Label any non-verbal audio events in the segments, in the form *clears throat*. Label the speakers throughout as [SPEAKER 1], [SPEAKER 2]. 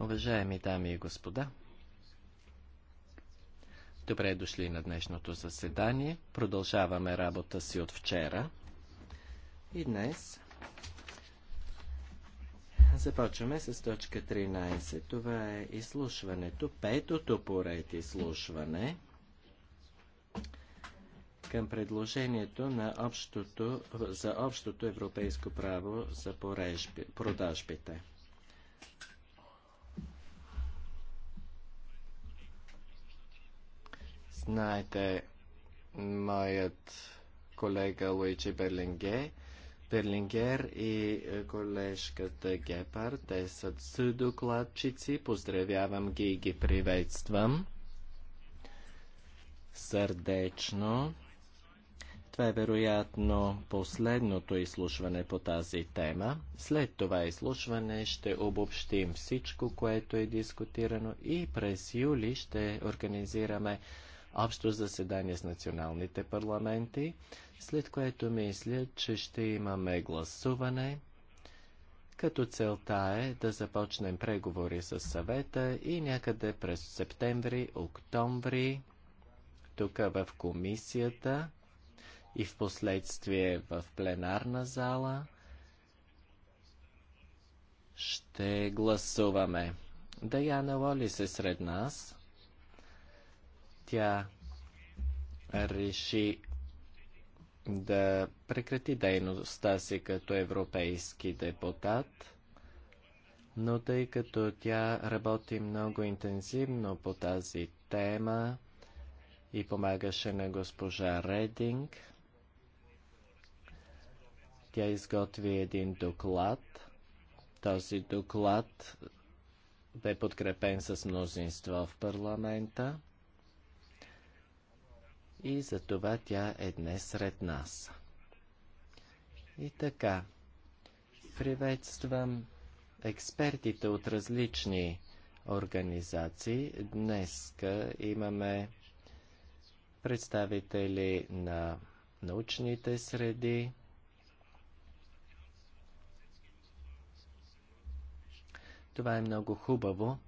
[SPEAKER 1] Уважаеми дами и господа, добре дошли на днешното заседание. Продължаваме работа си от вчера. И днес започваме с точка 13. Това е изслушването, петото поред изслушване – към предложението на общото, за общото европейско право за порежби, продажбите. Знаете, моят колега Луичи Берлинге, Берлингер и е, колежката Гепар, те са съдокладчици. Поздравявам ги и ги приветствам сърдечно. Това е вероятно последното изслушване по тази тема. След това изслушване ще обобщим всичко, което е дискутирано и през юли ще организираме общо заседание с националните парламенти, след което мисля, че ще имаме гласуване, като целта е да започнем преговори с съвета и някъде през септември, октомври, тук в комисията – и в последствие в пленарна зала ще гласуваме. Даяна Лолис се сред нас. Тя реши да прекрати дейността си като европейски депутат, но тъй като тя работи много интензивно по тази тема и помагаше на госпожа Рединг, тя изготви един доклад. Този доклад бе подкрепен с мнозинство в парламента и за това тя е днес сред нас. И така, приветствам експертите от различни организации. Днес имаме представители на научните среди, Това е много хубаво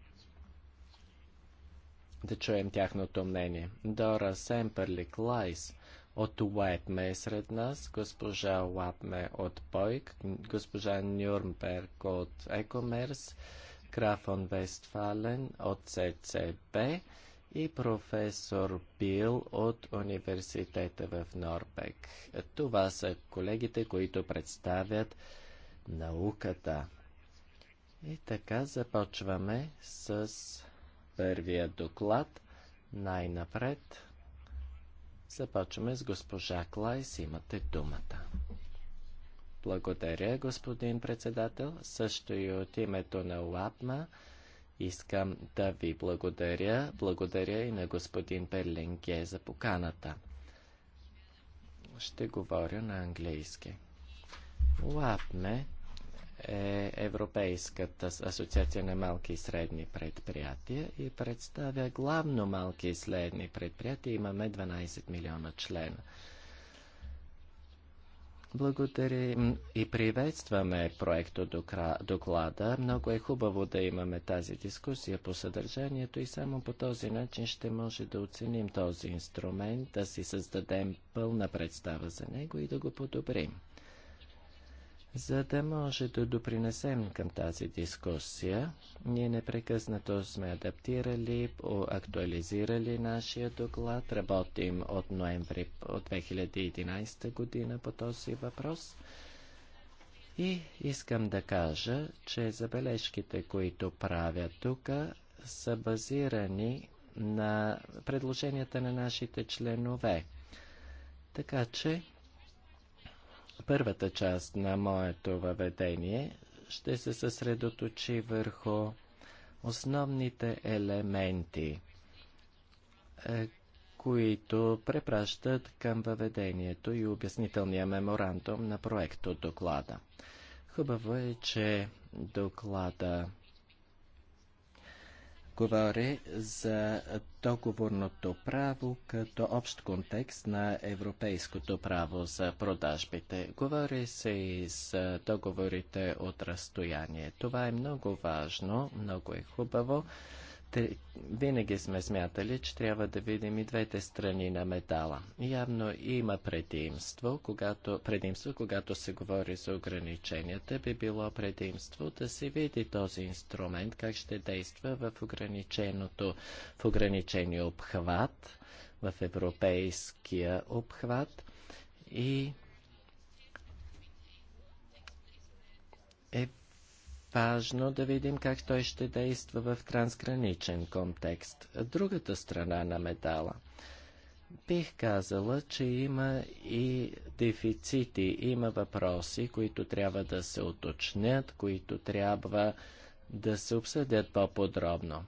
[SPEAKER 1] да чуем тяхното мнение. Дора Семперлик Лайс от Уайтме е сред нас, госпожа Лапме от Пойк, госпожа Нюрнберг от Екомерс, Крафон Вестфален от ЦЦБ и професор Бил от университета в Норбек. Това са колегите, които представят науката. И така започваме с първия доклад. Най-напред започваме с госпожа Клайс. Имате думата. Благодаря, господин председател. Също и от името на ЛАПМА искам да ви благодаря. Благодаря и на господин Перлинге за поканата. Ще говоря на английски. ЛАПМЕ е Европейската асоциация на малки и средни предприятия и представя главно малки и средни предприятия. Имаме 12 милиона члена. Благодарим и приветстваме проекто доклада. Много е хубаво да имаме тази дискусия по съдържанието и само по този начин ще може да оценим този инструмент, да си създадем пълна представа за него и да го подобрим. За да може да допринесем към тази дискусия, ние непрекъснато сме адаптирали, актуализирали нашия доклад, работим от ноември от 2011 година по този въпрос. И искам да кажа, че забележките, които правя тук, са базирани на предложенията на нашите членове. Така че Първата част на моето въведение ще се съсредоточи върху основните елементи, е, които препращат към въведението и обяснителния меморандум на проекто доклада. Хубаво е, че доклада Говори за договорното право като общ контекст на европейското право за продажбите. Говори се и за договорите от разстояние. Това е много важно, много е хубаво те, винаги сме смятали, че трябва да видим и двете страни на метала. Явно има предимство, когато, предимство, когато се говори за ограниченията, би било предимство да се види този инструмент, как ще действа в, ограниченото, в ограничения обхват, в европейския обхват и е важно да видим как той ще действа в трансграничен контекст. Другата страна на медала. Бих казала, че има и дефицити, има въпроси, които трябва да се уточнят, които трябва да се обсъдят по-подробно.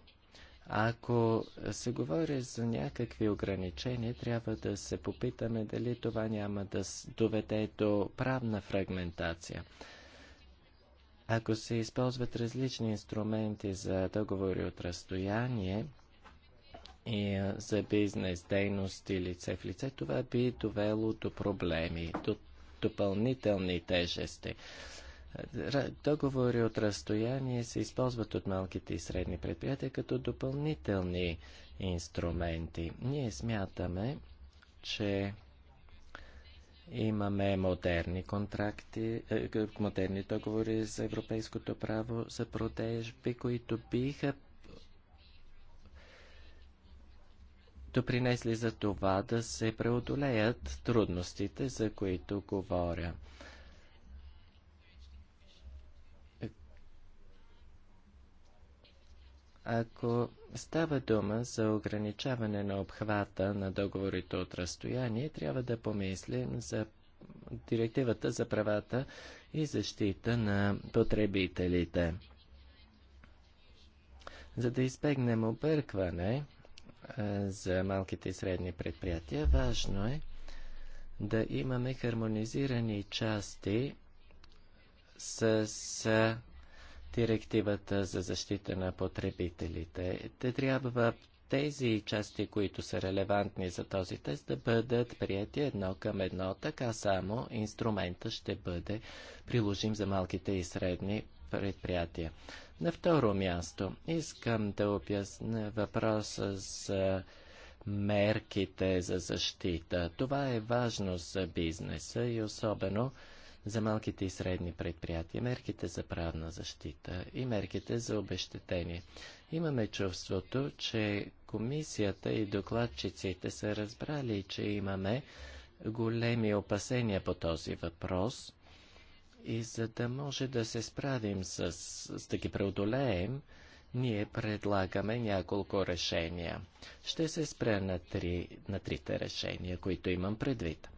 [SPEAKER 1] Ако се говори за някакви ограничения, трябва да се попитаме дали това няма да доведе до правна фрагментация. Ако се използват различни инструменти за договори от разстояние и за бизнес дейности лице в лице, това би довело до проблеми, до допълнителни тежести. Договори от разстояние се използват от малките и средни предприятия като допълнителни инструменти. Ние смятаме, че Имаме модерни контракти, е, е, модерни договори за европейското право за продажби, които биха допринесли за това да се преодолеят трудностите, за които говоря. Ако Става дума за ограничаване на обхвата на договорите от разстояние. Трябва да помислим за директивата за правата и защита на потребителите. За да избегнем объркване е, за малките и средни предприятия, важно е да имаме хармонизирани части с директивата за защита на потребителите. Те трябва тези части, които са релевантни за този тест, да бъдат прияти едно към едно, така само инструмента ще бъде приложим за малките и средни предприятия. На второ място искам да обясня въпроса за мерките за защита. Това е важно за бизнеса и особено за малките и средни предприятия, мерките за правна защита и мерките за обещетение. Имаме чувството, че комисията и докладчиците са разбрали, че имаме големи опасения по този въпрос и за да може да се справим с, с да ги преодолеем, ние предлагаме няколко решения. Ще се спря на, три, на трите решения, които имам предвид.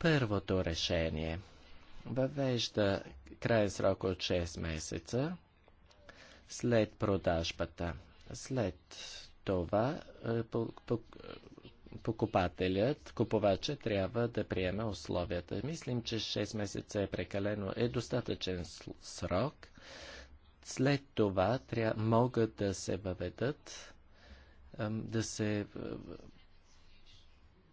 [SPEAKER 1] Първото решение въвежда край срок от 6 месеца след продажбата. След това е, покупателят, купувача трябва да приеме условията. Мислим, че 6 месеца е прекалено, е достатъчен срок. След това тря... могат да се въведат, да се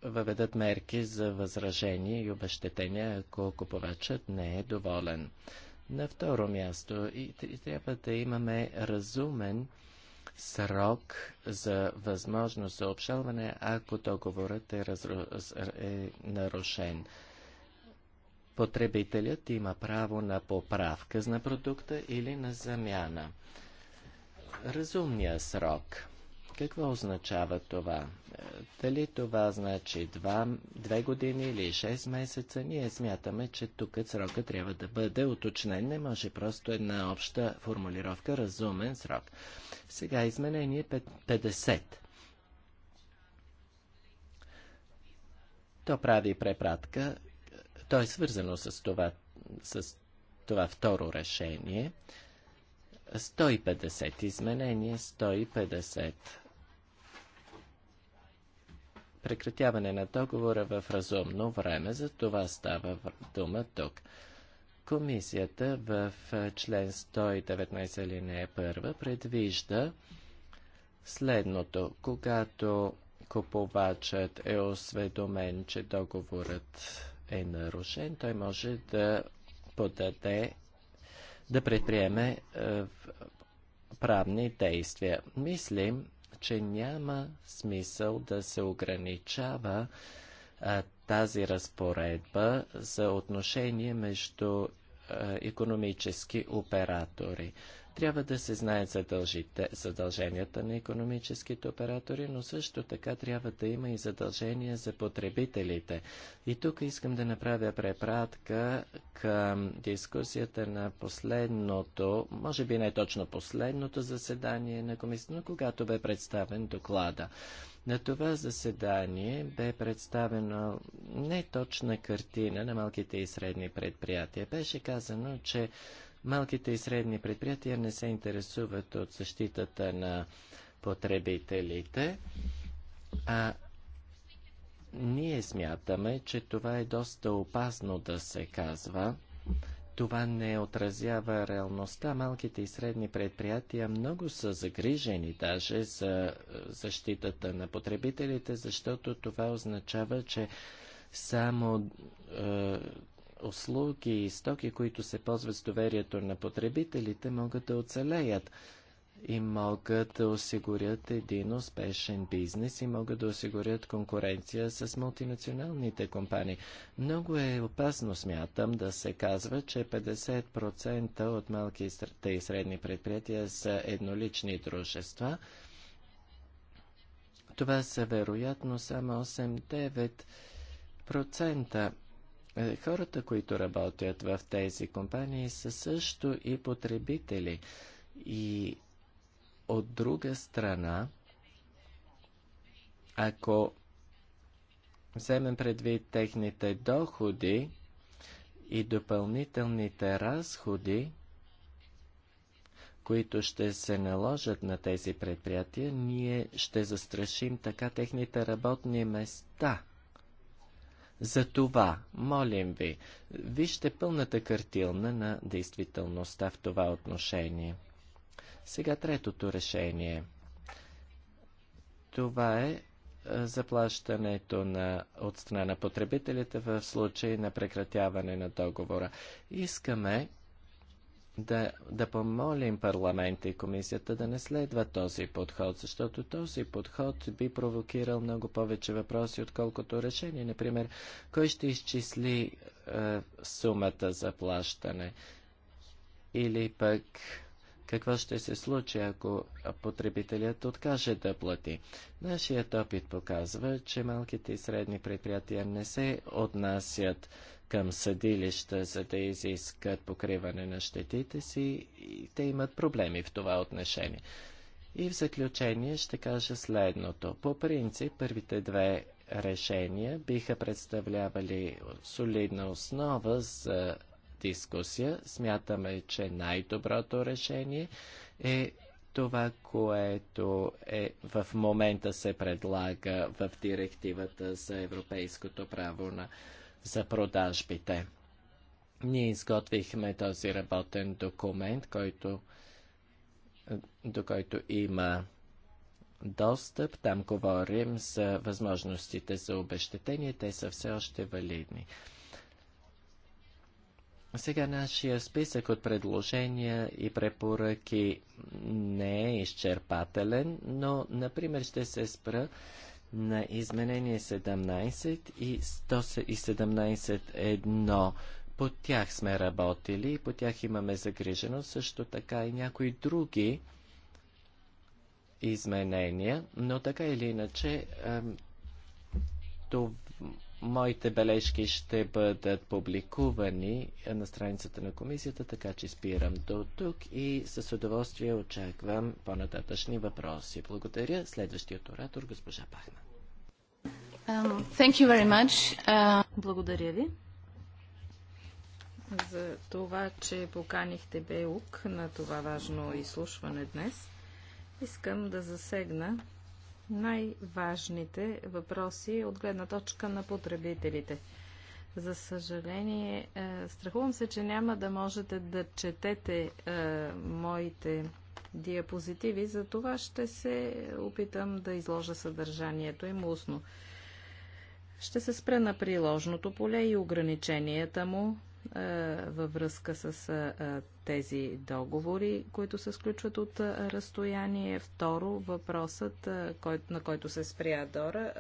[SPEAKER 1] въведат мерки за възражение и обещетения, ако купувачът не е доволен. На второ място, и, трябва да имаме разумен срок за възможност за обжалване, ако договорът е, разру... е нарушен. Потребителят има право на поправка на продукта или на замяна. Разумният срок – какво означава това? Е, дали това значи два, две години или 6 месеца? Ние смятаме, че тук срока трябва да бъде уточнен. Не може просто една обща формулировка разумен срок. Сега изменение 50. То прави препратка. То е свързано с това, с това второ решение. 150 изменение, 150 прекратяване на договора в разумно време. За това става дума тук. Комисията в член 119 алинея 1 предвижда следното. Когато купувачът е осведомен, че договорът е нарушен, той може да подаде, да предприеме правни действия. Мислим, че няма смисъл да се ограничава а, тази разпоредба за отношение между а, економически оператори. Трябва да се знаят задълженията на економическите оператори, но също така трябва да има и задължения за потребителите. И тук искам да направя препратка към дискусията на последното, може би не точно последното заседание на комисията, но когато бе представен доклада. На това заседание бе представена не точна картина на малките и средни предприятия. Беше казано, че Малките и средни предприятия не се интересуват от защитата на потребителите, а ние смятаме, че това е доста опасно да се казва. Това не отразява реалността. Малките и средни предприятия много са загрижени даже за е, защитата на потребителите, защото това означава, че само е, услуги и стоки, които се ползват с доверието на потребителите, могат да оцелеят и могат да осигурят един успешен бизнес и могат да осигурят конкуренция с мултинационалните компании. Много е опасно, смятам, да се казва, че 50% от малките и средни предприятия са еднолични дружества. Това са вероятно само 8-9%. Е, хората, които работят в тези компании, са също и потребители. И от друга страна, ако вземем предвид техните доходи и допълнителните разходи, които ще се наложат на тези предприятия, ние ще застрашим така техните работни места. За това, молим ви, вижте пълната картилна на действителността в това отношение. Сега третото решение. Това е, е заплащането на, от страна на потребителите в случай на прекратяване на договора. Искаме да, да помолим парламента и комисията да не следва този подход, защото този подход би провокирал много повече въпроси, отколкото решение. Например, кой ще изчисли е, сумата за плащане? Или пък какво ще се случи, ако потребителят откаже да плати. Нашият опит показва, че малките и средни предприятия не се отнасят към съдилища, за да изискат покриване на щетите си и те имат проблеми в това отношение. И в заключение ще кажа следното. По принцип, първите две решения биха представлявали солидна основа за дискусия. Смятаме, че най-доброто решение е това, което е, в момента се предлага в директивата за европейското право на за продажбите. Ние изготвихме този работен документ, който, до който има достъп. Там говорим за възможностите за обещетение. Те са все още валидни. Сега нашия списък от предложения и препоръки не е изчерпателен, но, например, ще се спра на изменение 17 и 117 едно. По тях сме работили и по тях имаме загрижено също така и някои други изменения, но така или иначе това Моите бележки ще бъдат публикувани на страницата на комисията, така че спирам до тук и с удоволствие очаквам по-нататъчни въпроси. Благодаря. Следващият оратор, госпожа Пахна.
[SPEAKER 2] Um, thank you very much. Uh... Благодаря ви за това, че поканихте Беук на това важно изслушване днес. Искам да засегна най-важните въпроси от гледна точка на потребителите. За съжаление, е, страхувам се, че няма да можете да четете е, моите диапозитиви, за това ще се опитам да изложа съдържанието им устно. Ще се спра на приложното поле и ограниченията му, е, във връзка с е, е, тези договори, които се сключват от разстояние. Второ, въпросът, на който се спря Дора,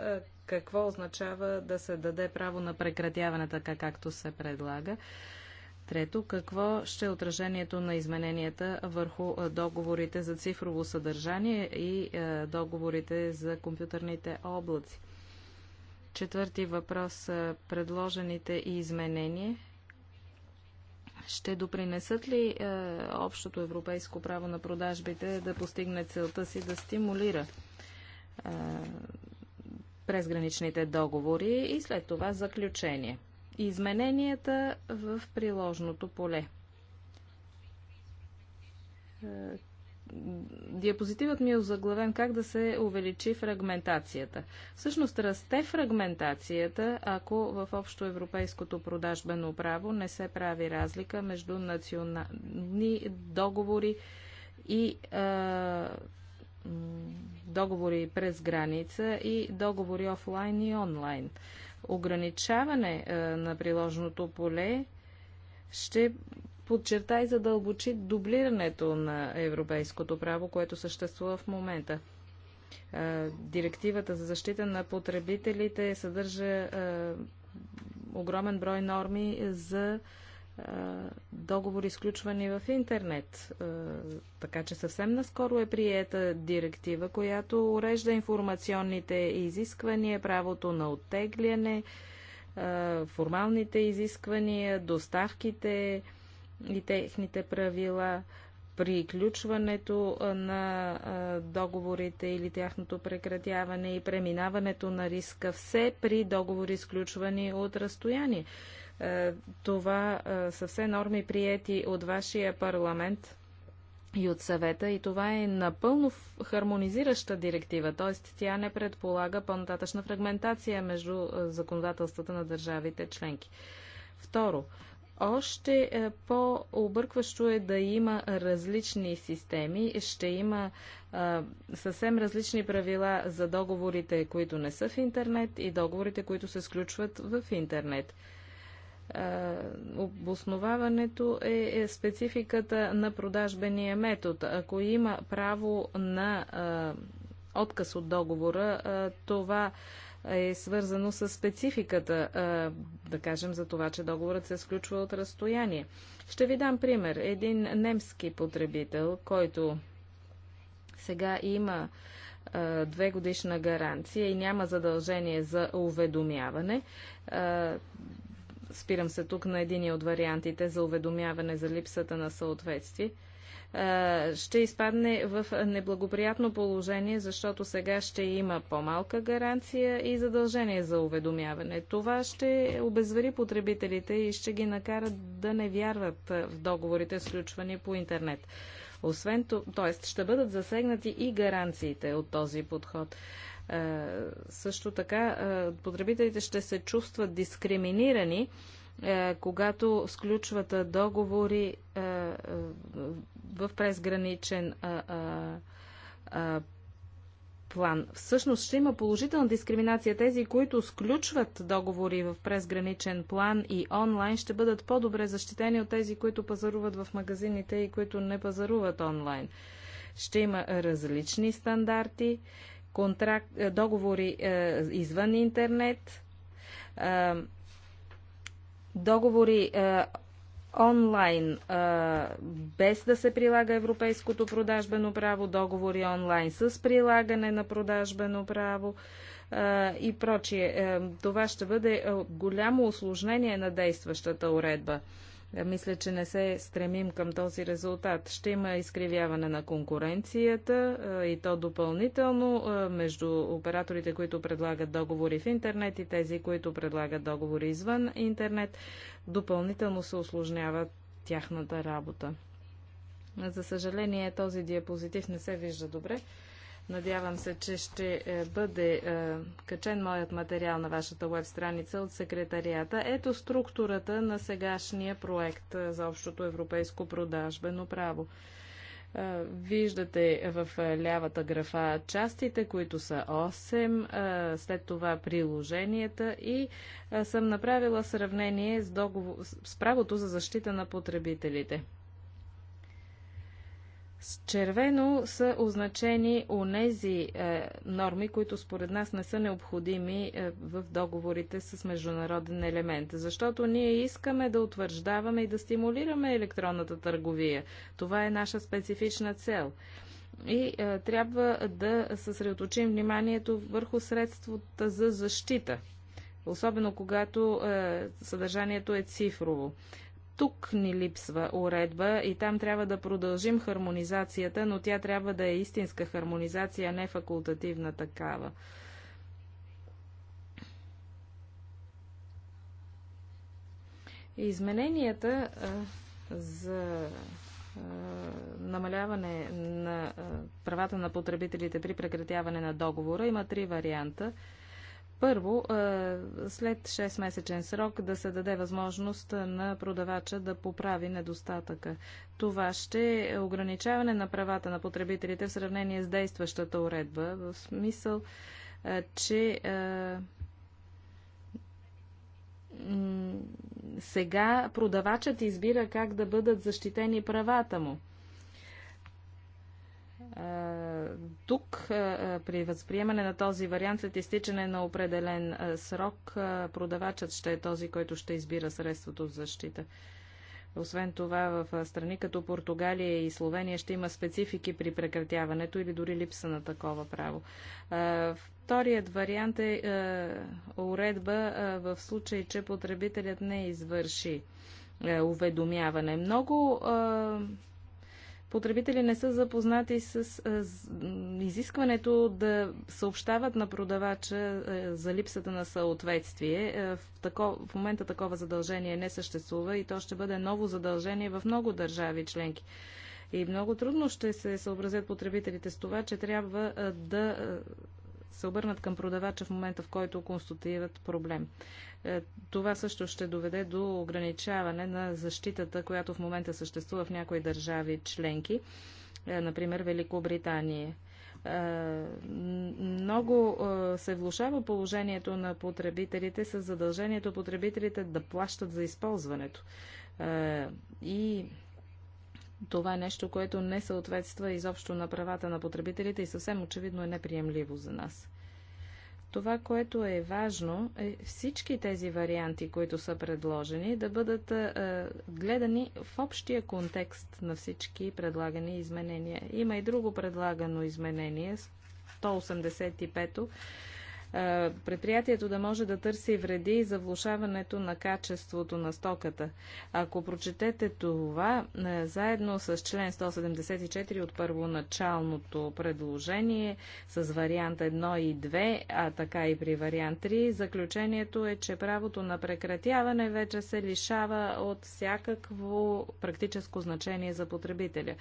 [SPEAKER 2] какво означава да се даде право на прекратяване така, както се предлага? Трето, какво ще е отражението на измененията върху договорите за цифрово съдържание и договорите за компютърните облаци? Четвърти въпрос. Предложените изменения ще допринесат ли е, общото европейско право на продажбите да постигне целта си да стимулира е, презграничните договори и след това заключение? Измененията в приложното поле. Е, диапозитивът ми е озаглавен как да се увеличи фрагментацията. Всъщност расте фрагментацията, ако в общо европейското продажбено право не се прави разлика между национални договори и а, договори през граница и договори офлайн и онлайн. Ограничаване а, на приложното поле ще подчерта и задълбочи дублирането на европейското право, което съществува в момента. Директивата за защита на потребителите съдържа огромен брой норми за договори, изключвани в интернет. Така че съвсем наскоро е приета директива, която урежда информационните изисквания, правото на оттегляне, формалните изисквания, доставките, и техните правила, приключването на договорите или тяхното прекратяване и преминаването на риска все при договори изключвани от разстояние. Това са все норми приети от вашия парламент и от съвета и това е напълно хармонизираща директива, т.е. тя не предполага по-нататъчна фрагментация между законодателствата на държавите членки. Второ, още е, по-объркващо е да има различни системи. Ще има е, съвсем различни правила за договорите, които не са в интернет и договорите, които се сключват в интернет. Е, обосноваването е, е спецификата на продажбения метод. Ако има право на отказ от договора, това е е свързано с спецификата, да кажем за това, че договорът се сключва от разстояние. Ще ви дам пример. Един немски потребител, който сега има две годишна гаранция и няма задължение за уведомяване. Спирам се тук на един от вариантите за уведомяване за липсата на съответствие – е, ще изпадне в неблагоприятно положение, защото сега ще има по-малка гаранция и задължение за уведомяване. Това ще обезвери потребителите и ще ги накарат да не вярват в договорите, сключвани по интернет. Освен то, т.е. ще бъдат засегнати и гаранциите от този подход. Е, също така, е, потребителите ще се чувстват дискриминирани е, когато сключват договори е, е, в презграничен план. Всъщност ще има положителна дискриминация. Тези, които сключват договори в презграничен план и онлайн, ще бъдат по-добре защитени от тези, които пазаруват в магазините и които не пазаруват онлайн. Ще има различни стандарти, контракт, договори извън интернет, договори е, онлайн, е, без да се прилага европейското продажбено право, договори онлайн с прилагане на продажбено право е, и прочие. Е, това ще бъде е, голямо осложнение на действащата уредба. Е, мисля, че не се стремим към този резултат. Ще има изкривяване на конкуренцията е, и то допълнително е, между операторите, които предлагат договори в интернет и тези, които предлагат договори извън интернет. Допълнително се осложнява тяхната работа. За съжаление, този диапозитив не се вижда добре. Надявам се, че ще е, бъде е, качен моят материал на вашата веб страница от секретарията. Ето структурата на сегашния проект е, за общото европейско продажбено право. Виждате в лявата графа частите, които са 8, след това приложенията и съм направила сравнение с, договор... с правото за защита на потребителите. С червено са означени онези е, норми, които според нас не са необходими е, в договорите с международен елемент, защото ние искаме да утвърждаваме и да стимулираме електронната търговия. Това е наша специфична цел. И е, трябва да съсредоточим вниманието върху средствата за защита, особено когато е, съдържанието е цифрово. Е, тук ни липсва уредба и там трябва да продължим хармонизацията, но тя трябва да е истинска хармонизация, а не факултативна такава. Измененията а, за а, намаляване на а, правата на потребителите при прекратяване на договора има три варианта. А, първо, е, след 6-месечен срок да се даде възможност на продавача да поправи недостатъка. Това ще е ограничаване на правата на потребителите в сравнение с действащата уредба, в смисъл, е, че е, сега продавачът избира как да бъдат защитени правата му тук при възприемане на този вариант след изтичане на определен срок продавачът ще е този, който ще избира средството за защита. Освен това, в страни като Португалия и Словения ще има специфики при прекратяването или дори липса на такова право. Вторият вариант е уредба в случай, че потребителят не извърши е, уведомяване. Много потребители не са запознати с изискването да съобщават на продавача за липсата на съответствие. Е, в, тако, в момента такова задължение не съществува и то ще бъде ново задължение в много държави членки. И много трудно ще се съобразят потребителите с това, че трябва да се обърнат към продавача в момента, в който констатират проблем. Е, това също ще доведе до ограничаване на защитата, която в момента съществува в някои държави членки, е, например Великобритания е, много се влушава положението на потребителите с задължението потребителите да плащат за използването. И това е нещо, което не съответства изобщо на правата на потребителите и съвсем очевидно е неприемливо за нас. Това, което е важно, е всички тези варианти, които са предложени, да бъдат е, гледани в общия контекст на всички предлагани изменения. Има и друго предлагано изменение, 185-то, е, предприятието да може да търси вреди за влушаването на качеството на стоката. Ако прочетете това, е, заедно с член 174 от първоначалното предложение, с вариант 1 и 2, а така и при вариант 3, заключението е, че правото на прекратяване вече се лишава от всякакво практическо значение за потребителя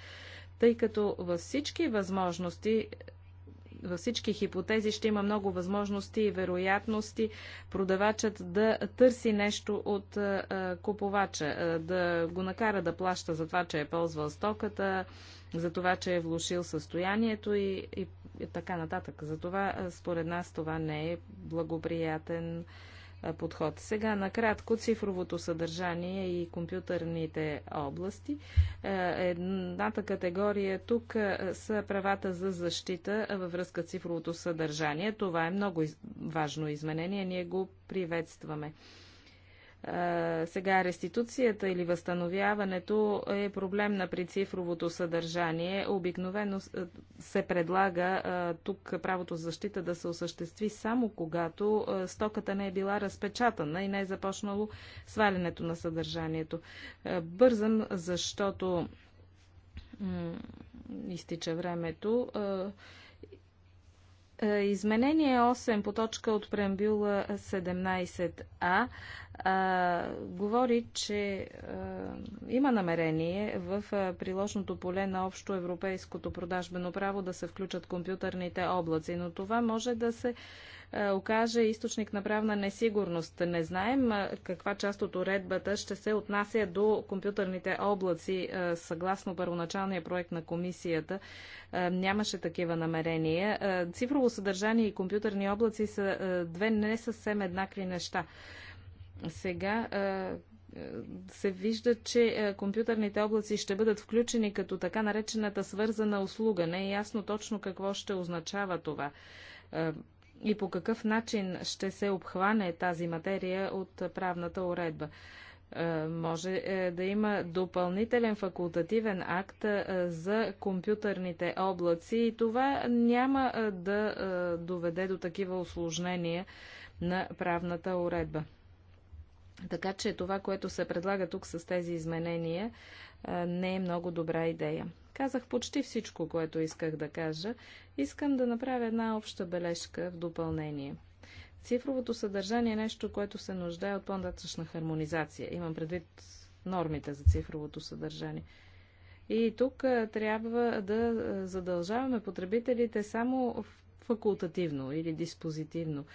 [SPEAKER 2] тъй като във всички възможности във всички хипотези ще има много възможности и вероятности продавачът да търси нещо от купувача, да го накара да плаща за това, че е ползвал стоката, за това, че е влушил състоянието и, и, и така нататък. Затова, според нас, това не е благоприятен е, подход. Сега накратко цифровото съдържание и компютърните области. Е, едната категория тук е, са правата за защита във връзка с цифровото съдържание. Това е много важно изменение. Ние го приветстваме. Е, сега реституцията или възстановяването е проблем при цифровото съдържание. Обикновено е, се предлага е, тук правото за защита да се осъществи само когато стоката не е била разпечатана и не е започнало свалянето на съдържанието. Бързам, защото изтича времето. Е, изменение 8 по точка от преамбюла 17а а, говори, че а, е, има намерение в а, е, приложното поле на общо европейското продажбено право да се включат компютърните облаци, но това може да се а, е, окаже източник на правна несигурност. Не знаем е, каква част от уредбата ще се отнася до компютърните облаци. Е, съгласно първоначалния проект на комисията нямаше такива намерения. Цифрово съдържание и компютърни облаци са две не съвсем еднакви неща. Сега се вижда, че компютърните облаци ще бъдат включени като така наречената свързана услуга. Не е ясно точно какво ще означава това и по какъв начин ще се обхване тази материя от правната уредба. Е, може е, да има допълнителен факултативен акт е, за компютърните облаци и това няма да доведе до такива осложнения на правната уредба. Така че това, което се предлага тук с тези изменения, не е много добра идея. Казах почти всичко, което исках да кажа. Искам да направя една обща бележка в допълнение. Цифровото съдържание е нещо, което се нуждае от по-нататъчна хармонизация. Имам предвид нормите за цифровото съдържание. И тук трябва да задължаваме потребителите само факултативно или диспозитивно.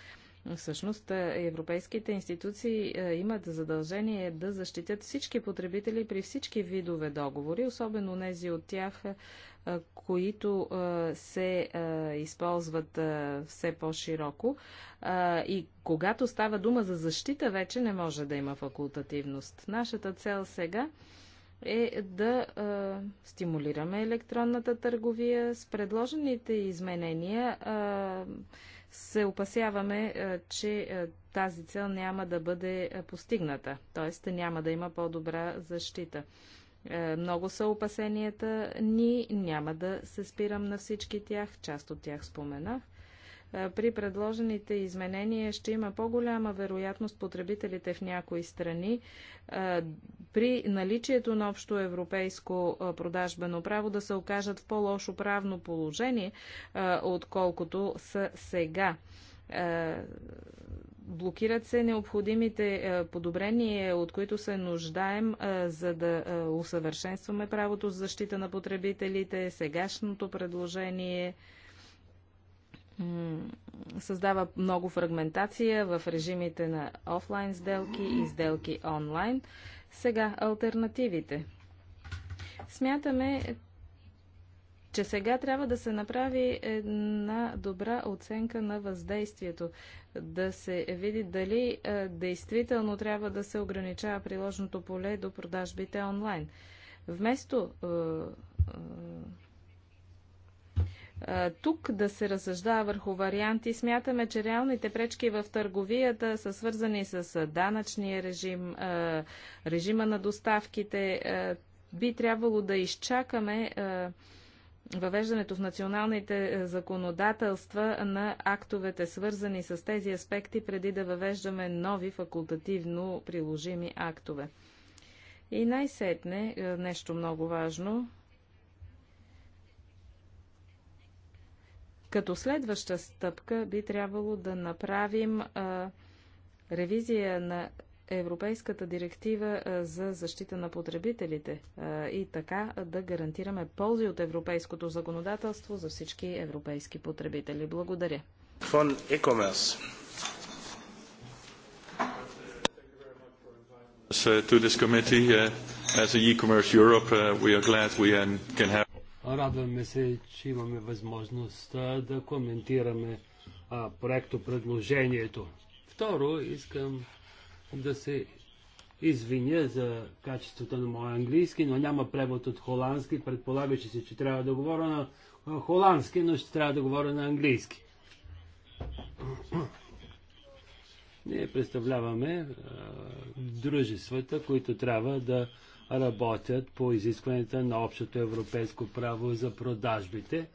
[SPEAKER 2] Всъщност, е, европейските институции е, имат задължение да защитят всички потребители при всички видове договори, особено нези от тях, е, които се използват все по-широко. И когато става дума за защита, вече не може да има факултативност. Нашата цел сега е да е, стимулираме електронната търговия. С предложените изменения Е, се опасяваме, е, че е, тази цел няма да бъде е, постигната, т.е. няма да има по-добра защита. Много са опасенията ни, няма да се спирам на всички тях, част от тях споменах при предложените изменения ще има по-голяма вероятност потребителите в някои страни при наличието на общо европейско продажбено право да се окажат в по-лошо правно положение, отколкото са сега блокират се необходимите подобрения, от които се нуждаем, за да усъвършенстваме правото за защита на потребителите. Сегашното предложение създава много фрагментация в режимите на офлайн сделки и сделки онлайн. Сега альтернативите. Смятаме, че сега трябва да се направи една добра оценка на въздействието, да се види дали е, действително трябва да се ограничава приложното поле до продажбите онлайн. Вместо е, е, тук да се разсъждава върху варианти. Смятаме, че реалните пречки в търговията са свързани с данъчния режим, режима на доставките. Би трябвало да изчакаме въвеждането в националните законодателства на актовете, свързани с тези аспекти, преди да въвеждаме нови факултативно приложими актове. И най-сетне, нещо много важно, Като следваща стъпка би трябвало да направим а, ревизия на Европейската директива за защита на потребителите а, и така да гарантираме ползи от европейското законодателство за всички европейски потребители. Благодаря.
[SPEAKER 3] Фон e-commerce. Uh, to this committee, uh, as a
[SPEAKER 2] e-commerce Europe, uh, we are glad we can have.
[SPEAKER 4] Радваме се, че имаме възможност да коментираме проекто предложението. Второ, искам да се извиня за качеството на моя английски, но няма превод от холандски. Предполагаше се, че трябва да говоря на холандски, но ще трябва да говоря на английски. Ние представляваме а, дружествата, които трябва да работят по изискванията на общото европейско право за продажбите,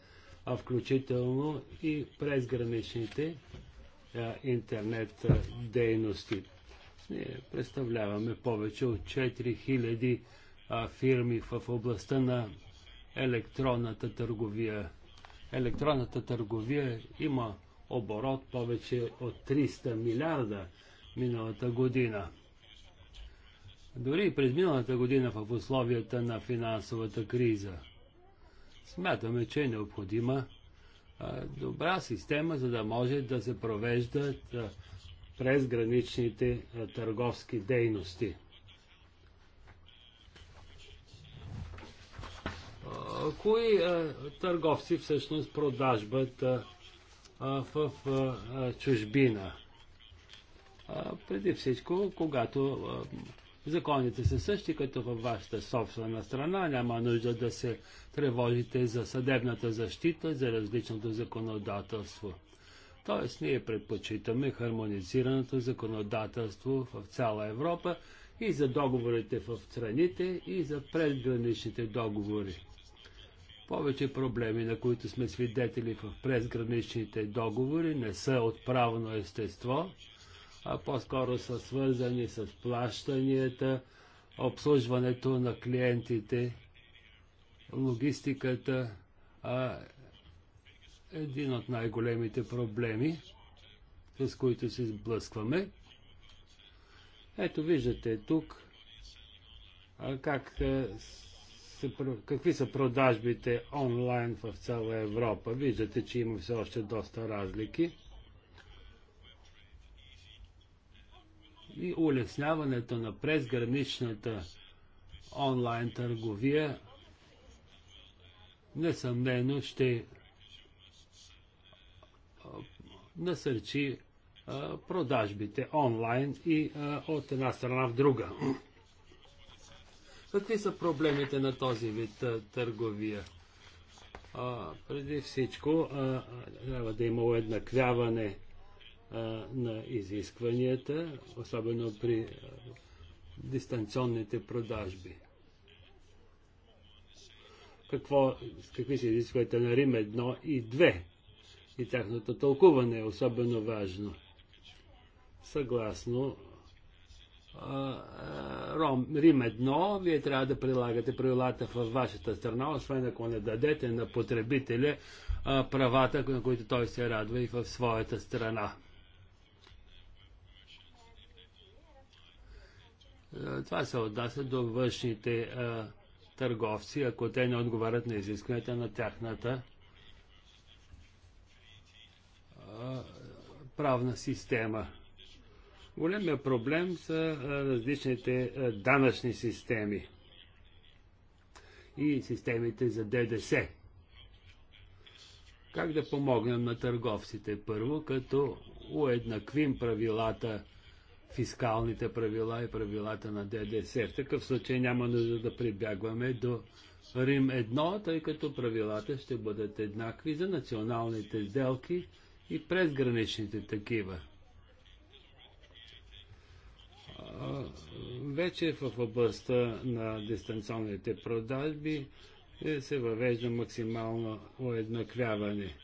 [SPEAKER 4] а включително и през граничните интернет дейности. Ние представляваме повече от 4000 а, фирми в областта на електронната търговия. Електронната търговия има оборот повече от 300 милиарда миналата година. Дори и през миналата година в условията на финансовата криза. Смятаме, че е необходима а, добра система, за да може да се провеждат а, през граничните а, търговски дейности. кои а, търговци всъщност продажбат а, а, в а, чужбина. А, преди всичко, когато Законите са същи, като във вашата собствена страна. Няма нужда да се тревожите за съдебната защита, за различното законодателство. Тоест, ние предпочитаме хармонизираното законодателство в цяла Европа и за договорите в страните, и за презграничните договори. Повече проблеми, на които сме свидетели в презграничните договори, не са от правно естество, а по-скоро са свързани с плащанията, обслужването на клиентите, логистиката, а един от най-големите проблеми, с които се сблъскваме. Ето виждате тук а, как се, какви са продажбите онлайн в цяла Европа. Виждате, че има все още доста разлики. и улесняването на презграничната онлайн търговия несъмнено ще насърчи продажбите онлайн и от една страна в друга. Какви са проблемите на този вид търговия? преди всичко трябва да има уеднаквяване на изискванията, особено при дистанционните продажби. Какво, какви са изискванията на Рим 1 и 2? И тяхното тълкуване е особено важно. Съгласно Ром, Рим 1, вие трябва да прилагате правилата във вашата страна, освен ако не дадете на потребителя правата, на които той се радва и в своята страна. Е, това се отнася до външните а, е, търговци, ако те не отговарят на изискванията на тяхната а, е, правна система. Големия проблем са а, различните данъчни системи и системите за ДДС. Как да помогнем на търговците? Първо, като уеднаквим правилата – фискалните правила и правилата на ДДС. В такъв случай няма нужда да прибягваме до Рим 1, тъй като правилата ще бъдат еднакви за националните сделки и презграничните такива. Вече в областта на дистанционните продажби е, се въвежда максимално уеднаквяване.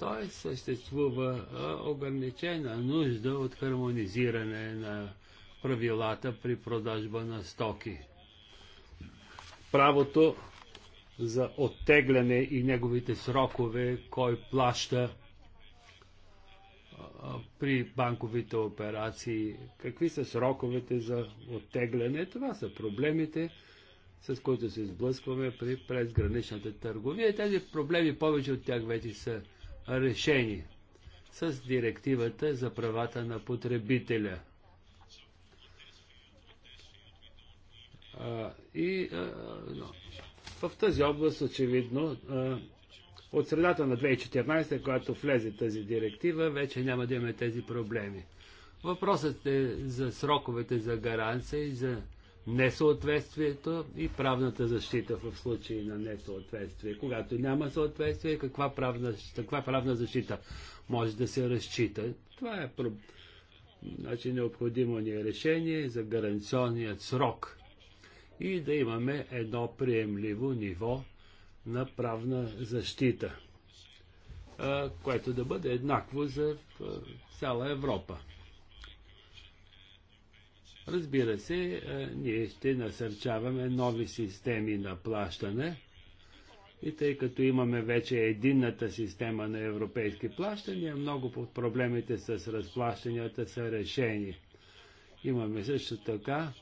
[SPEAKER 4] Той съществува ограничена нужда от хармонизиране на правилата при продажба на стоки. Правото за оттегляне и неговите срокове, кой плаща при банковите операции, какви са сроковете за оттегляне. Това са проблемите, с които се сблъскваме при презграничната търговия. Тези проблеми, повече от тях вече са решени с директивата за правата на потребителя. и в тази област, очевидно, от средата на 2014, когато влезе тази директива, вече няма да имаме тези проблеми. Въпросът е за сроковете за гаранция и за несъответствието и правната защита в случай на несъответствие. Когато няма съответствие, каква правна, каква правна защита може да се разчита? Това е Значи необходимо ни е решение за гаранционният срок и да имаме едно приемливо ниво на правна защита, което да бъде еднакво за цяла Европа. Разбира се, е, ние ще насърчаваме нови системи на плащане. И тъй като имаме вече единната система на европейски плащания, много от проблемите с разплащанията са решени. Имаме също така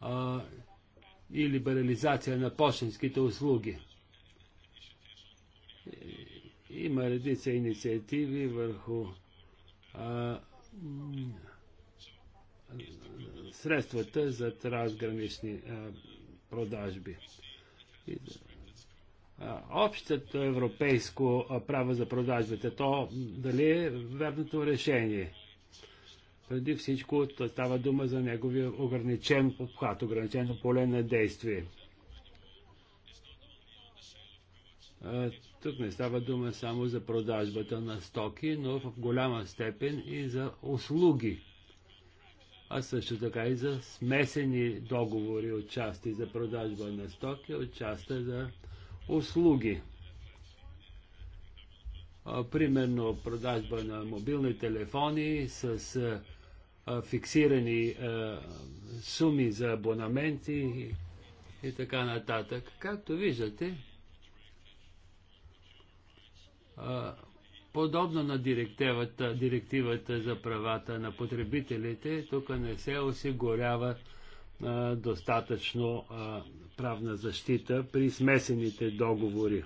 [SPEAKER 4] а, и либерализация на почтенските услуги. Има редица инициативи върху а, средствата за трансгранични продажби. Общото европейско право за продажбите, то дали е верното решение? Преди всичко става дума за неговия ограничен обхват, ограничено поле на действие. Тук не става дума само за продажбата на стоки, но в голяма степен и за услуги а също така и за смесени договори от части за продажба на стоки, от части за услуги. примерно продажба на мобилни телефони с фиксирани суми за абонаменти и, така нататък. Както виждате, Подобно на директивата, директивата за правата на потребителите, тук не се осигурява а, достатъчно а, правна защита при смесените договори.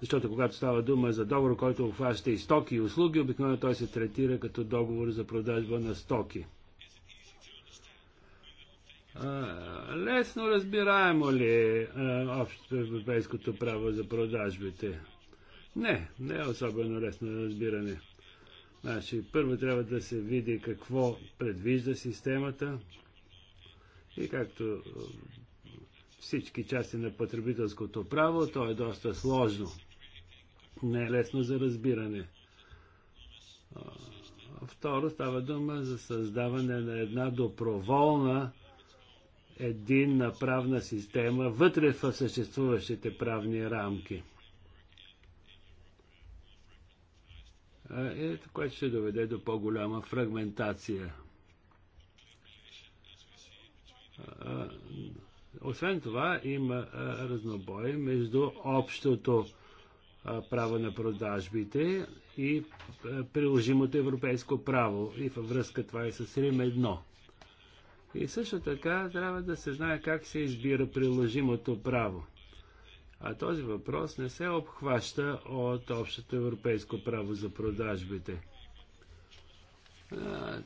[SPEAKER 4] Защото когато става дума за договор, който обхваща и стоки и услуги, обикновено той се третира като договор за продажба на стоки. Лесно разбираемо ли е общо европейското право за продажбите? Не, не е особено лесно на разбиране. Значи, първо трябва да се види какво предвижда системата и както е, всички части на потребителското право, то е доста сложно. Не е лесно за разбиране. Второ, става дума за създаване на една доброволна единна правна система вътре в съществуващите правни рамки. Е, което ще доведе до по-голяма фрагментация. Освен това, има разнобой между общото право на продажбите и приложимото европейско право и във връзка това е с Рим 1. И също така трябва да се знае как се избира приложимото право а този въпрос не се обхваща от общото европейско право за продажбите.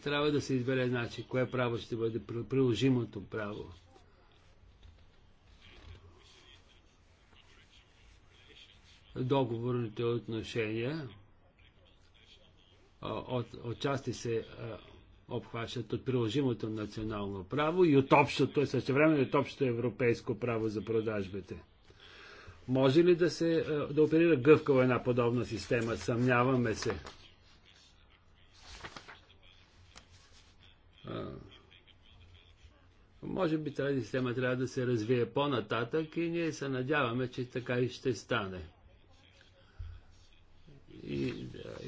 [SPEAKER 4] трябва да се избере, значи, кое право ще бъде приложимото право. Договорните отношения от, от, части се обхващат от приложимото национално право и от общото, същевременно от общото европейско право за продажбите. Може ли да се е, да оперира гъвкава една подобна система? Съмняваме се. Е, може би тази система трябва да се развие по-нататък и ние се надяваме, че така и ще стане. И е,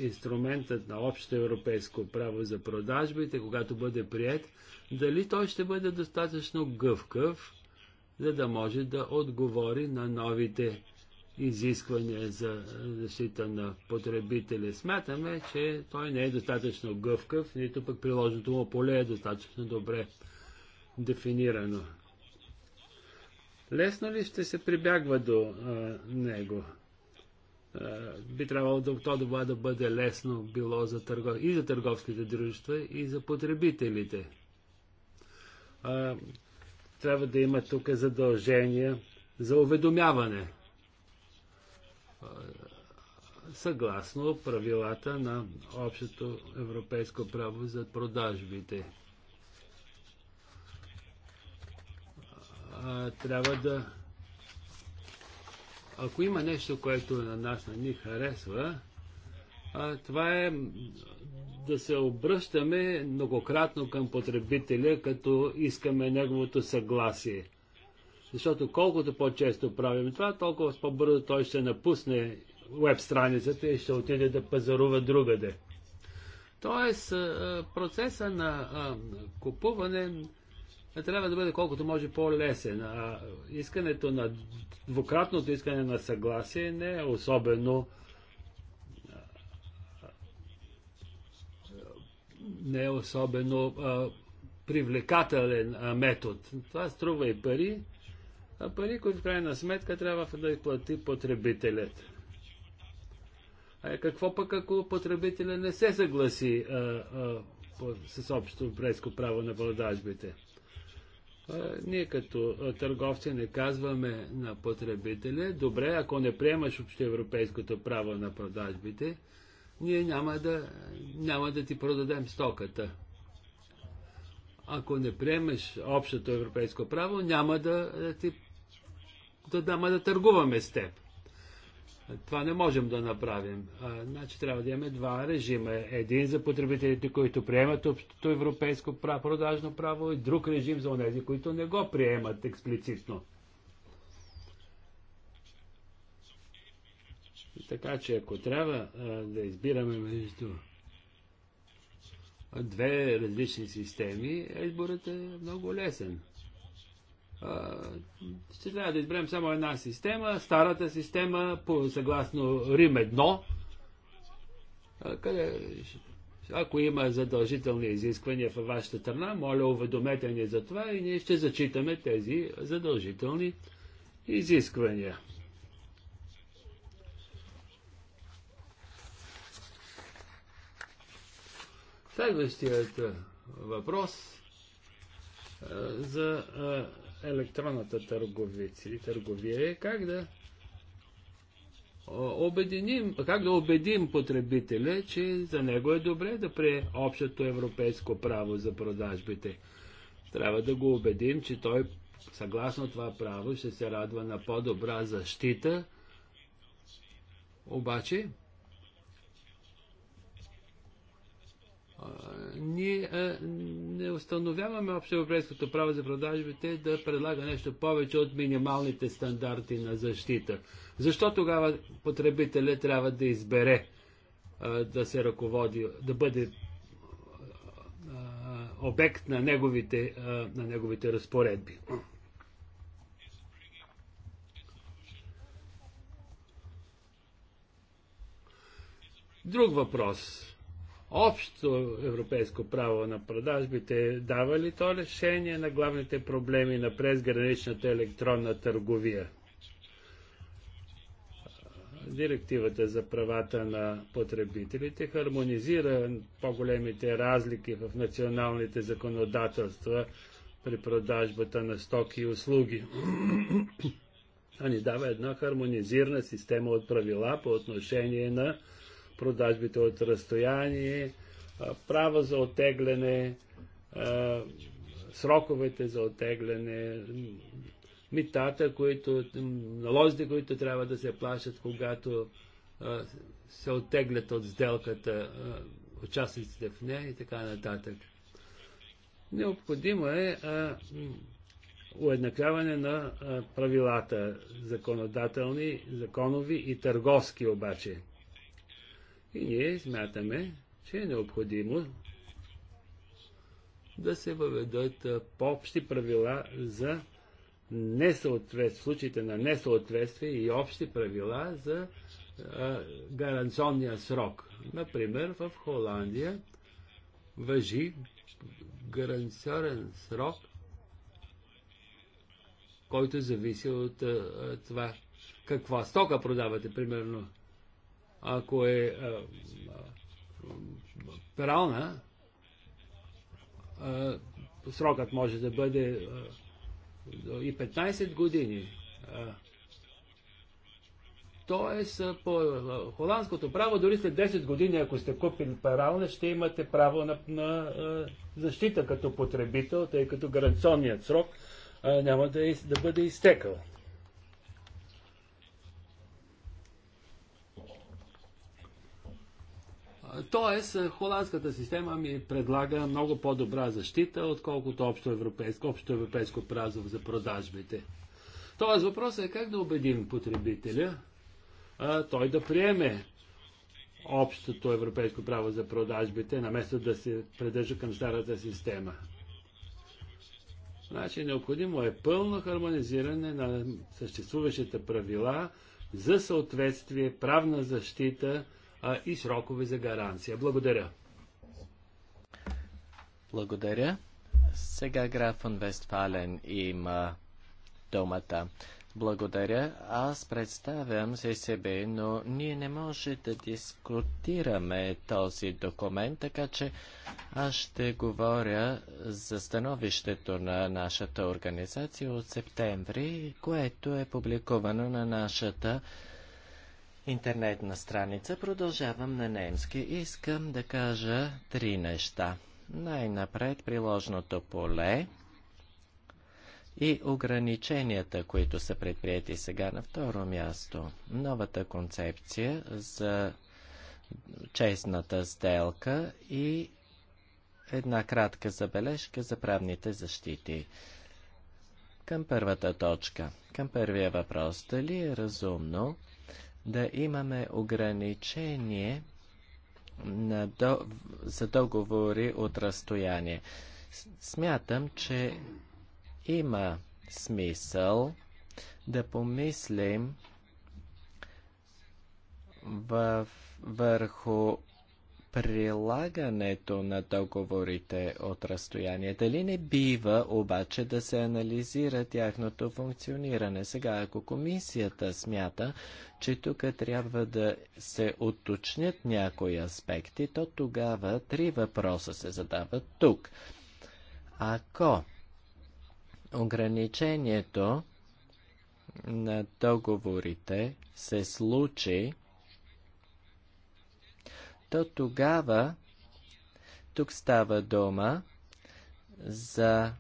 [SPEAKER 4] инструментът на общо европейско право за продажбите, когато бъде прият, дали той ще бъде достатъчно гъвкав, за да може да отговори на новите изисквания за защита на потребителя. Смятаме, че той не е достатъчно гъвкав, нито пък приложното му поле е достатъчно добре дефинирано. Лесно ли ще се прибягва до а, него? А, би трябвало да, то това да бъде лесно било за търгов... и за търговските дружества, и за потребителите. А, трябва да има тук задължения за уведомяване. Съгласно правилата на общото европейско право за продажбите. Трябва да. Ако има нещо, което на нас не ни харесва, това е да се обръщаме многократно към потребителя, като искаме неговото съгласие. Защото колкото по-често правим това, толкова по-бързо той ще напусне веб страницата и ще отиде да пазарува другаде. Тоест, процеса на купуване трябва да бъде колкото може по-лесен. искането на двукратното искане на съгласие не е особено не е особено а, привлекателен а, метод. Това струва и пари, а пари, които в крайна сметка трябва да изплати потребителят. А е, какво пък ако потребителя не се съгласи а, а, по, с общото бреско право на продажбите? ние като търговци не казваме на потребителя, добре, ако не приемаш общоевропейското право на продажбите, ние няма да, няма да ти продадем стоката. Ако не приемеш общото европейско право, няма да, да ти да, няма да търгуваме с теб. Това не можем да направим. А, значи трябва да имаме два режима. Един за потребителите, които приемат общото европейско право, продажно право и друг режим за тези, които не го приемат експлицитно. Така че ако трябва а, да избираме между две различни системи, изборът е много лесен. А, ще трябва да изберем само една система, старата система, по, съгласно Рим 1, къде, ако има задължителни изисквания във вашата страна, моля уведомете ни за това и ние ще зачитаме тези задължителни изисквания. Следващият е, въпрос е, за е, електронната търговица или търговия е как да обединим, как да убедим потребителя, че за него е добре да прие общото европейско право за продажбите. Трябва да го убедим, че той съгласно това право ще се радва на по-добра защита, обаче ние не установяваме общоевропейското право за продажбите да предлага нещо повече от минималните стандарти на защита. Защо тогава потребителя трябва да избере да се ръководи, да бъде обект на неговите, на неговите разпоредби? Друг въпрос общо европейско право на продажбите дава ли то решение на главните проблеми на презграничната електронна търговия? Директивата за правата на потребителите хармонизира по-големите разлики в националните законодателства при продажбата на стоки и услуги, *clears throat* а ни дава една хармонизирана система от правила по отношение на продажбите от разстояние, права за отегляне, сроковете за отегляне, митата, които, налозите, които трябва да се плащат, когато се оттеглят от сделката участниците в нея и така нататък. Необходимо е а, уеднаквяване на а, правилата законодателни, законови и търговски обаче. И ние смятаме, че е необходимо да се въведат по-общи правила за несъответствие, случаите на несъответствие и общи правила за гаранционния срок. Например, в Холандия въжи гаранционен срок, който зависи от това каква стока продавате, примерно ако е, е, е перална, е, срокът може да бъде и 15 години. Тоест, по холандското право, дори след 10 години, ако сте купили парална, ще имате право на, на защита като потребител, тъй като гаранционният срок няма да, да бъде изтекал. Тоест, е, холандската система ми предлага много по-добра защита, отколкото общо европейско, общо европейско право за продажбите. Тоест, въпросът е как да убедим потребителя а, той да приеме общото европейско право за продажбите, наместо да се придържа към старата система. Значи, необходимо е пълно хармонизиране на съществуващите правила за съответствие, правна защита, а, и срокове за гаранция. Благодаря.
[SPEAKER 1] Благодаря. Сега графон Вестфален има думата. Благодаря. Аз представям се себе, но ние не може да дискутираме този документ, така че аз ще говоря за становището на нашата организация от септември, което е публикувано на нашата интернетна страница. Продължавам на немски. Искам да кажа три неща. Най-напред приложното поле и ограниченията, които са предприяти сега на второ място. Новата концепция за честната сделка и една кратка забележка за правните защити. Към първата точка, към първия въпрос, дали е разумно да имаме ограничение на до... за договори от разстояние. Смятам, че има смисъл да помислим в... върху прилагането на договорите от разстояние. Дали не бива обаче да се анализира тяхното функциониране? Сега, ако комисията смята, че тук трябва да се уточнят някои аспекти, то тогава три въпроса се задават тук. Ако ограничението на договорите се случи, то тогава тук става дума за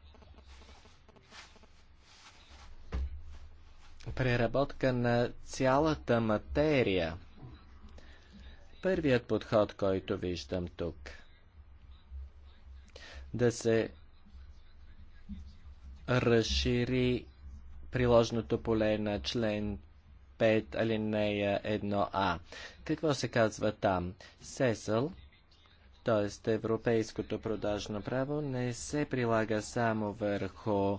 [SPEAKER 1] преработка на цялата материя. Първият подход, който виждам тук, да се разшири приложното поле на член 5 алинея 1а. Какво се казва там? Сесъл, т.е. европейското продажно право, не се прилага само върху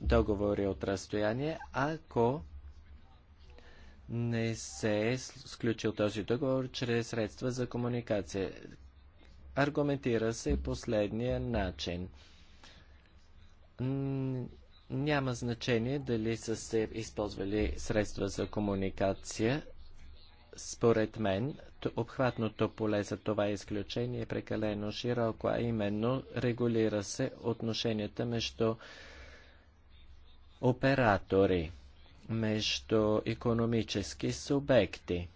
[SPEAKER 1] договори от разстояние, ако не се е сключил този договор чрез средства за комуникация. Аргументира се последния начин няма значение дали са се използвали средства за комуникация. Според мен, обхватното поле за това изключение е прекалено широко, а именно регулира се отношенията между оператори, между економически субекти.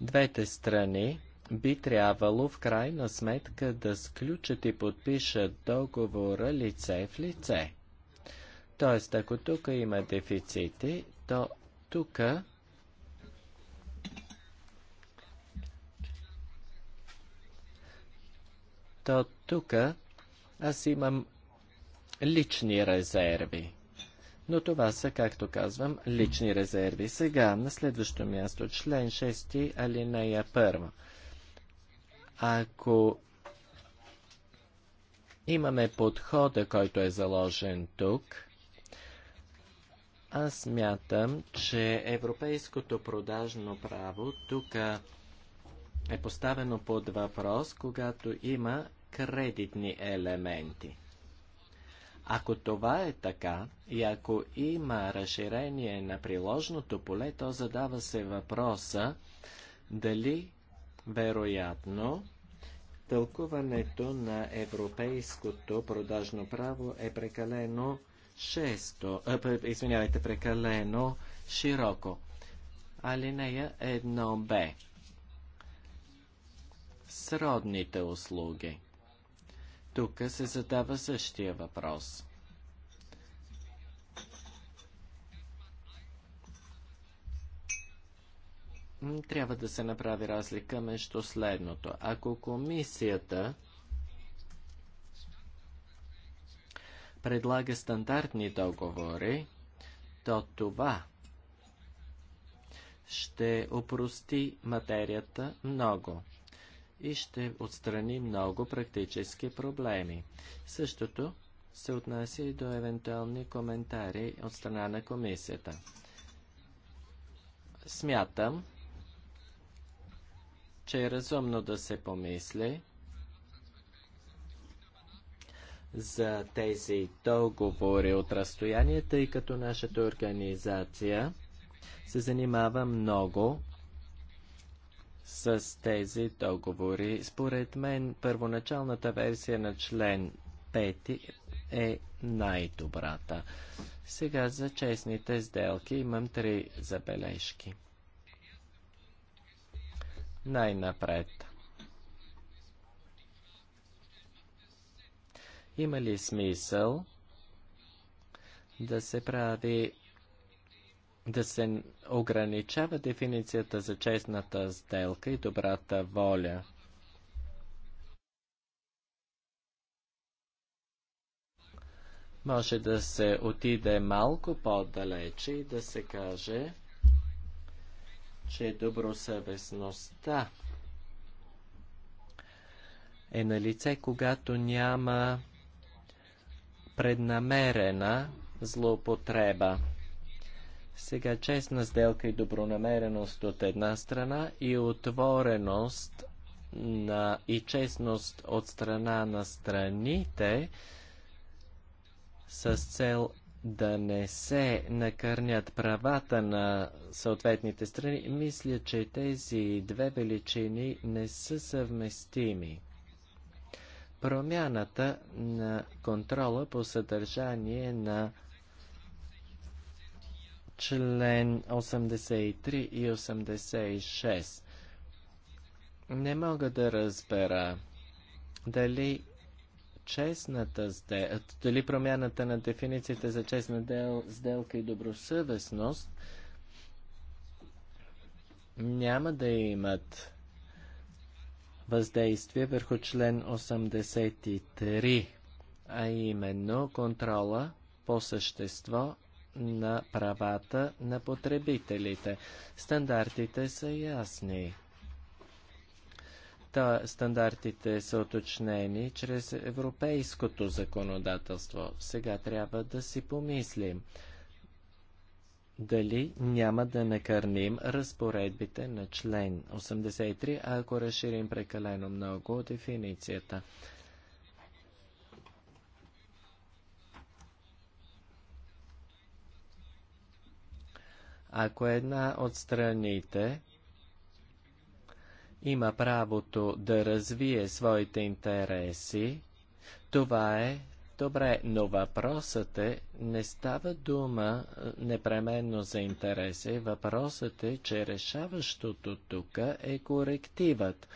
[SPEAKER 1] Двете страни би трябвало в крайна сметка да сключат и подпишат договора лице в лице. Тоест, ако тук има дефицити, то тук то тук аз имам лични резерви. Но това са, както казвам, лични резерви. Сега, на следващото място, член 6, алинея 1. Ако имаме подхода, който е заложен тук, аз мятам, че европейското продажно право тук е поставено под въпрос, когато има кредитни елементи. Ако това е така и ако има разширение на приложното поле, то задава се въпроса дали вероятно Тълкуването на европейското продажно право е прекалено шесто, извинявайте, прекалено широко. Алинея 1б. Сродните услуги. Тук се задава същия въпрос. трябва да се направи разлика между следното. Ако комисията предлага стандартни договори, то това ще опрости материята много и ще отстрани много практически проблеми. Същото се отнася и до евентуални коментари от страна на комисията. Смятам, че е разумно да се помисли за тези договори от разстояние, тъй като нашата организация се занимава много с тези договори. Според мен, първоначалната версия на член 5 е най-добрата. Сега за честните сделки имам три забележки. Най-напред. Има ли смисъл да се прави да се ограничава дефиницията за честната сделка и добрата воля. Може да се отиде малко по-далече и да се каже, че е добросъвестността е на лице, когато няма преднамерена злоупотреба. Сега честна сделка и добронамереност от една страна и отвореност на, и честност от страна на страните с цел да не се накърнят правата на съответните страни, мисля, че тези две величини не са съвместими. Промяната на контрола по съдържание на член 83 и 86. Не мога да разбера дали честната сделка, дали промяната на дефиницията за честна дел, сделка и добросъвестност няма да имат въздействие върху член 83, а именно контрола по същество на правата на потребителите. Стандартите са ясни. Та, стандартите са уточнени чрез европейското законодателство. Сега трябва да си помислим дали няма да накърним разпоредбите на член 83, ако разширим прекалено много дефиницията. Ако една от страните има правото да развие своите интереси, това е добре, но въпросът е, не става дума е, непременно за интереси, въпросът е, че решаващото тук е корективът,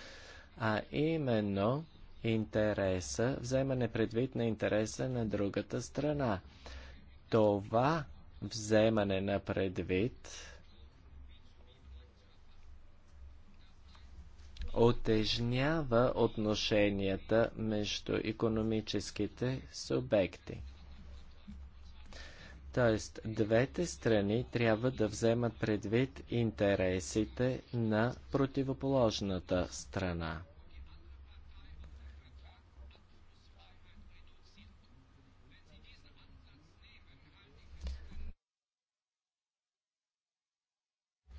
[SPEAKER 1] а именно интереса, вземане предвид на интереса на другата страна. Това вземане на предвид отежнява отношенията между економическите субекти. Тоест, двете страни трябва да вземат предвид интересите на противоположната страна.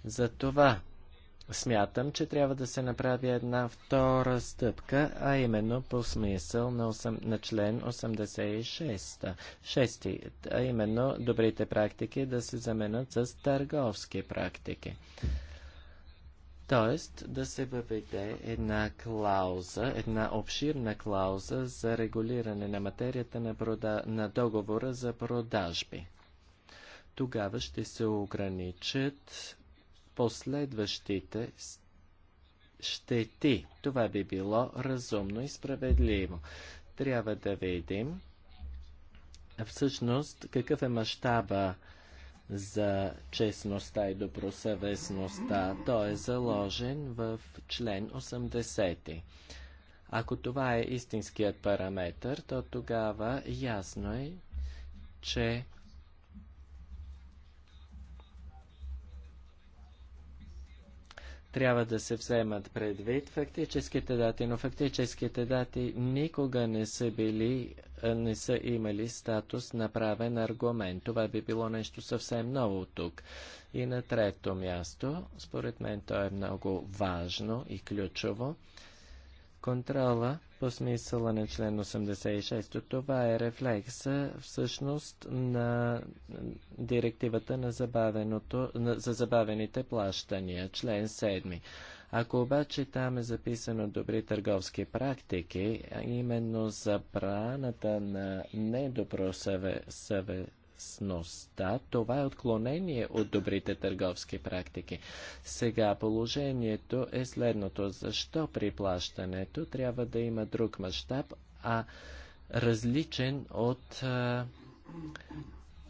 [SPEAKER 1] Затова смятам, че трябва да се направи една втора стъпка, а именно по смисъл на, 8, на член 86, Шести, а именно добрите практики да се заменят с търговски практики. Тоест да се въведе една клауза, една обширна клауза за регулиране на материята на, прода... на договора за продажби. Тогава ще се ограничат последващите щети. Това би било разумно и справедливо. Трябва да видим всъщност какъв е мащаба за честността и добросъвестността. Той е заложен в член 80. Ако това е истинският параметр, то тогава ясно е, че трябва да се вземат предвид фактическите дати, но фактическите дати никога не са били, не са имали статус на правен аргумент. Това би било нещо съвсем ново тук. И на трето място, според мен то е много важно и ключово, Контрола по смисъла на член 86. Това е рефлекса всъщност на директивата на забавеното, на, за забавените плащания, член 7. Ако обаче там е записано добри търговски практики, а именно забраната на недобросъвестно съве, безопасността, това е отклонение от добрите търговски практики. Сега положението е следното. Защо при плащането трябва да има друг мащаб, а различен от а,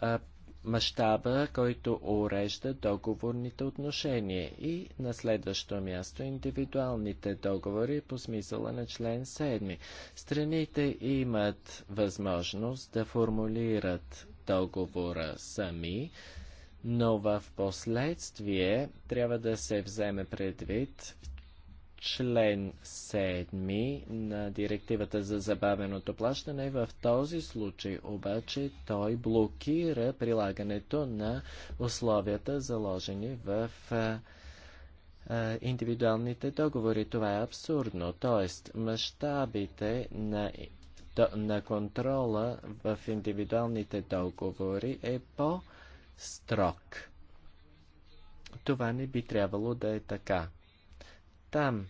[SPEAKER 1] а, мащаба, който урежда договорните отношения и на следващо място индивидуалните договори по смисъла на член 7. Страните имат възможност да формулират договора сами, но в последствие трябва да се вземе предвид член 7 на директивата за забавеното плащане. В този случай обаче той блокира прилагането на условията заложени в индивидуалните договори. Това е абсурдно. Тоест, мащабите на на контрола в индивидуалните договори е по-строг. Това не би трябвало да е така. Там,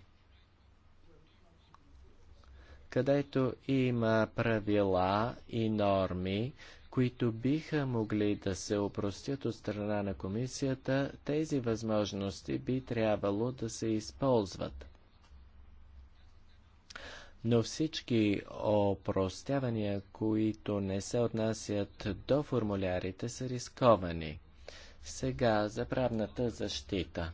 [SPEAKER 1] където има правила и норми, които биха могли да се опростят от страна на комисията, тези възможности би трябвало да се използват но всички опростявания, които не се отнасят до формулярите, са рисковани. Сега за правната защита.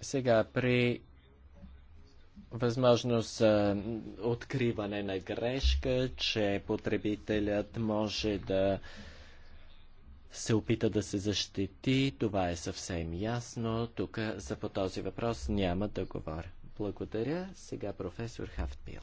[SPEAKER 1] Сега при възможност за откриване на грешка, че потребителят може да се опита да се защити. Това е съвсем ясно. Тук за по този въпрос няма да говоря. Благодаря. Сега професор Хафтбил.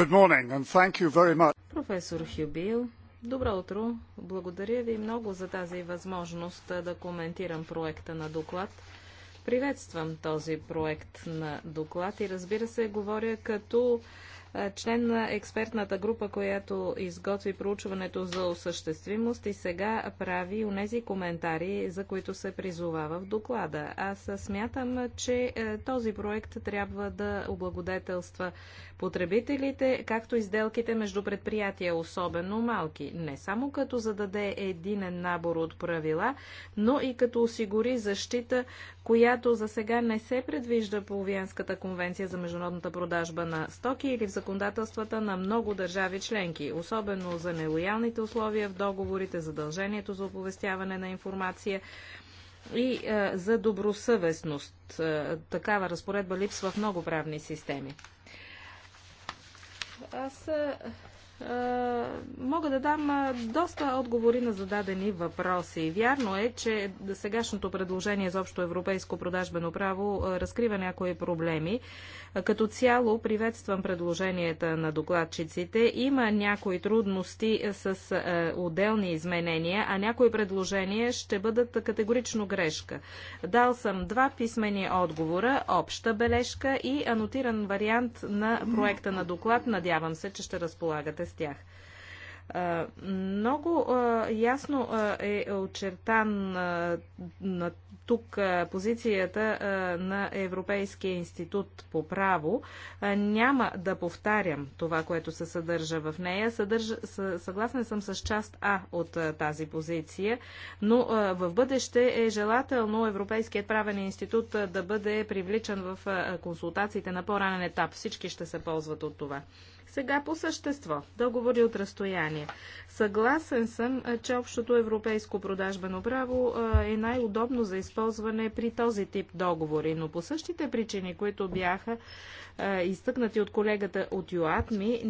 [SPEAKER 5] Good
[SPEAKER 2] morning and thank you very much. Професор Хюбил, добро утро. Благодаря ви много за тази възможност да коментирам проекта на доклад. Приветствам този проект на доклад и разбира се, говоря като член на експертната група, която изготви проучването за осъществимост и сега прави унези коментари, за които се призовава в доклада. Аз смятам, че този проект трябва да облагодетелства потребителите, както и сделките между предприятия, особено малки, не само като зададе единен набор от правила, но и като осигури защита, която за сега не се предвижда по Виенската конвенция за международната продажба на стоки или в законодателствата на много държави членки, особено за нелоялните условия в договорите, задължението за оповестяване на информация и е, за добросъвестност. Е, такава разпоредба липсва в много правни системи. Аз е, мога да дам е, доста отговори на зададени въпроси. Вярно е, че сегашното предложение за общо европейско продажбено право е, разкрива някои проблеми. Като цяло приветствам предложенията на докладчиците. Има някои трудности с отделни изменения, а някои предложения ще бъдат категорично грешка. Дал съм два писмени отговора, обща бележка и анотиран вариант на проекта на доклад. Надявам се, че ще разполагате с тях. Много ясно е очертан на тук позицията на Европейския институт по право. Няма да повтарям това, което се съдържа в нея. Съдържа, съгласна съм с част А от тази позиция, но в бъдеще е желателно Европейският правен институт да бъде привличан в консултациите на по-ранен етап. Всички ще се ползват от това. Сега по същество. Договори от разстояние. Съгласен съм, че общото европейско продажбено право е най-удобно за използване при този тип договори, но по същите причини, които бяха изтъкнати от колегата от ЮАТМИ,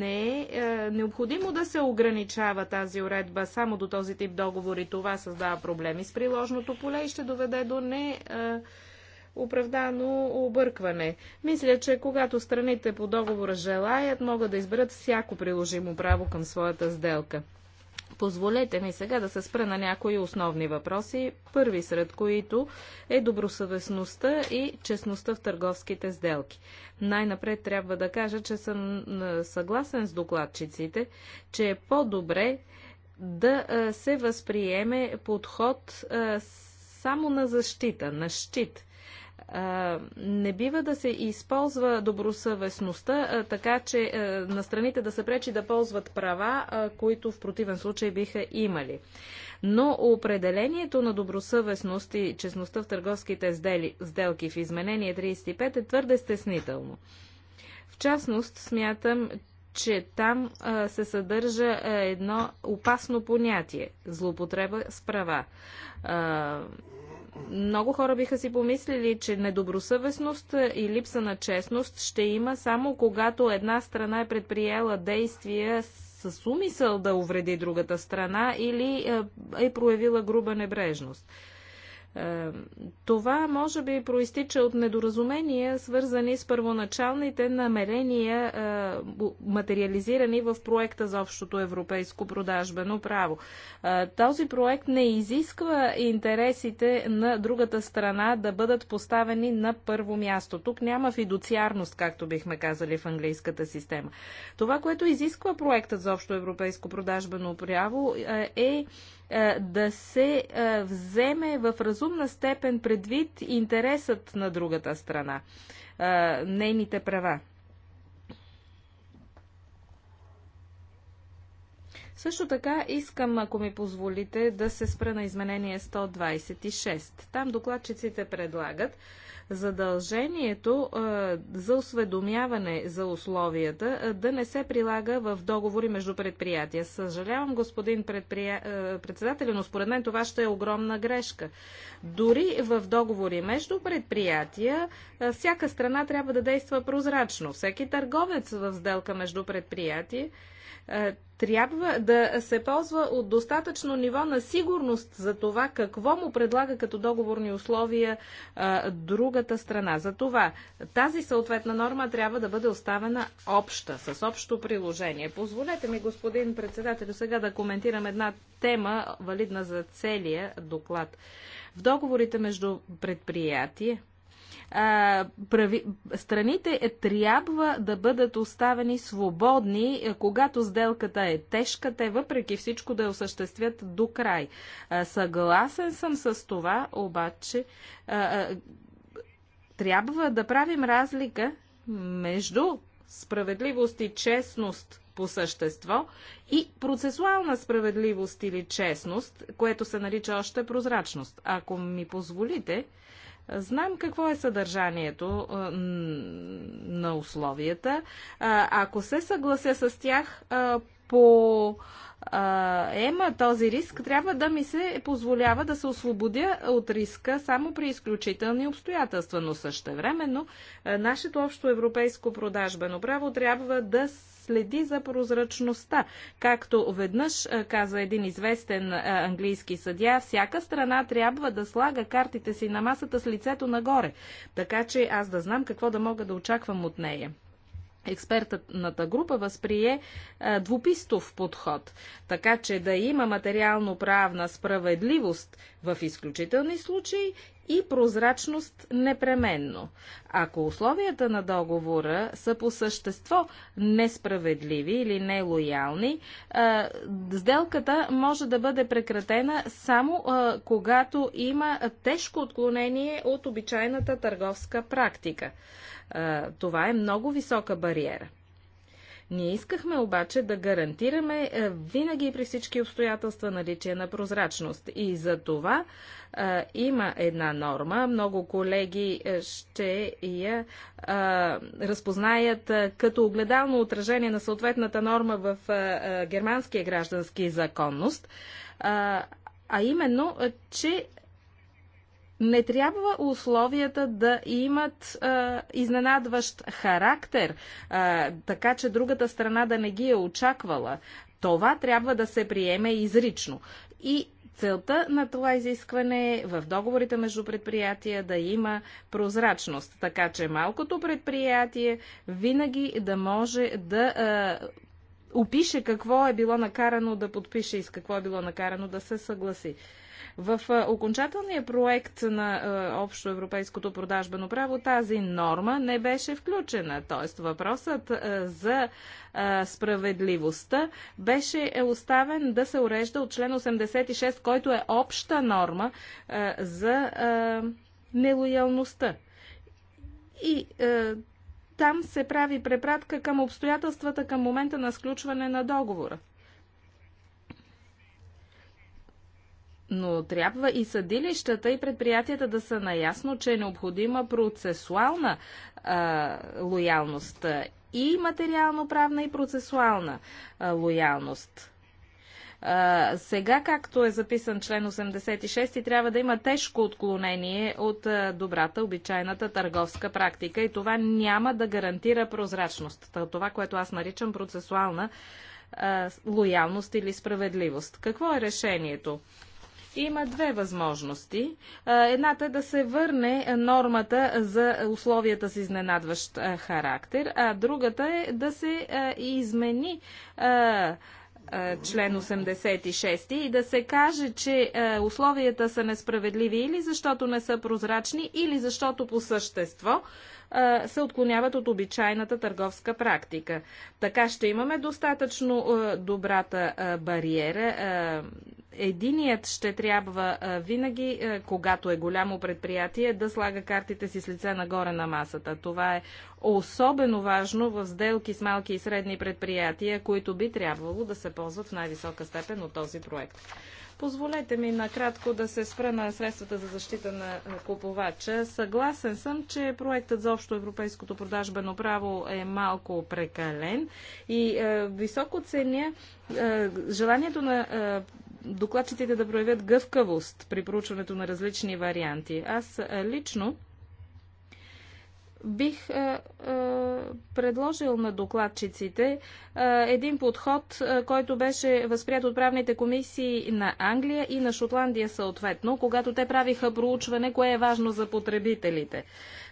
[SPEAKER 2] не е необходимо да се ограничава тази уредба само до този тип договори. Това създава проблеми с приложното поле и ще доведе до не оправдано объркване. Мисля, че когато страните по договора желаят, могат да изберат всяко приложимо право към своята сделка. Позволете ми сега да се спра на някои основни въпроси, първи сред които е добросъвестността и честността в търговските сделки. Най-напред трябва да кажа, че съм съгласен с докладчиците, че е по-добре да се възприеме подход само на защита, на щит не бива да се използва добросъвестността, така че на страните да се пречи да ползват права, които в противен случай биха имали. Но определението на добросъвестност и честността в търговските сделки в изменение 35 е твърде стеснително. В частност, смятам, че там се съдържа едно опасно понятие – злоупотреба с права много хора биха си помислили, че недобросъвестност и липса на честност ще има само когато една страна е предприела действия с умисъл да увреди другата страна или е, е проявила груба небрежност. Е, това може би проистича от недоразумения, свързани с първоначалните намерения, е, материализирани в проекта за общото европейско продажбено право. Е, този проект не изисква интересите на другата страна да бъдат поставени на първо място. Тук няма фидуциарност, както бихме казали в английската система. Това, което изисква проектът за общо европейско продажбено право е е, да се е, вземе в разумна степен предвид интересът на другата страна, е, нейните права. Също така искам, ако ми позволите, да се спра на изменение 126. Там докладчиците предлагат задължението за осведомяване за условията да не се прилага в договори между предприятия. Съжалявам, господин предприя... председател, но според мен това ще е огромна грешка. Дори в договори между предприятия всяка страна трябва да действа прозрачно. Всеки търговец в сделка между предприятия е, трябва да се ползва от достатъчно ниво на сигурност за това какво му предлага като договорни условия а, е, другата страна. За това тази съответна норма трябва да бъде оставена обща, с общо приложение. Позволете ми, господин председател, сега да коментирам една тема, валидна за целия доклад. В договорите между предприятия а, прави... страните е, трябва да бъдат оставени свободни, е, когато сделката е тежка, те въпреки всичко да я осъществят до край. А, съгласен съм с това, обаче а, трябва да правим разлика между справедливост и честност по същество и процесуална справедливост или честност, което се нарича още прозрачност. Ако ми позволите, Знам какво е съдържанието на условията. Ако се съглася с тях, ема този риск, трябва да ми се позволява да се освободя от риска само при изключителни обстоятелства, но също но е, нашето общо европейско продажбено право трябва да следи за прозрачността. Както веднъж е, каза един известен е, английски съдия, всяка страна трябва да слага картите си на масата с лицето нагоре, така че аз да знам какво да мога да очаквам от нея. Експертната група възприе двупистов подход, така че да има материално-правна справедливост в изключителни случаи и прозрачност непременно. Ако условията на договора са по същество несправедливи или нелоялни, сделката може да бъде прекратена само когато има тежко отклонение от обичайната търговска практика. Това е много висока бариера. Ние искахме обаче да гарантираме е, винаги и при всички обстоятелства наличие на прозрачност. И за това а, е, има една норма. Много колеги е, ще я а, разпознаят а, като огледално отражение на съответната норма в а, а, германския граждански законност. А, а именно, че не трябва условията да имат а, изненадващ характер, а, така че другата страна да не ги е очаквала. Това трябва да се приеме изрично. И Целта на това изискване е в договорите между предприятия да има прозрачност, така че малкото предприятие винаги да може да А, опише какво е било накарано да подпише и с какво е било накарано да се съгласи. В окончателния проект на общоевропейското продажбено право тази норма не беше включена. Т.е. въпросът за справедливостта беше е оставен да се урежда от член 86, който е обща норма за нелоялността. И там се прави препратка към обстоятелствата към момента на сключване на договора. но трябва и съдилищата и предприятията да са наясно, че е необходима процесуална а, лоялност и материално-правна и процесуална а, лоялност. А, сега, както е записан член 86, трябва да има тежко отклонение от а, добрата, обичайната търговска практика и това няма да гарантира прозрачност. Това, което аз наричам процесуална лоялност или справедливост. Какво е решението? Има две възможности. Едната е да се върне нормата за условията с изненадващ характер, а другата е да се измени член 86 и да се каже, че условията са несправедливи или защото не са прозрачни, или защото по същество се отклоняват от обичайната търговска практика. Така ще имаме достатъчно добрата бариера Единият ще трябва винаги, когато е голямо предприятие, да слага картите си с лице нагоре на масата. Това е особено важно в сделки с малки и средни предприятия, които би трябвало да се ползват в най-висока степен от този проект. Позволете ми накратко да се спра на средствата за защита на купувача. Съгласен съм, че проектът за общо европейското продажбено право е малко прекален и е, високо ценя е, желанието на е, докладчиците да проявят гъвкавост при проучването на различни варианти. Аз лично бих е, е, предложил на докладчиците е, един подход, който беше възприят от правните комисии на Англия и на Шотландия съответно, когато те правиха проучване, кое е важно за потребителите.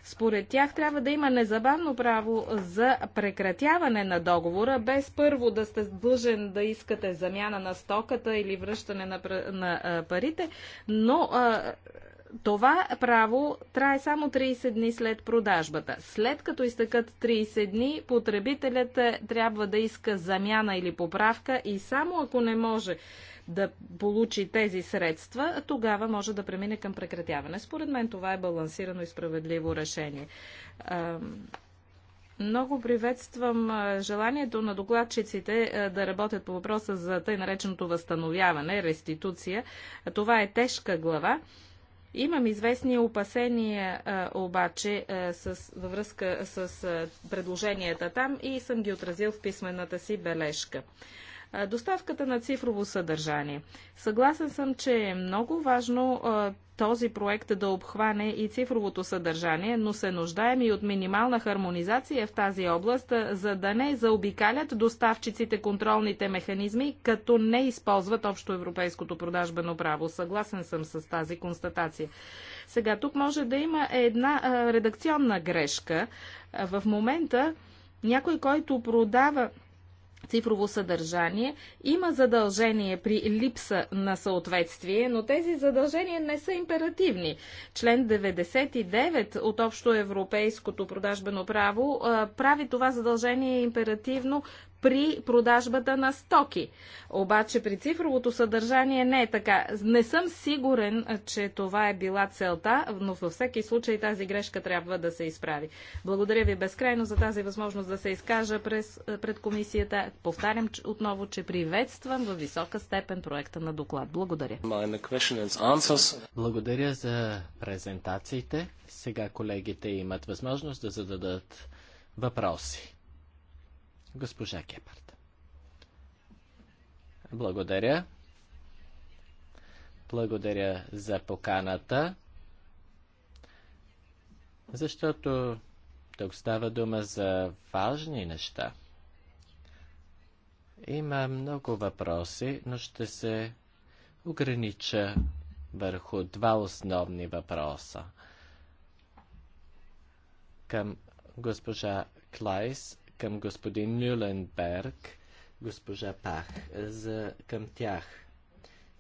[SPEAKER 2] Според тях трябва да има незабавно право за прекратяване на договора, без първо да сте длъжен да искате замяна на стоката или връщане на, на парите, но това право трае само 30 дни след продажбата. След като изтъкат 30 дни, потребителят е, трябва да иска замяна или поправка и само ако не може да получи тези средства, тогава може да премине към прекратяване. Според мен това е балансирано и справедливо решение. Много приветствам желанието на докладчиците да работят по въпроса за тъй нареченото възстановяване, реституция. Това е тежка глава. Имам известни опасения а, обаче а, с, във връзка с а, предложенията там и съм ги отразил в писмената си бележка. Доставката на цифрово съдържание. Съгласен съм, че е много важно този проект да обхване и цифровото съдържание, но се нуждаем и от минимална хармонизация в тази област, за да не заобикалят доставчиците контролните механизми, като не използват общо европейското продажбено право. Съгласен съм с тази констатация. Сега тук може да има една редакционна грешка. В момента някой, който продава цифрово съдържание, има задължение при липса на съответствие, но тези задължения не са императивни. Член 99 от общо европейското продажбено право прави това задължение императивно при продажбата на стоки. Обаче при цифровото съдържание не е така. Не съм сигурен, че това е била целта, но във всеки случай тази грешка трябва да се изправи. Благодаря ви безкрайно за тази възможност да се изкажа през, пред комисията. Повтарям отново, че приветствам във висока степен проекта на доклад. Благодаря.
[SPEAKER 1] Благодаря за презентациите. Сега колегите имат възможност да зададат въпроси. Госпожа Кепард. Благодаря. Благодаря за поканата, защото тук става дума за важни неща. Има много въпроси, но ще се огранича върху два основни въпроса. Към госпожа Клайс към господин Нюленберг, госпожа Пах, за, към тях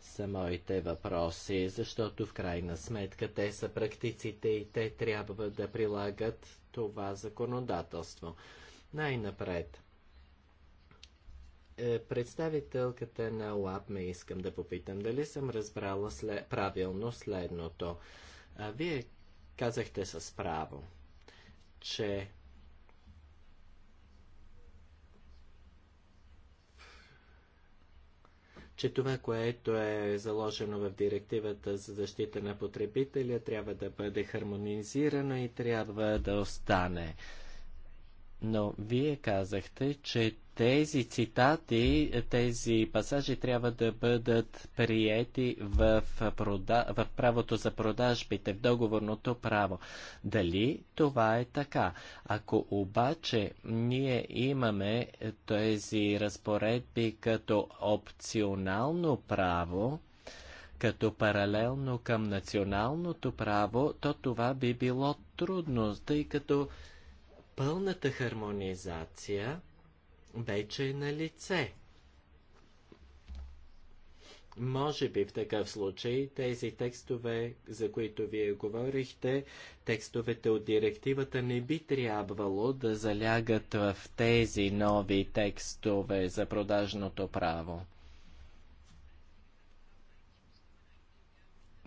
[SPEAKER 1] са моите въпроси, защото в крайна сметка те са практиците и те трябва да прилагат това законодателство. Най-напред. Е, представителката на ЛАП ме искам да попитам дали съм разбрала след, правилно следното. А, вие казахте с право, че че това, което е заложено в директивата за защита на потребителя, трябва да бъде хармонизирано и трябва да остане. Но вие казахте, че тези цитати, тези пасажи трябва да бъдат приети в, прода... в правото за продажбите, в договорното право. Дали това е така? Ако обаче ние имаме тези разпоредби като опционално право, като паралелно към националното право, то това би било трудно, тъй като пълната хармонизация вече е на лице. Може би в такъв случай тези текстове, за които вие говорихте, текстовете от директивата не би трябвало да залягат в тези нови текстове за продажното право.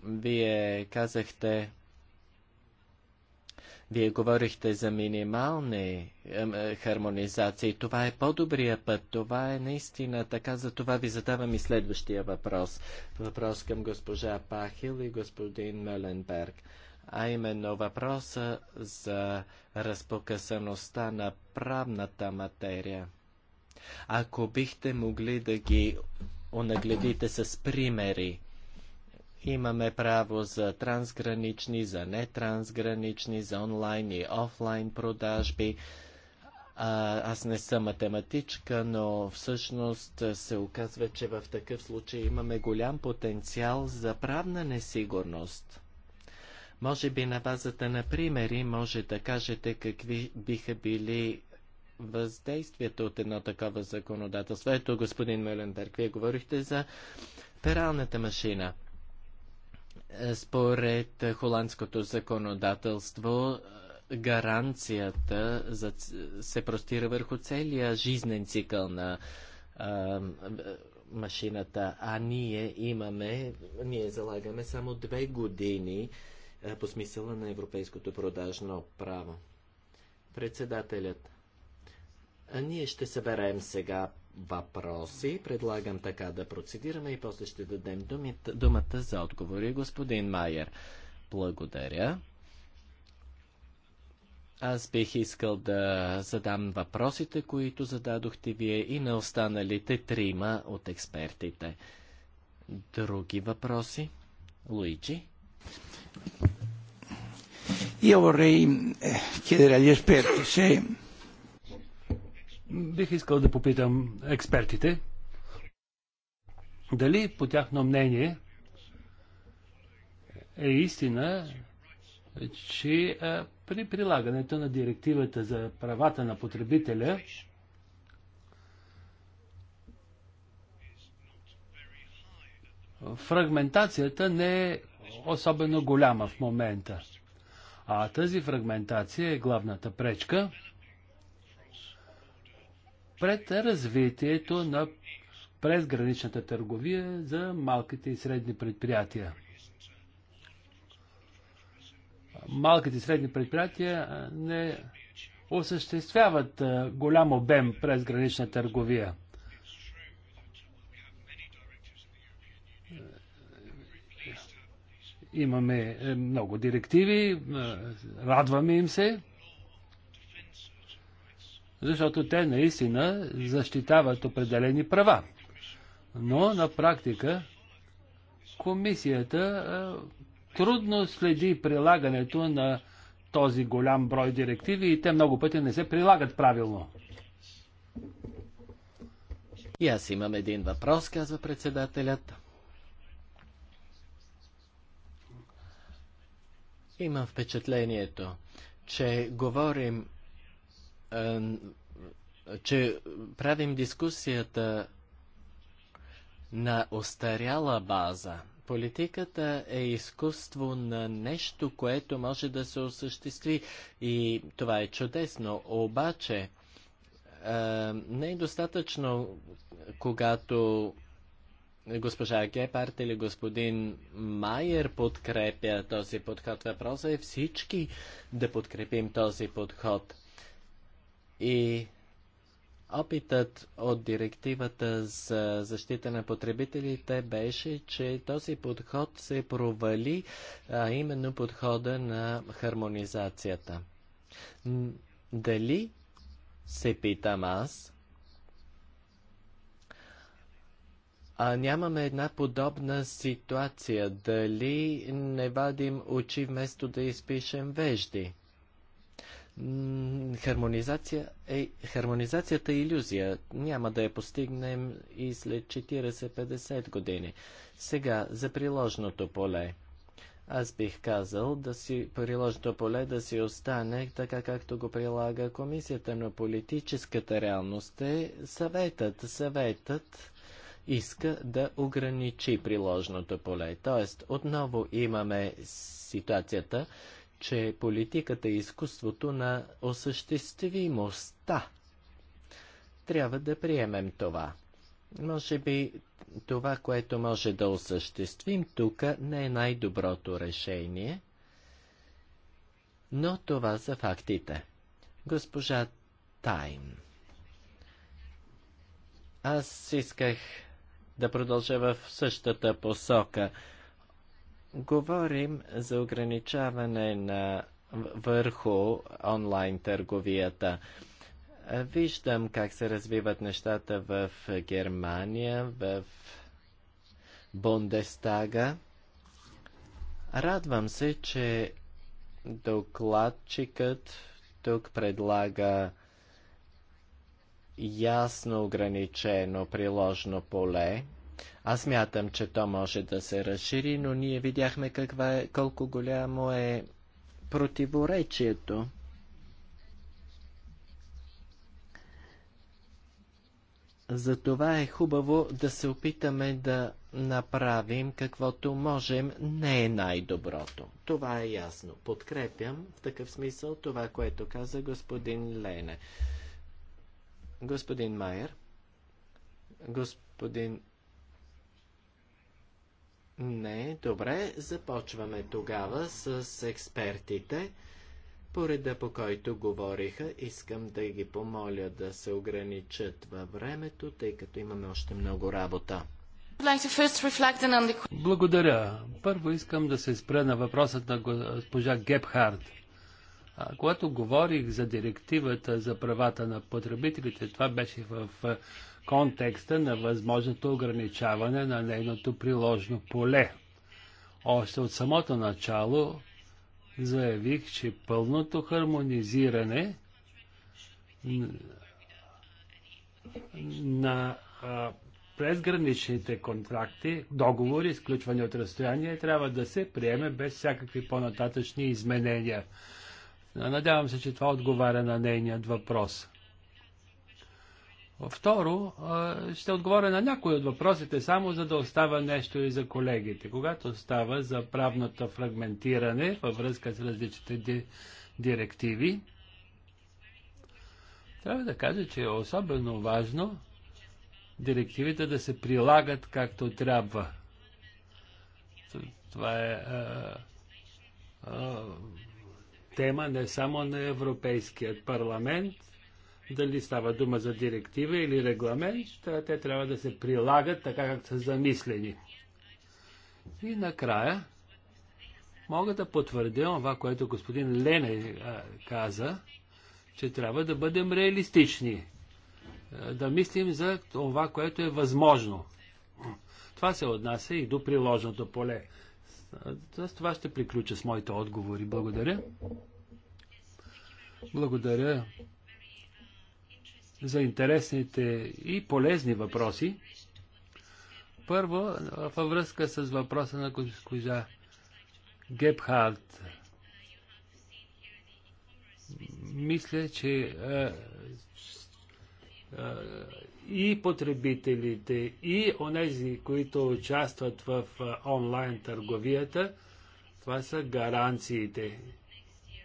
[SPEAKER 1] Вие казахте, вие говорихте за минимални е, хармонизации. Това е по-добрия път. Това е наистина така. За това ви задавам и следващия въпрос. Въпрос към госпожа Пахил и господин Меленберг. А именно въпроса за разпокъсаността на правната материя. Ако бихте могли да ги онагледите с примери, Имаме право за трансгранични, за нетрансгранични, за онлайн и офлайн продажби. А, аз не съм математичка, но всъщност се оказва, че в такъв случай имаме голям потенциал за правна несигурност. Може би на базата на примери може да кажете какви биха били въздействията от едно такова законодателство. Ето, господин Меленберг, вие говорихте за пералната машина – според холандското законодателство, е, гаранцията за, се простира върху целия жизнен цикъл на а, е, машината, а ние имаме, ние залагаме само две години а, е, по смисъла на европейското продажно право. Председателят, а ние ще съберем сега въпроси. Предлагам така да процедираме и после ще дадем думата, думата за отговори. Господин Майер, благодаря. Аз бих искал да задам въпросите, които зададохте вие и на останалите трима от експертите. Други въпроси? Луиджи? Io vorrei eh,
[SPEAKER 4] chiedere agli esperti se Бих искал да попитам експертите дали по тяхно мнение е истина, че при прилагането на директивата за правата на потребителя фрагментацията не е особено голяма в момента. А тази фрагментация е главната пречка – пред развитието на презграничната търговия за малките и средни предприятия. Малките и средни предприятия не осъществяват голям обем презгранична търговия. Имаме е, много директиви, е, радваме им се защото те наистина защитават определени права. Но на практика комисията трудно следи прилагането на този голям брой директиви и те много пъти не се прилагат правилно. И аз имам един въпрос, казва председателят.
[SPEAKER 1] Имам впечатлението, че говорим че правим дискусията на остаряла база. Политиката е изкуство на нещо, което може да се осъществи. И това е чудесно. Обаче, е, не е достатъчно, когато госпожа Гепард или господин Майер подкрепя този подход. Въпросът е всички да подкрепим този подход. И опитът от директивата за защита на потребителите беше, че този подход се провали, а именно подхода на хармонизацията. Дали, се питам аз, а нямаме една подобна ситуация, дали не вадим очи вместо да изпишем вежди? хармонизация е, хармонизацията е иллюзия. Няма да я постигнем и след 40-50 години. Сега за приложното поле. Аз бих казал да си приложното поле да си остане така както го прилага комисията, но политическата реалност е съветът. Съветът иска да ограничи приложното поле. Тоест, отново имаме ситуацията, че политиката е изкуството на осъществимостта. Трябва да приемем това. Може би това, което може да осъществим тук, не е най-доброто решение, но това са фактите. Госпожа Тайм. Аз исках да продължа в същата посока. Говорим за ограничаване на върху онлайн търговията. Виждам как се развиват нещата в Германия, в Бундестага. Радвам се, че докладчикът тук предлага ясно ограничено приложно поле аз мятам, че то може да се разшири, но ние видяхме каква е, колко голямо е противоречието. Затова е хубаво да се опитаме да направим каквото можем, не е най-доброто. Това е ясно. Подкрепям в такъв смисъл това, което каза господин Лене. Господин Майер, господин не, добре, започваме тогава с експертите. Пореда по който говориха, искам да ги помоля да се ограничат във времето, тъй като имаме още много работа.
[SPEAKER 4] Благодаря. Първо искам да се спра на въпросът на госпожа Гепхард. А, когато говорих за директивата за правата на потребителите, това беше в контекста на възможното ограничаване на нейното приложно поле. Още от самото начало заявих, че пълното хармонизиране на презграничните контракти, договори, изключвани от разстояние, трябва да се приеме без всякакви по-нататъчни изменения. Надявам се, че това отговаря на нейният въпрос. Второ, ще отговоря на някои от въпросите, само за да остава нещо и за колегите. Когато става за правното фрагментиране във връзка с различните директиви, трябва да кажа, че е особено важно директивите да се прилагат както трябва. Това е а, а, тема не само на Европейският парламент, дали става дума за директива или регламент, те трябва да се прилагат така, както са замислени. И накрая мога да потвърдя това, което господин Лене каза, че трябва да бъдем реалистични, да мислим за това, което е възможно. Това се отнася и до приложното поле. С това ще приключа с моите отговори. Благодаря. Благодаря, за интересните и полезни въпроси. Първо, във връзка с въпроса на госпожа Гебхарт. Мисля, че а, е, а, е, и потребителите, и онези, които участват в е, онлайн търговията, това са гаранциите.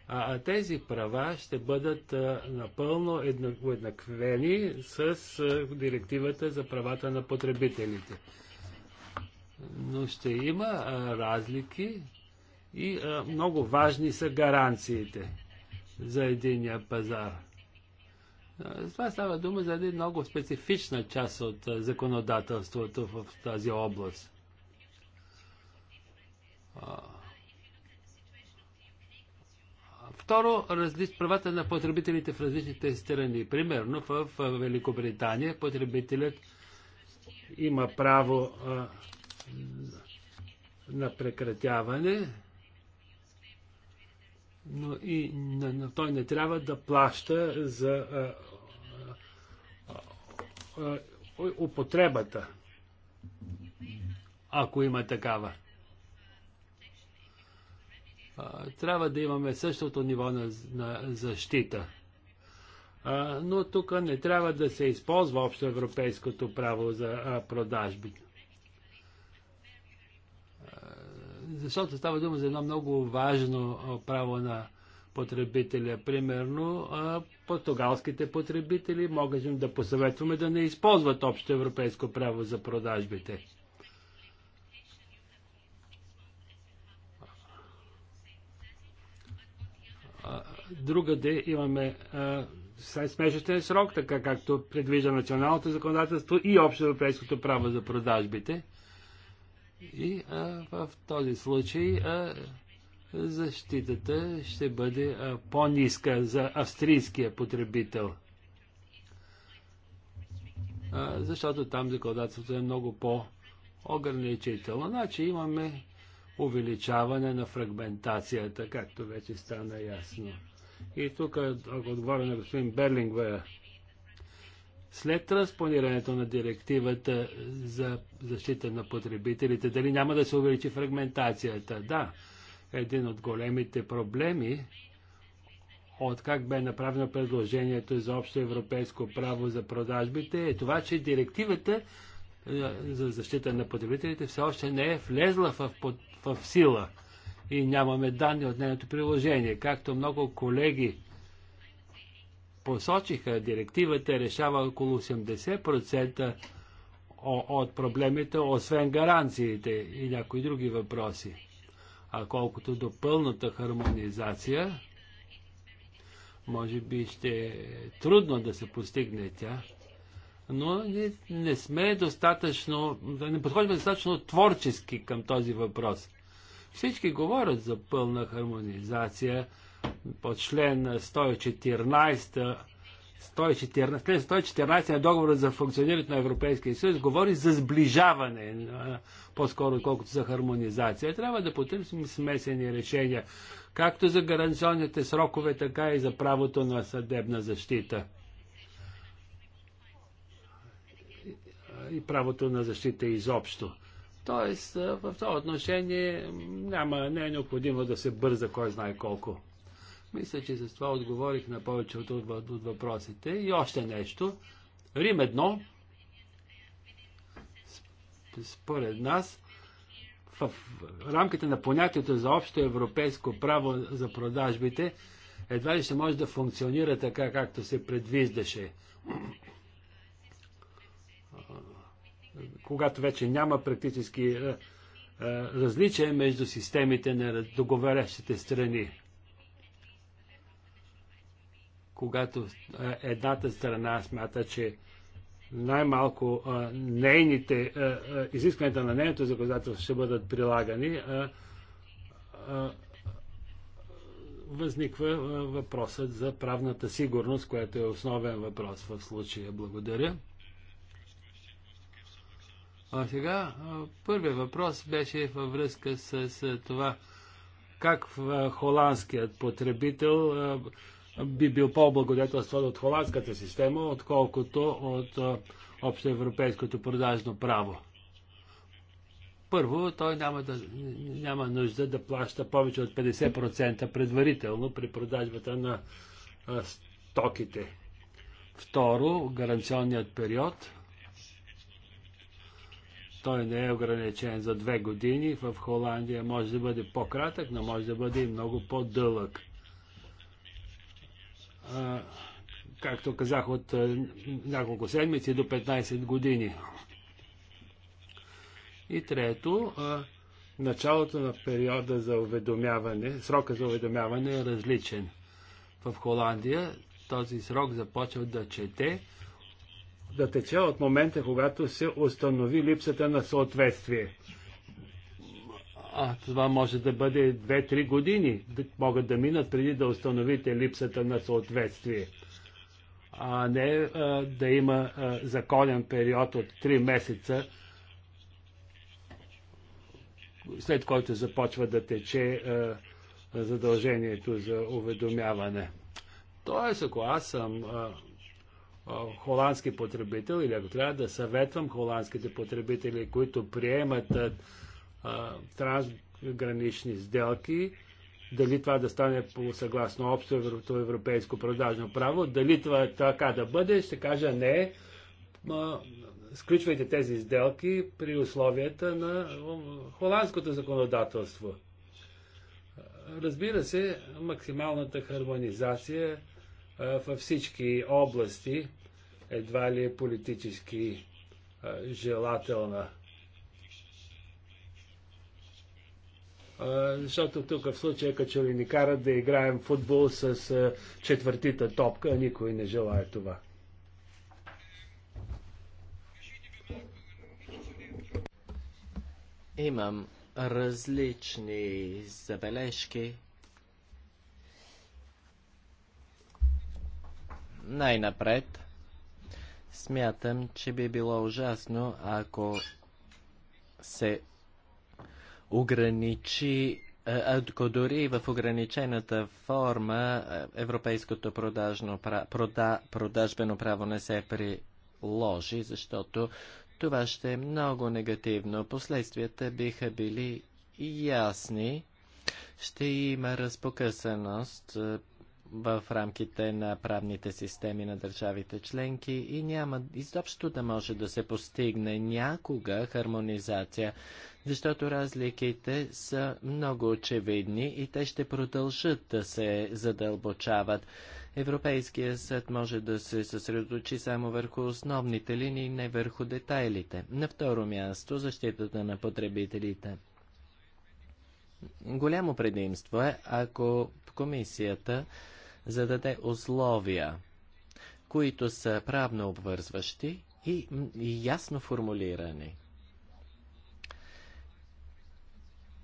[SPEAKER 4] А, а тези права ще бъдат а, напълно уеднаквени с а, директивата за правата на потребителите. Но ще има а, разлики и а, много важни са гаранциите за единия пазар. С това става дума за една много специфична част от законодателството в тази област. Второ, разли... правата на потребителите в различните страни. Примерно в Великобритания потребителят има право а, на прекратяване, но и на, на той не трябва да плаща за а, а, а, употребата, ако има такава трябва да имаме същото ниво на, на защита. А, но тук не трябва да се използва общоевропейското право за а, продажби. А, защото става дума за едно много важно право на потребителя. Примерно, португалските потребители можем да посъветваме да не използват общо европейско право за продажбите. другаде имаме смешечен срок, така както предвижда националното законодателство и общоевропейското право за продажбите. И а, в този случай а, защитата ще бъде по-ниска за австрийския потребител. А, защото там законодателството е много по-ограничително. Значи имаме увеличаване на фрагментацията, както вече стана ясно. И тук, ако отговоря на господин Берлингвер, след транспонирането на директивата за защита на потребителите, дали няма да се увеличи фрагментацията? Да, един от големите проблеми от как бе направено предложението за общо европейско право за продажбите е това, че директивата е, за защита на потребителите все още не е влезла в, в, в сила и нямаме данни от нейното приложение. Както много колеги посочиха, директивата решава около 80% от проблемите, освен гаранциите и някои други въпроси. А колкото до пълната хармонизация, може би ще е трудно да се постигне тя, но не, не сме достатъчно, да не подходим достатъчно творчески към този въпрос. Всички говорят за пълна хармонизация по член 114 114, на договора за функционирането на Европейския съюз говори за сближаване, по-скоро колкото за хармонизация. Трябва да потърсим смесени решения, както за гаранционните срокове, така и за правото на съдебна защита. И правото на защита изобщо. Тоест, в това отношение няма, не е необходимо да се бърза кой знае колко. Мисля, че с това отговорих на повечето от, от въпросите. И още нещо. Рим едно, според нас, в рамките на понятието за общо европейско право за продажбите, едва ли ще може да функционира така, както се предвиждаше когато вече няма практически е, е, различия между системите на договарящите страни. Когато е, едната страна смята, че най-малко нейните, изискванията на нейното законодателство ще бъдат прилагани, а, а, възниква въпросът за правната сигурност, което е основен въпрос в случая. Благодаря. А сега първият въпрос беше във връзка с, с това как холандският потребител би бил по-благодетелстван от холандската система, отколкото от общоевропейското продажно право. Първо, той няма, да, няма нужда да плаща повече от 50% предварително при продажбата на а, стоките. Второ, гаранционният период той не е ограничен за две години. В Холандия може да бъде по-кратък, но може да бъде и много по-дълъг. Както казах, от няколко седмици до 15 години. И трето, началото на периода за уведомяване, срока за уведомяване е различен. В Холандия този срок започва да чете да тече от момента, когато се установи липсата на съответствие. А това може да бъде 2-3 години, могат да минат преди да установите липсата на съответствие. А не а, да има а, законен период от 3 месеца, след който започва да тече а, задължението за уведомяване. Тоест, ако аз съм а, холандски потребител или ако трябва да съветвам холандските потребители, които приемат а, трансгранични сделки, дали това да стане по съгласно общо европейско продажно право, дали това така да бъде, ще кажа не. А, сключвайте тези сделки при условията на холандското законодателство. Разбира се, максималната хармонизация а, във всички области едва ли е политически желателна. защото тук в случая като ли ни карат да играем футбол с четвъртита топка, никой не желая това. Имам
[SPEAKER 1] различни забележки. Най-напред. Смятам, че би било ужасно, ако се ограничи, е, ако дори в ограничената форма е, европейското продажно, прода, продажбено право не се приложи, защото това ще е много негативно. Последствията биха били ясни. Ще има разпокъсаност е, в рамките на правните системи на държавите членки и няма изобщо да може да се постигне някога хармонизация, защото разликите са много очевидни и те ще продължат да се задълбочават. Европейския съд може да се съсредоточи само върху основните линии, не върху детайлите. На второ място защитата на потребителите. Голямо предимство е, ако комисията за даде условия, които са правно обвързващи и, и ясно формулирани.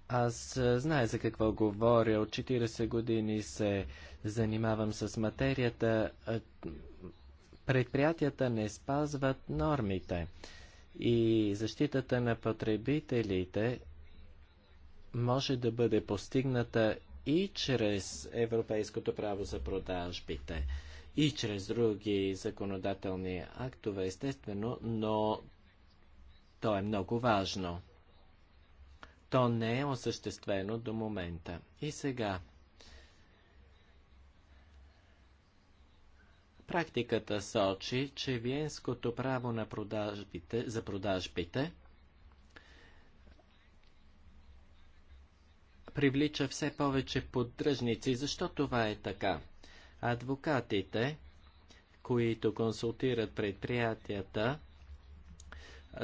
[SPEAKER 1] Аз знае за какво говоря. От 40 години се занимавам с материята. Предприятията не спазват нормите. И защитата на потребителите може да бъде постигната и чрез европейското право за продажбите и чрез други законодателни актове, естествено, но то е много важно. То не е осъществено до момента. И сега. Практиката сочи, че виенското право на продажбите, за продажбите – привлича все повече поддръжници. Защо това е така? Адвокатите, които консултират предприятията,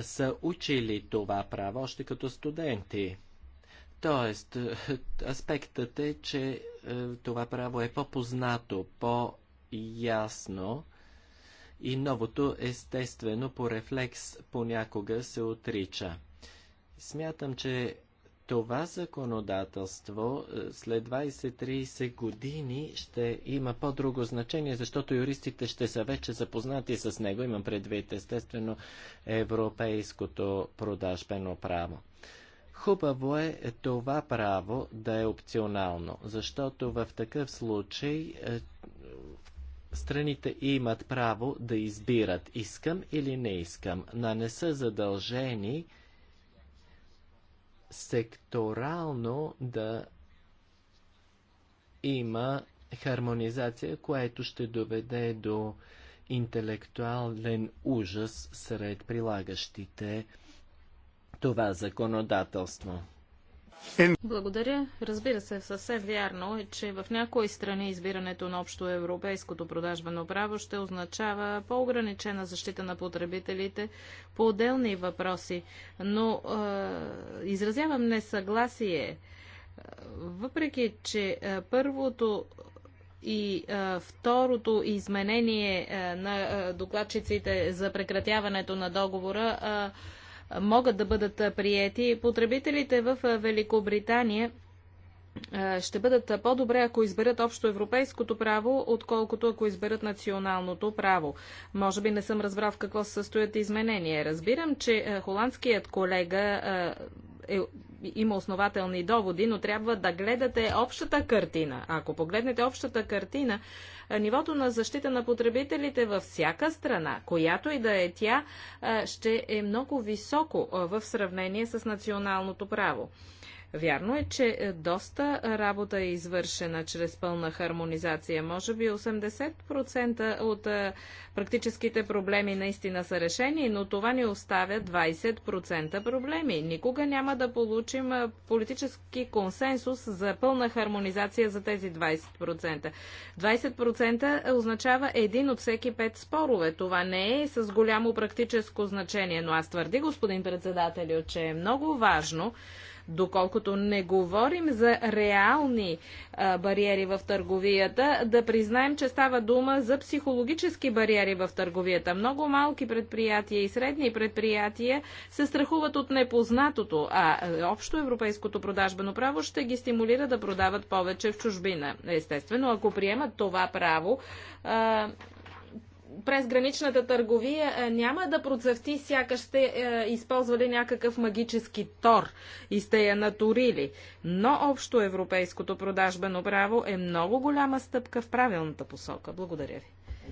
[SPEAKER 1] са учили това право още като студенти. Тоест, *laughs* аспектът е, че е, това право е по-познато, по-ясно и новото естествено по рефлекс понякога се отрича. Смятам, че това законодателство е, след 20-30 години ще има по-друго значение, защото юристите ще са вече запознати с него. Имам предвид, естествено, европейското продажбено право. Хубаво е, е това право да е опционално, защото в такъв случай е, страните имат право да избират искам или не искам, но не са задължени секторално да има хармонизация, което ще доведе до интелектуален ужас сред прилагащите това законодателство.
[SPEAKER 2] Благодаря. Разбира се, съвсем вярно е, че в някои страни избирането на общо европейското продажбено право ще означава по-ограничена защита на потребителите по отделни въпроси. Но е, изразявам несъгласие. Въпреки, че е, първото и е, второто изменение е, на е, докладчиците за прекратяването на договора Е, могат да бъдат приети. Потребителите в Великобритания ще бъдат по-добре, ако изберат общо европейското право, отколкото ако изберат националното право. Може би не съм разбрал в какво се състоят изменения. Разбирам, че холандският колега е, има основателни доводи, но трябва да гледате общата картина. Ако погледнете общата картина, е, нивото на защита на потребителите във всяка страна, която и да е тя, е, ще е много високо е, в сравнение с националното право. Вярно е, че е, доста работа е извършена чрез пълна хармонизация. Може би 80% от е, практическите проблеми наистина са решени, но това ни оставя 20% проблеми. Никога няма да получим е, политически консенсус за пълна хармонизация за тези 20%. 20% означава един от всеки пет спорове. Това не е с голямо практическо значение, но аз твърди, господин председател, че е много важно доколкото не говорим за реални а, бариери в търговията, да признаем, че става дума за психологически бариери в търговията. Много малки предприятия и средни предприятия се страхуват от непознатото, а общо европейското продажбено право ще ги стимулира да продават повече в чужбина. Естествено, ако приемат това право, а, през граничната търговия е, няма да процъфти, сякаш сте е, използвали някакъв магически тор и сте я натурили. Но общо европейското продажбено право е много голяма стъпка в правилната посока. Благодаря ви.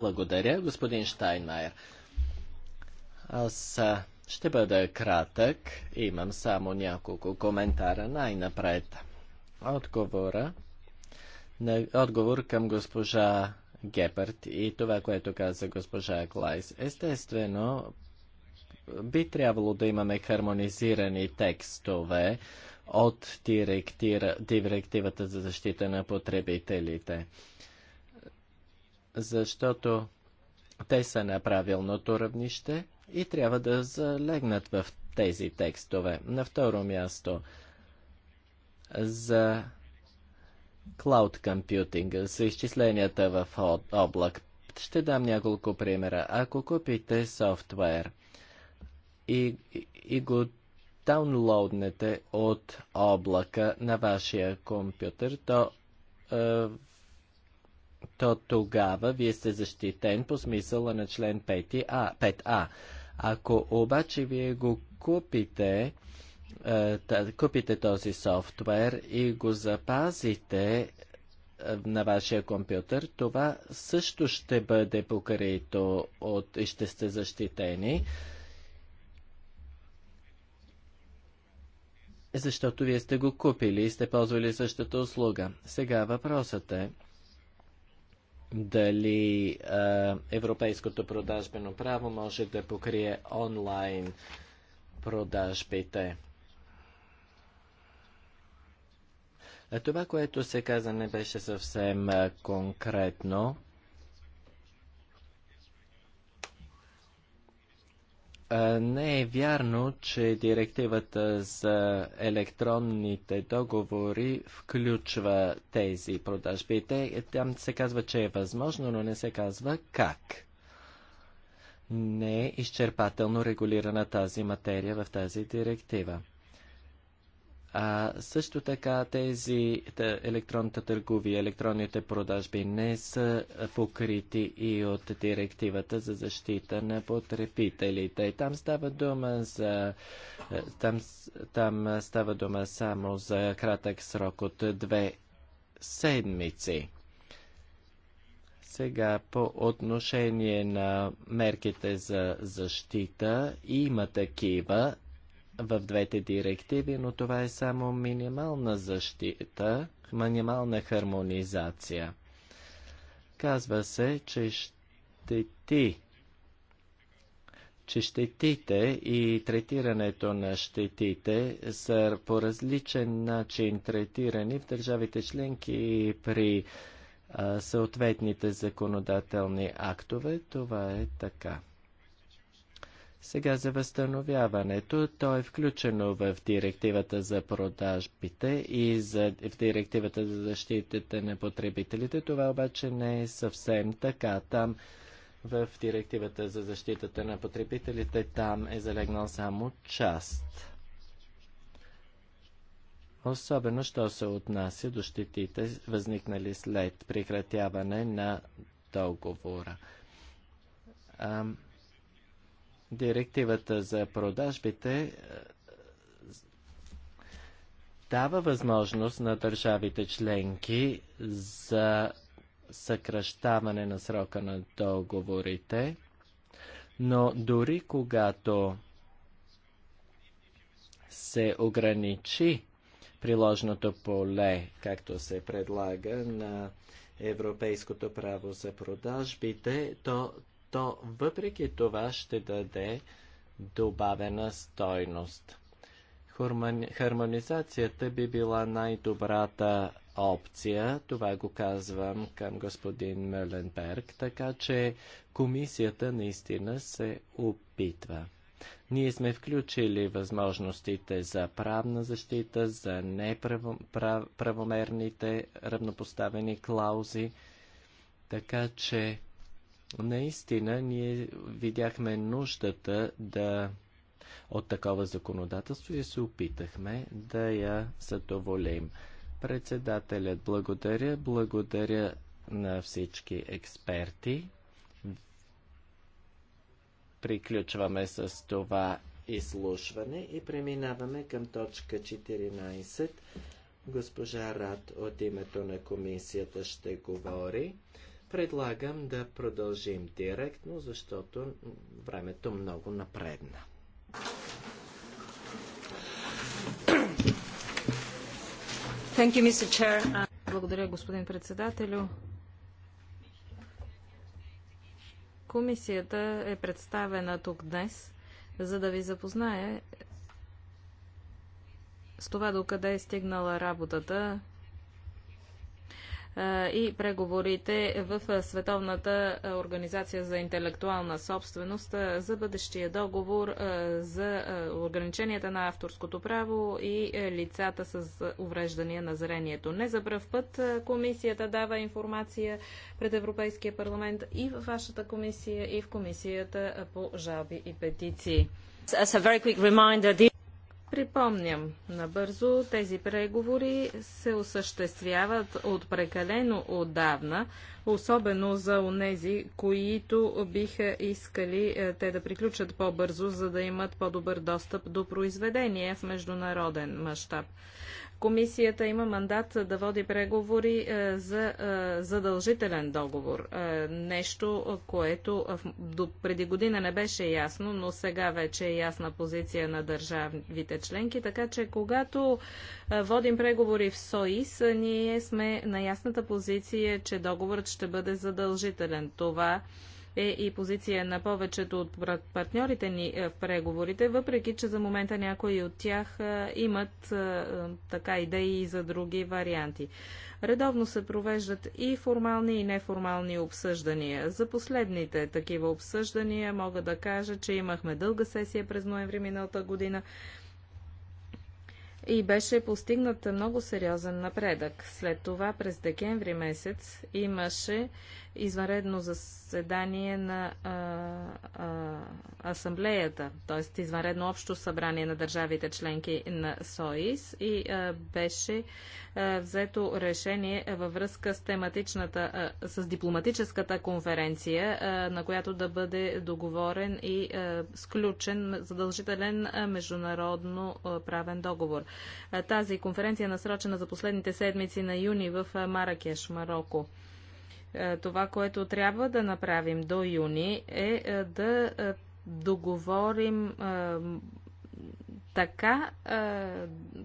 [SPEAKER 1] Благодаря, господин Штайнмайер. Аз ще бъда кратък. Имам само няколко коментара най-напред отговора на отговор към госпожа Гепард и това, което каза госпожа Клайс. Естествено, би трябвало да имаме хармонизирани текстове от директивата за защита на потребителите, защото те са на правилното равнище и трябва да залегнат в тези текстове. На второ място – за клауд компютинга, за изчисленията в облак. Ще дам няколко примера. Ако купите софтуер и, и го даунлоуднете от облака на вашия компютър, то, е, то тогава вие сте защитен по смисъла на член 5а. 5а. Ако обаче вие го купите е, купите този софтуер и го запазите е, на вашия компютър, това също ще бъде покрито от, и ще сте защитени, защото вие сте го купили и сте ползвали същата услуга. Сега въпросът е дали е, европейското продажбено право може да покрие онлайн продажбите. Това, което се каза, не беше съвсем конкретно. Не е вярно, че директивата за електронните договори включва тези продажби. Те, там се казва, че е възможно, но не се казва как. Не е изчерпателно регулирана тази материя в тази директива. А, също така тези електронната търговия, електронните продажби не са покрити и от директивата за защита на потребителите. И Там става дума за е, там, там става дума само за кратък срок от две седмици. Сега по отношение на мерките за защита има такива, в двете директиви, но това е само минимална защита, минимална хармонизация. Казва се, че ти че щетите и третирането на щетите са по различен начин третирани в държавите членки и при а, съответните законодателни актове. Това е така. Сега за възстановяването, то е включено в директивата за продажбите и за, в директивата за защитите на потребителите. Това обаче не е съвсем така. Там в директивата за защитата на потребителите там е залегнал само част. Особено, що се отнася до щетите, възникнали след прекратяване на договора. Ам, Директивата за продажбите е, дава възможност на държавите членки за съкръщаване на срока на договорите, но дори когато се ограничи приложното поле, както се предлага на европейското право за продажбите, то то въпреки това ще даде добавена стойност. Хармонизацията би била най-добрата опция, това го казвам към господин Мюленберг, така че комисията наистина се опитва. Ние сме включили възможностите за правна защита, за неправомерните неправо... прав... равнопоставени клаузи, така че Наистина, ние видяхме нуждата да от такова законодателство и се опитахме да я задоволим. Председателят благодаря, благодаря на всички експерти. Приключваме с това изслушване и преминаваме към точка 14. Госпожа Рад от името на комисията ще говори. Предлагам да продължим директно, защото времето много напредна.
[SPEAKER 2] You, Благодаря, господин председателю. Комисията е представена тук днес, за да ви запознае с това докъде е стигнала работата и преговорите в Световната организация за интелектуална собственост за бъдещия договор за ограниченията на авторското право и лицата с увреждания на зрението. Не за пръв път комисията дава информация пред Европейския парламент и в вашата комисия, и в комисията по жалби и петиции. As a very quick reminder, Припомням набързо, тези преговори се осъществяват от прекалено отдавна, особено за онези, които биха искали е, те да приключат по-бързо, за да имат по-добър достъп до произведения в международен мащаб. Комисията има мандат да води преговори е, за е, задължителен договор. Е, нещо, което до преди година не беше ясно, но сега вече е ясна позиция на държавите членки. Така че, когато водим преговори в СОИС, ние сме на ясната позиция, че договорът ще бъде задължителен. Това е е и позиция на повечето от партньорите ни е, в преговорите, въпреки че за момента някои от тях е, имат е, така идеи и за други варианти. Редовно се провеждат и формални и неформални обсъждания. За последните такива обсъждания мога да кажа, че имахме дълга сесия през ноември миналата година и беше постигнат много сериозен напредък. След това през декември месец имаше извънредно заседание на а, а, асамблеята, т.е. извънредно общо събрание на държавите членки на СОИС и а, беше а, взето решение във връзка с тематичната, а, с дипломатическата конференция, а, на която да бъде договорен и а, сключен задължителен а, международно а, правен договор. А, тази конференция е насрочена за последните седмици на юни в Маракеш, Марокко. Е, това, което трябва да направим до юни е, е да е, договорим така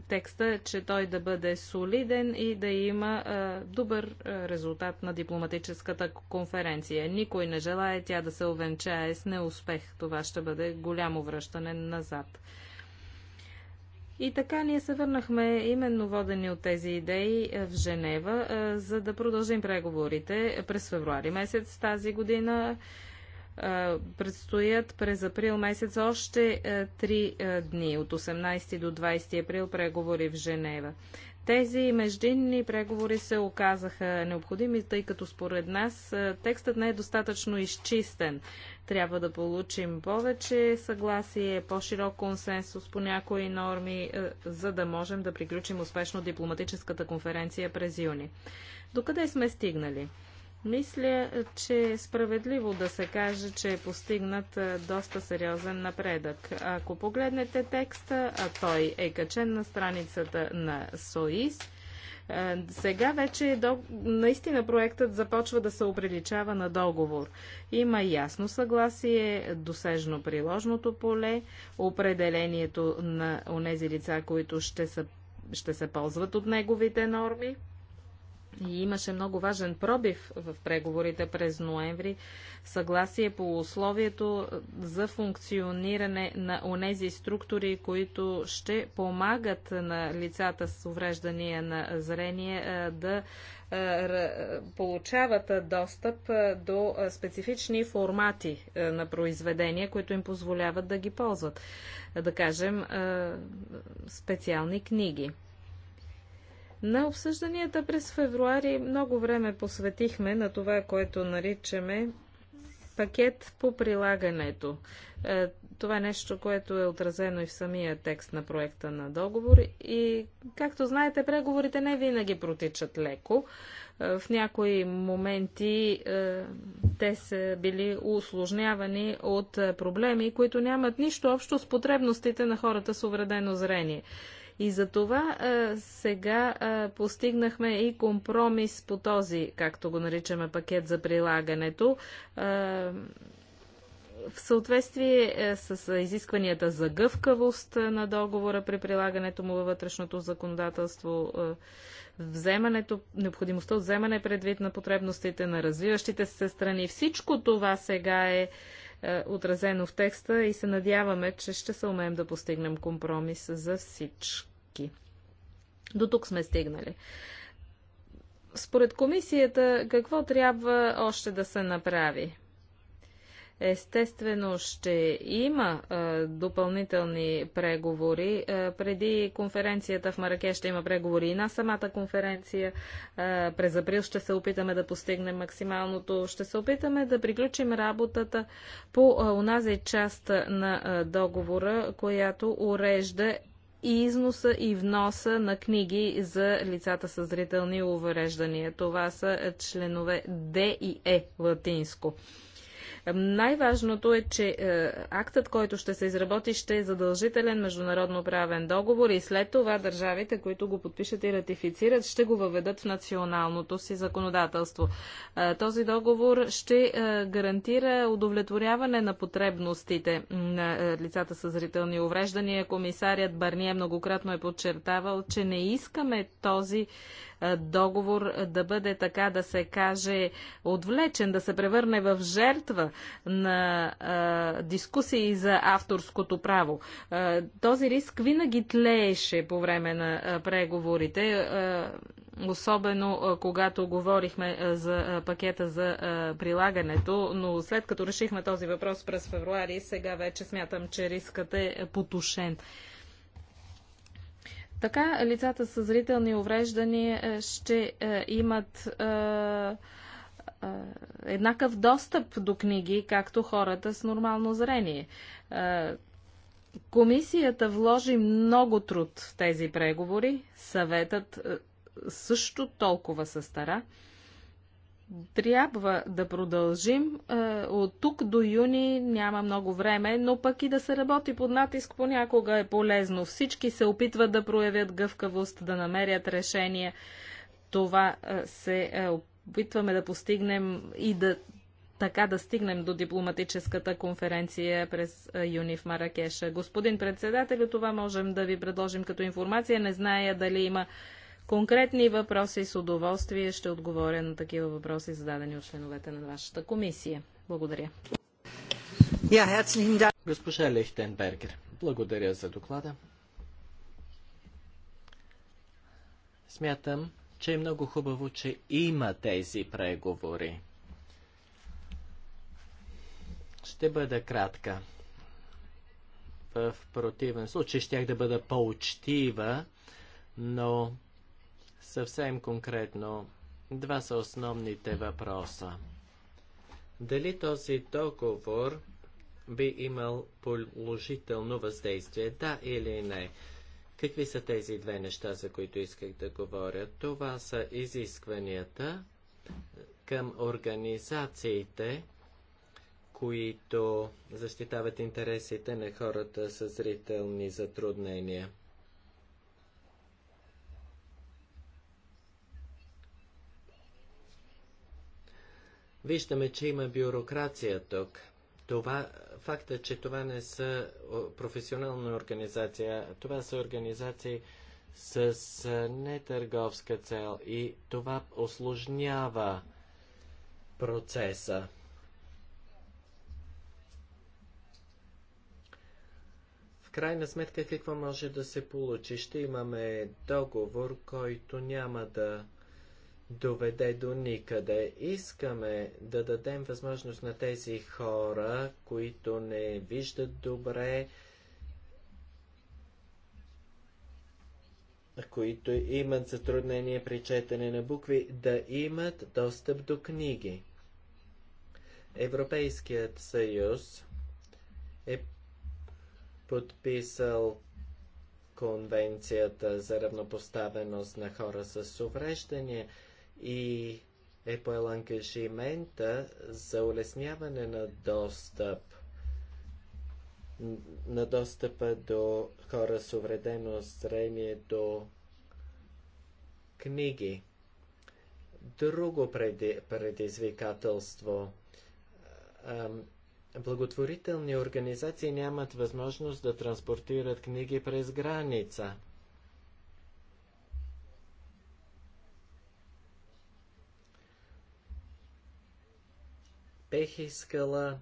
[SPEAKER 2] текста, че той да бъде солиден и да има добър резултат на дипломатическата конференция. Никой не желая тя да се овенчае с неуспех. Това ще бъде голямо връщане назад. И така ние се върнахме именно водени от тези идеи е, в Женева, е, за да продължим преговорите през февруари месец тази година. Е, предстоят през април месец още три дни, от 18 до 20 април преговори в Женева. Тези междинни преговори се оказаха необходими, тъй като според нас е, текстът не е достатъчно изчистен. Трябва да получим повече съгласие, по-широк консенсус по някои норми, е, за да можем да приключим успешно дипломатическата конференция през юни. Докъде сме стигнали? Мисля, че е справедливо да се каже, че е постигнат доста сериозен напредък. Ако погледнете текста, а той е качен на страницата на СОИС, сега вече е наистина проектът започва да се оприличава на договор. Има ясно съгласие, досежно приложното поле, определението на онези лица, които ще, са, ще се ползват от неговите норми. И имаше много важен пробив в преговорите през ноември. Съгласие по условието за функциониране на онези структури, които ще помагат на лицата с увреждания на зрение да получават достъп до специфични формати на произведения, които им позволяват да ги ползват. Да кажем, специални книги. На обсъжданията през февруари много време посветихме на това, което наричаме пакет по прилагането. Е, това е нещо, което е отразено и в самия текст на проекта на договор. И, както знаете, преговорите не винаги протичат леко. Е, в някои моменти е, те са били усложнявани от проблеми, които нямат нищо общо с потребностите на хората с увредено зрение. И за това а, сега а, постигнахме и компромис по този, както го наричаме, пакет за прилагането. А, в съответствие е, с изискванията за гъвкавост на договора при прилагането му във вътрешното законодателство, вземането, необходимостта от вземане предвид на потребностите на развиващите се страни. Всичко това сега е, е отразено в текста и се надяваме, че ще се умеем да постигнем компромис за всички. До тук сме стигнали. Според комисията, какво трябва още да се направи? Естествено ще има а, допълнителни преговори. А, преди конференцията в Маракеш ще има преговори и на самата конференция. А, през април ще се опитаме да постигнем максималното. Ще се опитаме да приключим работата по унази част на договора, която урежда и износа и вноса на книги за лицата с зрителни увреждания. Това са членове Д и Е латинско. Най-важното е, че е, актът, който ще се изработи, ще е задължителен международно правен договор и след това държавите, които го подпишат и ратифицират, ще го въведат в националното си законодателство. Е, този договор ще е, гарантира удовлетворяване на потребностите на лицата с зрителни увреждания. Комисарият Барние многократно е подчертавал, че не искаме този договор да бъде така да се каже отвлечен, да се превърне в жертва на а, дискусии за авторското право. А, този риск винаги тлееше по време на а, преговорите особено когато говорихме за пакета за прилагането, но след като решихме този въпрос през февруари, сега вече смятам, че рискът е потушен. Така лицата с зрителни увреждания е, ще е, имат е, еднакъв достъп до книги, както хората с нормално зрение. Комисията вложи много труд в тези преговори, съветът също толкова се стара. Трябва да продължим. Е, от тук до юни няма много време, но пък и да се работи под натиск понякога е полезно. Всички се опитват да проявят гъвкавост, да намерят решение. Това е, се е, опитваме да постигнем и да така да стигнем до дипломатическата конференция през юни в Маракеша. Господин председател, това можем да ви предложим като информация. Не зная дали има конкретни въпроси. С удоволствие ще отговоря на такива въпроси, зададени от членовете на вашата комисия. Благодаря.
[SPEAKER 1] Госпожа Лихтенбергер, благодаря за доклада. Смятам, че е много хубаво, че има тези преговори. Ще бъда кратка. В противен случай щях да бъда по-учтива, но Съвсем конкретно, два са основните въпроса. Дали този договор би имал положително въздействие, да или не? Какви са тези две неща, за които исках да говоря? Това са изискванията към организациите, които защитават интересите на хората с зрителни затруднения. Виждаме, че има бюрокрация тук. Това, факта, че това не са професионална организация, това са организации с нетърговска цел и това осложнява процеса. В крайна сметка какво може да се получи? Ще имаме договор, който няма да доведе до никъде. Искаме да дадем възможност на тези хора, които не виждат добре, които имат затруднение при четене на букви, да имат достъп до книги. Европейският съюз е подписал Конвенцията за равнопоставеност на хора с увреждания – и е поел ангажимента за улесняване на достъп на достъпа до хора с увредено зрение до книги. Друго преди, предизвикателство. Благотворителни организации нямат възможност да транспортират книги през граница. Бех искала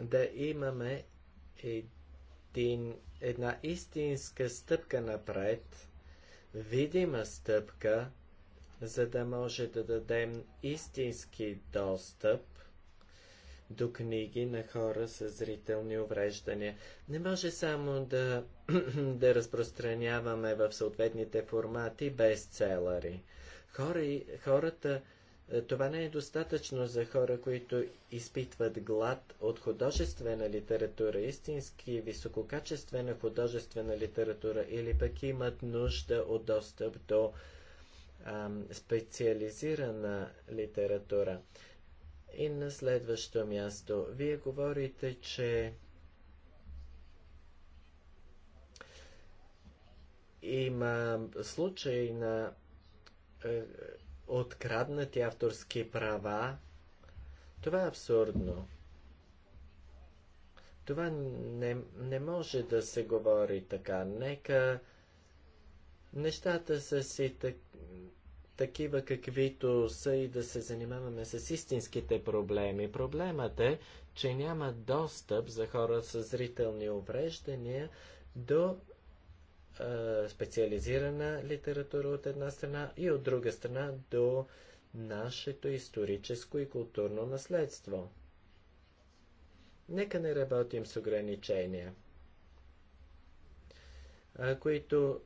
[SPEAKER 1] да имаме един, една истинска стъпка напред, видима стъпка, за да може да дадем истински достъп до книги на хора с зрителни увреждания. Не може само да, *clears throat* да разпространяваме в съответните формати без целари. Хора, хората е, това не е достатъчно за хора, които изпитват глад от художествена литература, истински висококачествена художествена литература или пък имат нужда от достъп до ам, специализирана литература. И на следващо място, вие говорите, че има случаи на е, откраднати авторски права. Това е абсурдно. Това не, не може да се говори така. Нека нещата са си так, такива каквито са и да се занимаваме с истинските проблеми. Проблемът е, че няма достъп за хора с зрителни увреждания до специализирана литература от една страна и от друга страна до нашето историческо и културно наследство. Нека не работим с ограничения, които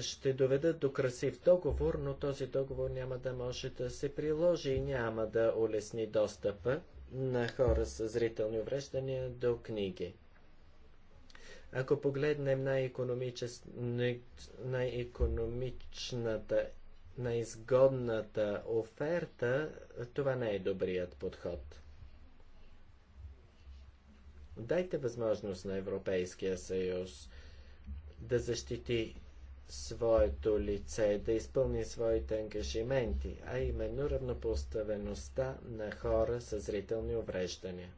[SPEAKER 1] ще доведат до красив договор, но този договор няма да може да се приложи и няма да улесни достъпа на хора с зрителни увреждания до книги. Ако погледнем най най-економичната, най-изгодната оферта, това не е добрият подход. Дайте възможност на Европейския съюз да защити своето лице, да изпълни своите ангажименти, а именно равнопоставеността на хора с зрителни увреждания.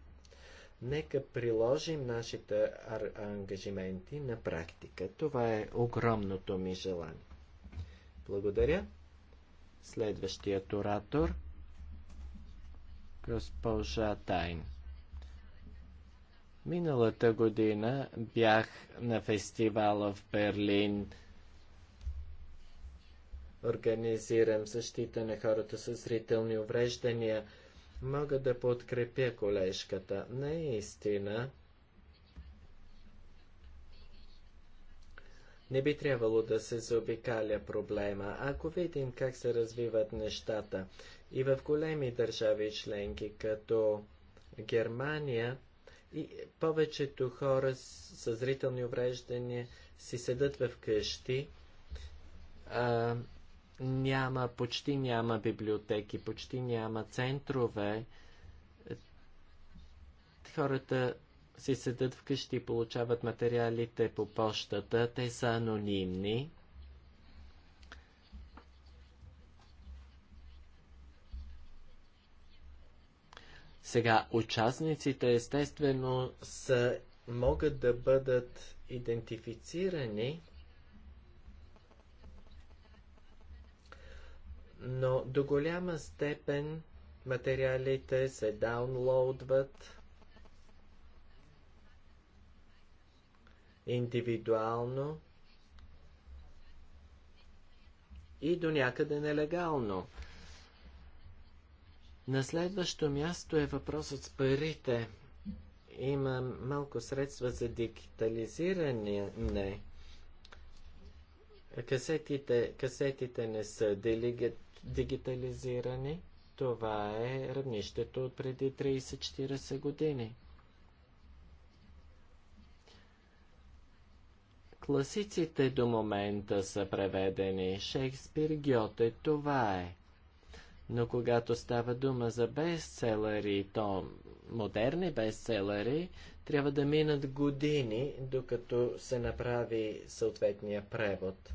[SPEAKER 1] Нека приложим нашите ангажименти на практика. Това е огромното ми желание. Благодаря. Следващият оратор госпожа Тайн. Миналата година бях на фестивала в Берлин, организиран в защита на хората с зрителни увреждания – мога да подкрепя колежката. Наистина, не би трябвало да се заобикаля проблема, ако видим как се развиват нещата. И в големи държави членки, като Германия, и повечето хора с зрителни увреждания си седат в къщи, а, няма, почти няма библиотеки, почти няма центрове. Хората си седат вкъщи и получават материалите по почтата. Те са анонимни. Сега, участниците естествено са, могат да бъдат идентифицирани но до голяма степен материалите се даунлоудват индивидуално и до някъде нелегално. На следващо място е въпросът с парите. Има малко средства за дигитализиране. Не. Касетите, касетите не са дигитализирани, това е равнището от преди 30-40 години. Класиците до момента са преведени. Шекспир, Гьоте, това е. Но когато става дума за бестселери, то модерни бестселери, трябва да минат години, докато се направи съответния превод.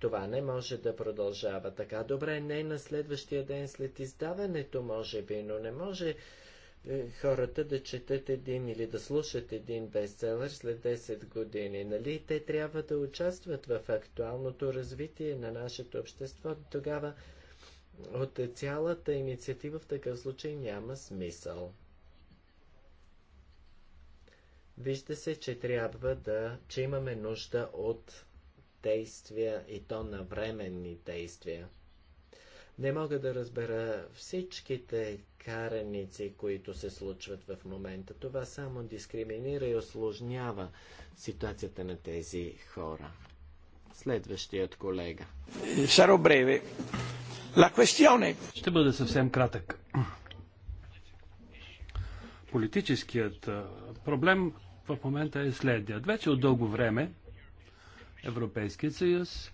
[SPEAKER 1] Това не може да продължава така. Добре, не на следващия ден след издаването, може би, но не може е, хората да четат един или да слушат един бестселър след 10 години. Нали? Те трябва да участват в актуалното развитие на нашето общество. Тогава от цялата инициатива в такъв случай няма смисъл. Вижда се, че трябва да, че имаме нужда от действия и то на временни действия. Не мога да разбера всичките караници, които се случват в момента. Това само дискриминира и осложнява ситуацията на тези хора. Следващият
[SPEAKER 4] колега. Саро бреве. La questione... Ще бъде съвсем кратък. Политическият проблем в момента е следният. Вече от дълго време Европейският съюз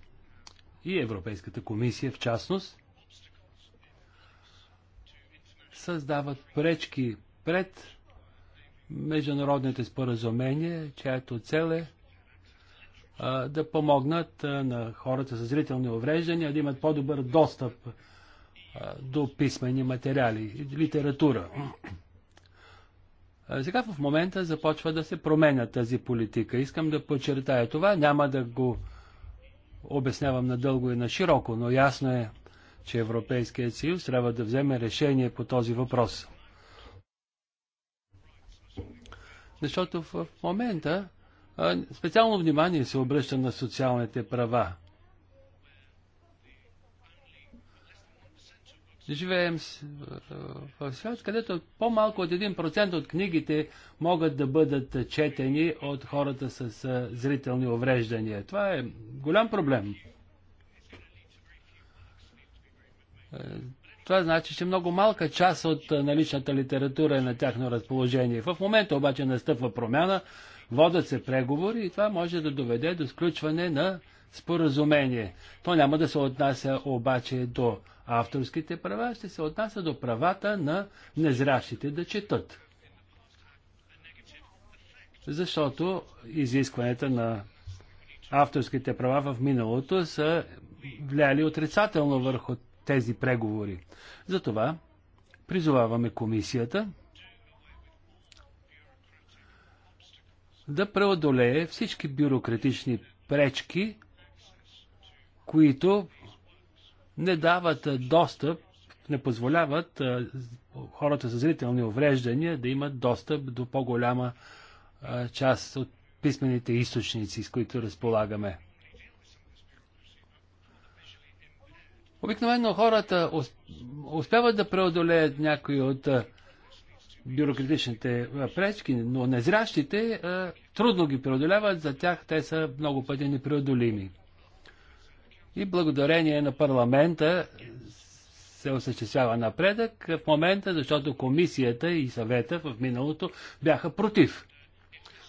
[SPEAKER 4] и Европейската комисия в частност създават пречки пред международните споразумения, чиято цел е а, да помогнат а, на хората с зрителни увреждания да имат по-добър достъп а, до писмени материали и литература. Сега в момента започва да се променя тази политика. Искам да подчертая това. Няма да го обяснявам надълго и на широко, но ясно е, че Европейският съюз трябва да вземе решение по този въпрос. Защото в момента специално внимание се обръща на социалните права. живеем в свят, където по-малко от 1% от книгите могат да бъдат четени от хората с зрителни увреждания. Това е голям проблем. Е, това значи, че много малка част от е, наличната литература е на тяхно разположение. В момента обаче настъпва промяна, водят се преговори и това може да доведе до сключване на споразумение. То няма да се отнася обаче до авторските права, ще се отнася до правата на незрящите да четат. Защото изискванията на авторските права в миналото са влияли отрицателно върху тези преговори. Затова призоваваме комисията да преодолее всички бюрократични пречки, които не дават достъп, не позволяват хората с зрителни увреждания да имат достъп до по-голяма част от писмените източници, с които разполагаме. Обикновено хората успяват да преодолеят някои от бюрократичните пречки, но незрящите трудно ги преодоляват, за тях те са много пъти непреодолими и благодарение на парламента се осъществява напредък в момента, защото комисията и съвета в миналото бяха против.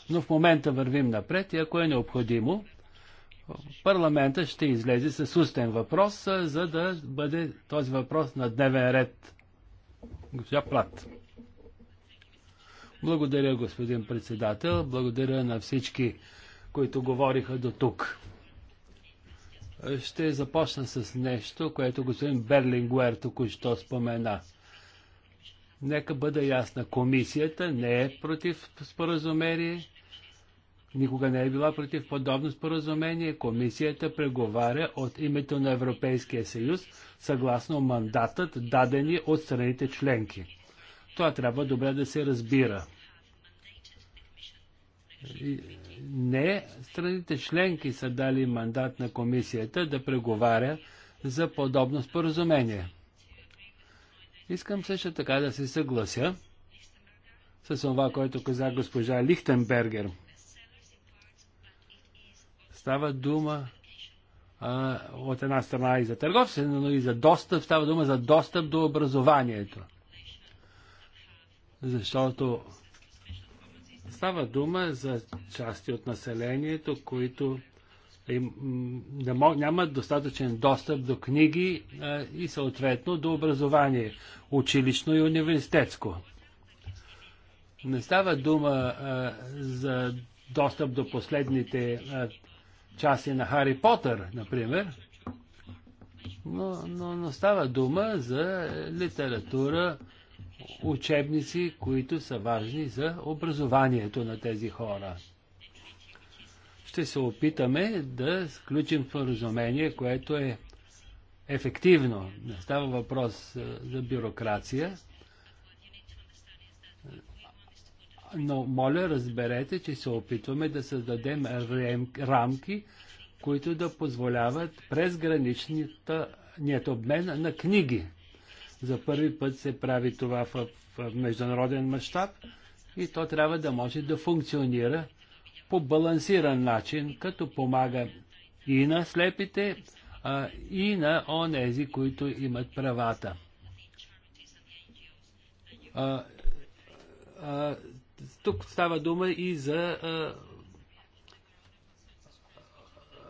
[SPEAKER 4] Но в момента вървим напред и ако е необходимо, парламента ще излезе с устен въпрос, за да бъде този въпрос на дневен ред. Госпожа Плат. Благодаря, господин председател. Благодаря на всички, които говориха до тук. Ще започна с нещо, което господин Берлингуер току-що спомена. Нека бъда ясна, комисията не е против споразумение, никога не е била против подобно споразумение. Комисията преговаря от името на Европейския съюз, съгласно мандатът, дадени от страните членки. Това трябва добре да се разбира не страните членки са дали мандат на комисията да преговаря за подобно споразумение. Искам също така да се съглася с това, което каза госпожа Лихтенбергер. Става дума а, от една страна и за търговци, но и за достъп, става дума за достъп до образованието. Защото Става дума за части от населението, които им, нямат достатъчен достъп до книги а, и съответно до образование, училищно и университетско. Не става дума а, за достъп до последните а, части на Хари Потър, например, но, но, но става дума за литература, учебници, които са важни за образованието на тези хора. Ще се опитаме да сключим споразумение, което е ефективно. Не става въпрос е, за бюрокрация. Но моля, разберете, че се опитваме да създадем рамки, които да позволяват през граничният обмен на книги. За първи път се прави това в, в международен мащаб и то трябва да може да функционира по балансиран начин, като помага и на слепите, а, и на онези, които имат правата. А, а, тук става дума и за а,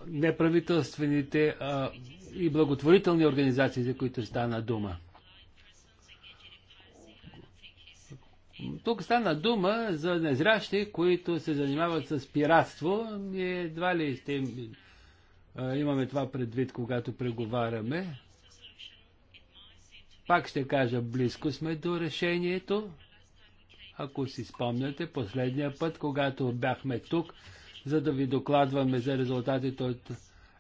[SPEAKER 4] неправителствените а, и благотворителни организации, за които стана дума. Тук стана дума за незрящи, които се занимават с пиратство и едва ли ще имаме това предвид, когато преговаряме. Пак ще кажа, близко сме до решението. Ако си спомняте, последния път, когато бяхме тук, за да ви докладваме за резултатите от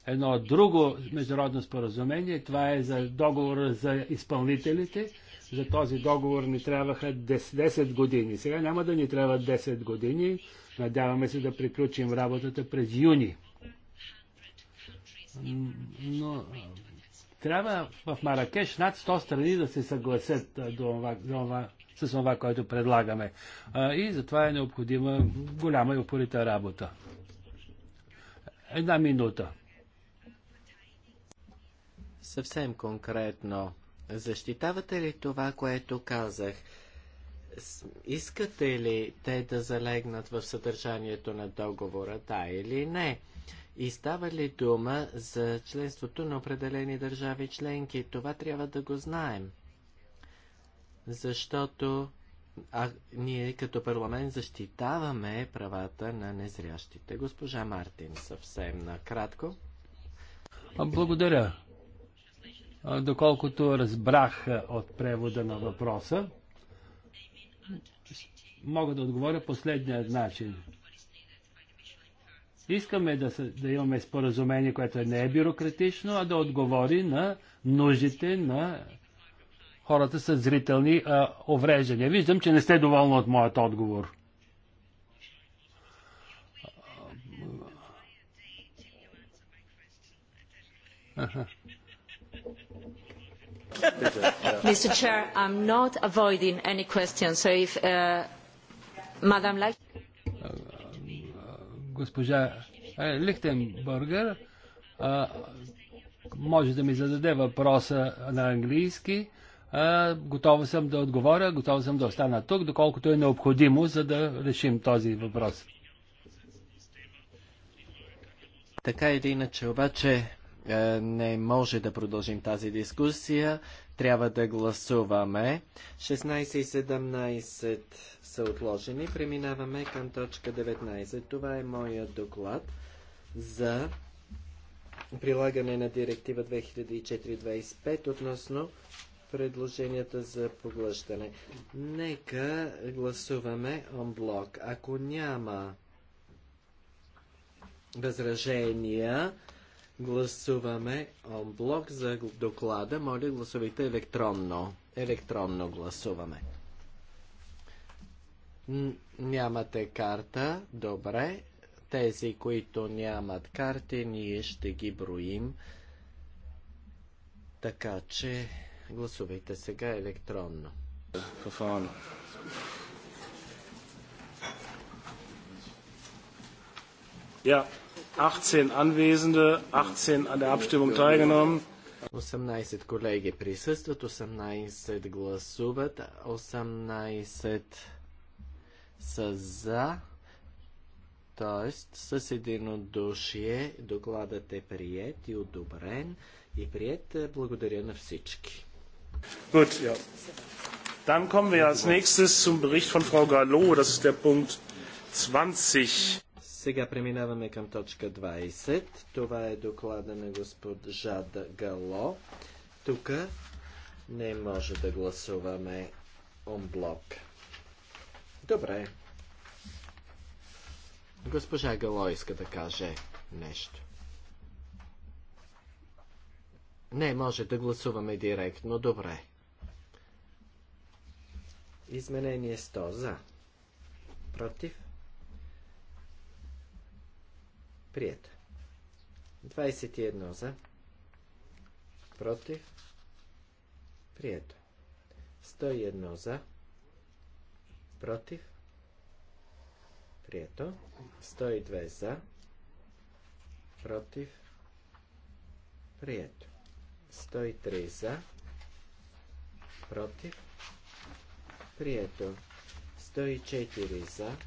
[SPEAKER 4] едно друго международно споразумение, това е за договор за изпълнителите, за този договор ни трябваха 10, 10 години. Сега няма да ни трябва 10 години. Надяваме се да приключим работата през юни. Но трябва в Маракеш над 100 страни да се съгласят до това, до това, с това, което предлагаме. И затова е необходима голяма и упорита работа. Една минута.
[SPEAKER 1] Съвсем конкретно Защитавате ли това, което казах? Искате ли те да залегнат в съдържанието на договора, да или не? И става ли дума за членството на определени държави членки? Това трябва да го знаем. Защото а, ние като парламент защитаваме правата на незрящите. Госпожа Мартин, съвсем накратко.
[SPEAKER 4] Благодаря. Доколкото разбрах от превода на въпроса, мога да отговоря последният начин. Искаме да, се, да имаме споразумение, което не е бюрократично, а да отговори на нуждите на хората с зрителни а, увреждания. Виждам, че не сте доволни от моят отговор. Uh-huh. Mr. Chair,
[SPEAKER 5] I'm not avoiding any questions. So if uh, Madam Lech... Uh,
[SPEAKER 4] госпожа е, Лихтенбургер uh, може да ми зададе въпроса на английски. Uh, готова съм да отговоря, готова съм да остана тук, доколкото е необходимо, за да решим този въпрос. Така или иначе, обаче, е,
[SPEAKER 1] не може да продължим тази дискусия. Трябва да гласуваме. 16 и 17 са отложени. Преминаваме към точка 19. Това е моят доклад за прилагане на директива 2004-25 относно предложенията за поглъщане. Нека гласуваме онблок. Ако няма възражения, Гласуваме блок за доклада. Моля, гласувайте електронно. Електронно гласуваме. Нямате карта. Добре. Тези, които нямат карти, ние ще ги броим. Така че гласувайте сега електронно.
[SPEAKER 3] Ja, 18 Anwesende, 18 an der Abstimmung teilgenommen.
[SPEAKER 1] 18 колеги присъстват, 18 гласуват, 18 са за, т.е. с единодушие докладът е прият и одобрен
[SPEAKER 3] и прият. Благодаря на всички. Gut, ja. Dann kommen wir als nächstes zum Bericht von Frau Galo, Das ist der Punkt 20. Сега преминаваме към точка 20. Това е доклада на господ
[SPEAKER 1] Жад Гало. Тук не може да гласуваме онблок. Добре. Госпожа Гало иска да каже нещо. Не, може да гласуваме директно. Добре. Изменение 100 за. Против? Прието. 21 за. Против. Прието. 101 за. Против. Прието. 102 за. Против. Прието. 103 за. Против. Прието. 104 за.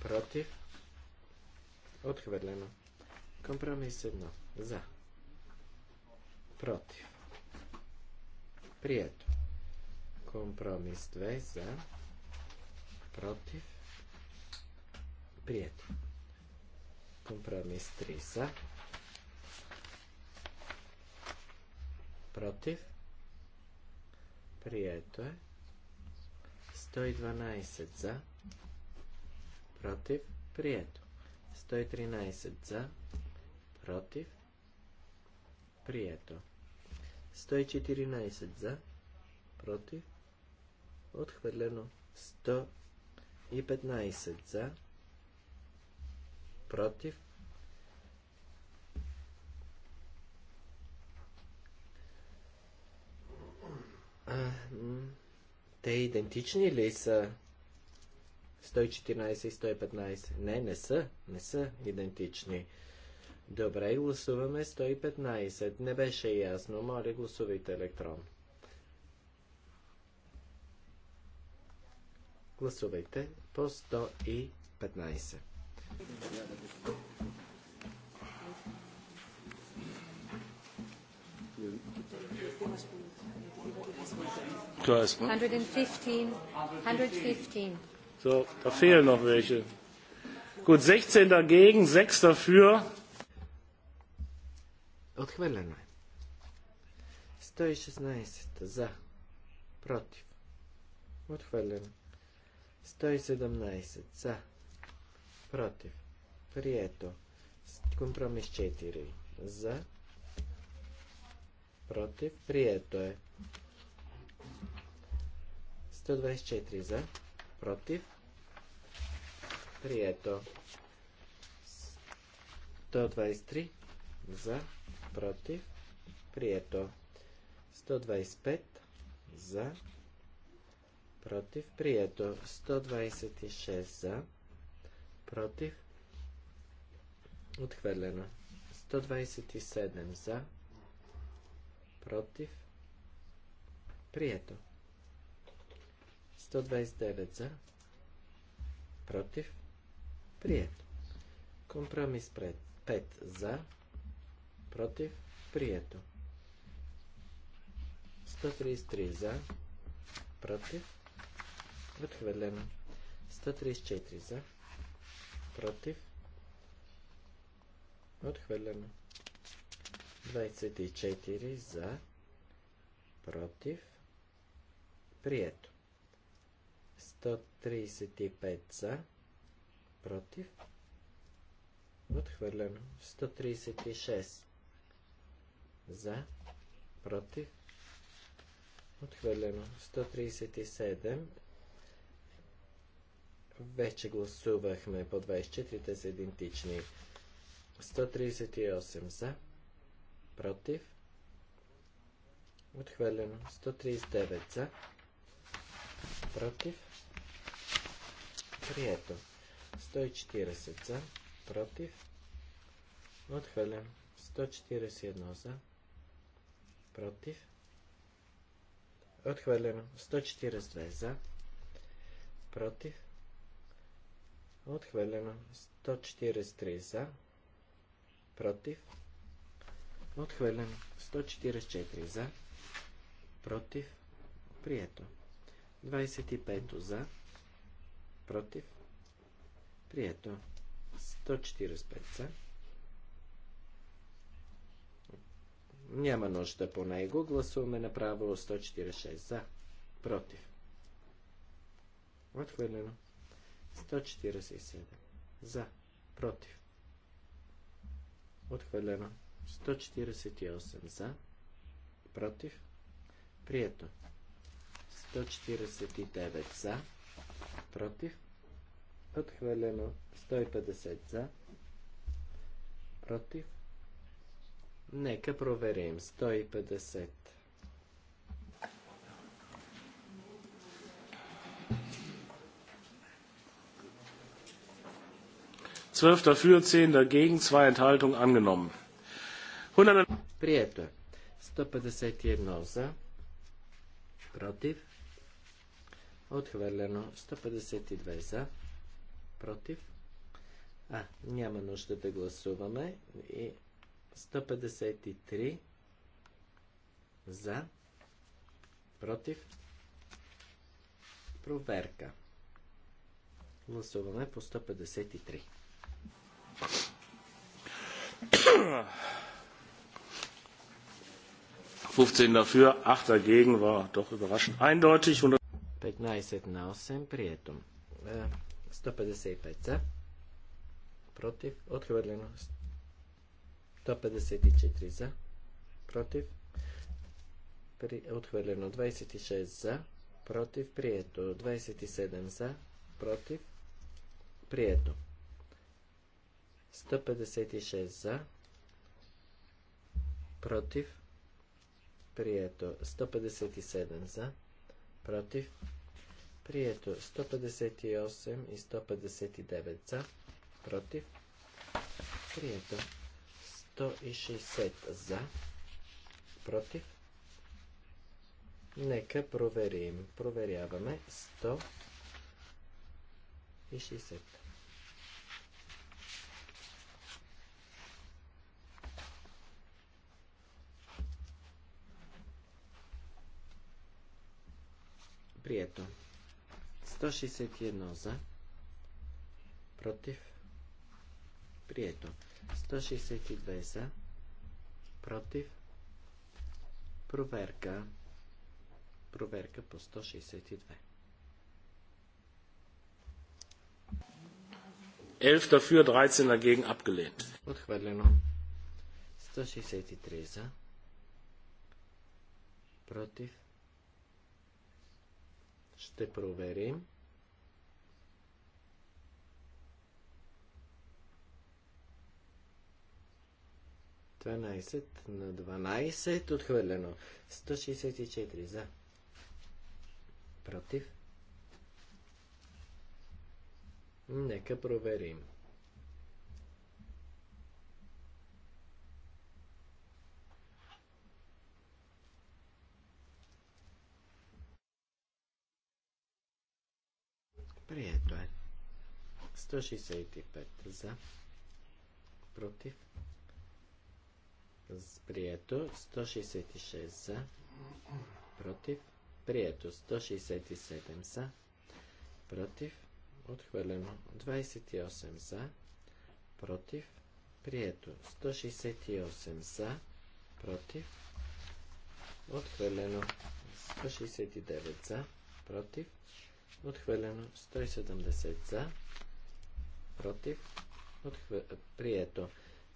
[SPEAKER 1] Против. Отхвърлено. Компромис 1. За. Против. Прието. Компромис 2. За. Против. Прието. Компромис 3. За. Против. Прието е. 112 за. Против. Прието. 113 за, против, прието. 114 за, против, отхвърлено. 115 за, против, А, те идентични ли са 114 и 115. Не, не са. Не са идентични. Добре, гласуваме 115. Не беше ясно. Моля, гласувайте електрон. Гласувайте по 115.
[SPEAKER 3] Close.
[SPEAKER 5] 115. 115.
[SPEAKER 3] So, da fehlen noch welche. Gut, 16 dagegen, 6 dafür. Отхвърлено е. 116 за.
[SPEAKER 1] Против. Отхвърлено. 117 за. Против. Прието. Компромис 4 за. Против. Прието е. 124 за. Против. Прието. 123 за, против, прието. 125 за, против, прието. 126 за, против, отхвърлено. 127 за, против, прието. 129 за, против, Прието. Компромис пред 5 за, против, прието. 133 за, против, отхвърлено. 134 за, против, отхвърлено. 24 за, против, прието. 135 за, против, отхвърлено 136 за, против, отхвърлено 137. Вече гласувахме по 24-те са идентични. 138 за, против, отхвърлено 139 за, против, прието. 140 за, против, отхвърлен. 141 за, против, отхвърлено. 142 за, против, отхвърлено. 143 за, против, отхвърлено. 144 за, против, прието. 25 за, против, Прието. 145 за. Няма нужда по него. Гласуваме направо 146 за. Против. Отхвърлено. 147 за. Против. Отхвърлено. 148 за. Против. Прието. 149 за. Против. Отхвърлено 150 за. Против. Нека проверим. 150.
[SPEAKER 3] Zwölf dafür, zehn dagegen, zwei Enthaltungen angenommen. 100... Прието
[SPEAKER 1] 151 е. за. Против. Отхвърлено. 152 за против. А, няма нужда да гласуваме. И 153 за, против, проверка. Гласуваме по
[SPEAKER 3] 153. Fünfzehn dafür, 8. dagegen war doch überraschend
[SPEAKER 1] eindeutig. 15 на 8 прието. Е, 155 за, против, отхвърлено 154 за, против, при, отхвърлено 26 за, против, прието 27 за, против, прието 156 за, против, прието 157 за, против, Прието 158 и 159 за. Против. Прието 160 за. Против. Нека проверим. Проверяваме 160. Прието. 161 за. Против. Прието. 162 за. Против. Проверка. Проверка по 162.
[SPEAKER 3] Elf dafür, 13 dagegen abgelehnt. Отхвърлено. 163
[SPEAKER 1] за. Против. Ще проверим. Дванайсет на 12 отхвърлено. 164 за. Против. Нека проверим. Прието е. 165 за. Против. Прието. 166 за. Против. Прието. 167 за. Против. Отхвърлено. 28 за. Против. Прието. 168 за. Против. Отхвърлено. 169 за. Против. Отхвърлено 170 за. Против. Отхвър... Прието.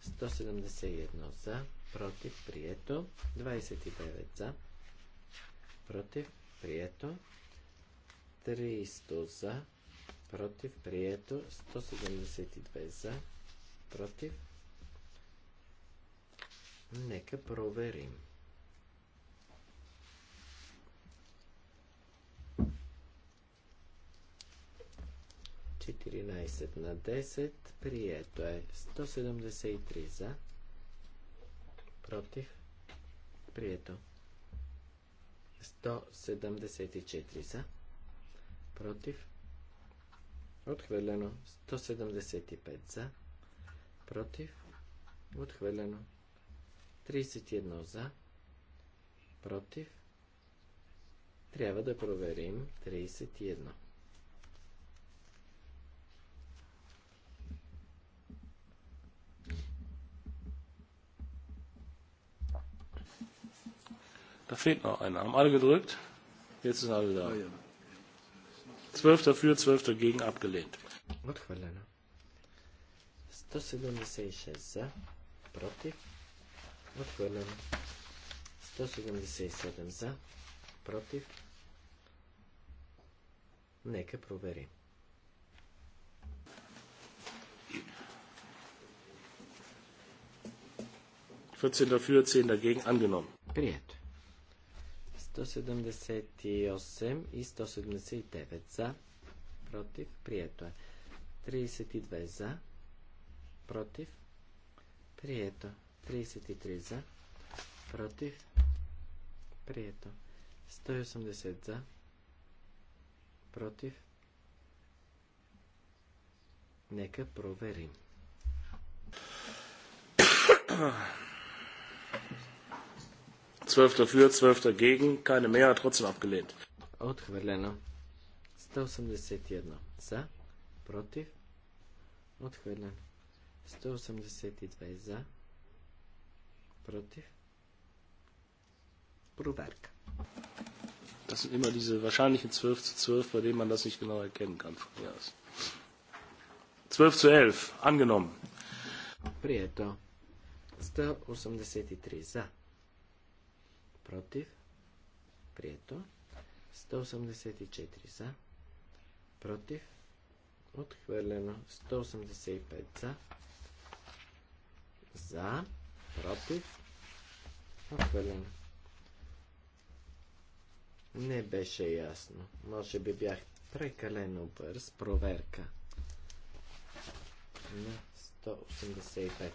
[SPEAKER 1] 171 за. Против. Прието. 29 за. Против. Прието. 300 за. Против. Прието. 172 за. Против. Нека проверим. 14 на 10. Прието е 173 за. Против. Прието. 174 за. Против. Отхвърлено 175 за. Против. Отхвърлено 31 за. Против. Трябва да проверим 31.
[SPEAKER 3] Da fehlt noch einer. Haben alle gedrückt? Jetzt sind alle da. Zwölf dafür, zwölf dagegen, abgelehnt. Отхвърлено.
[SPEAKER 1] 176
[SPEAKER 3] Vierzehn dafür, zehn dagegen angenommen. Прието.
[SPEAKER 1] 178 и 179 за, против, прието е. 32 за, против, прието. 33 за, против, прието. 180 за, против. Нека проверим.
[SPEAKER 3] 12 dafür, 12 dagegen, keine mehr, trotzdem abgelehnt. Отхвърлено.
[SPEAKER 1] 181 за, против, отхвърлено. 182 за, против,
[SPEAKER 3] проверка. Das sind immer diese wahrscheinlichen 12 zu 12, bei denen man das nicht genau erkennen kann. Ja. 12 zu 11, angenommen. Prieto.
[SPEAKER 1] 183 за против, прието. 184 за, против, отхвърлено. 185 за, за, против, отхвърлено. Не беше ясно. Може би бях прекалено бърз. Проверка на 185.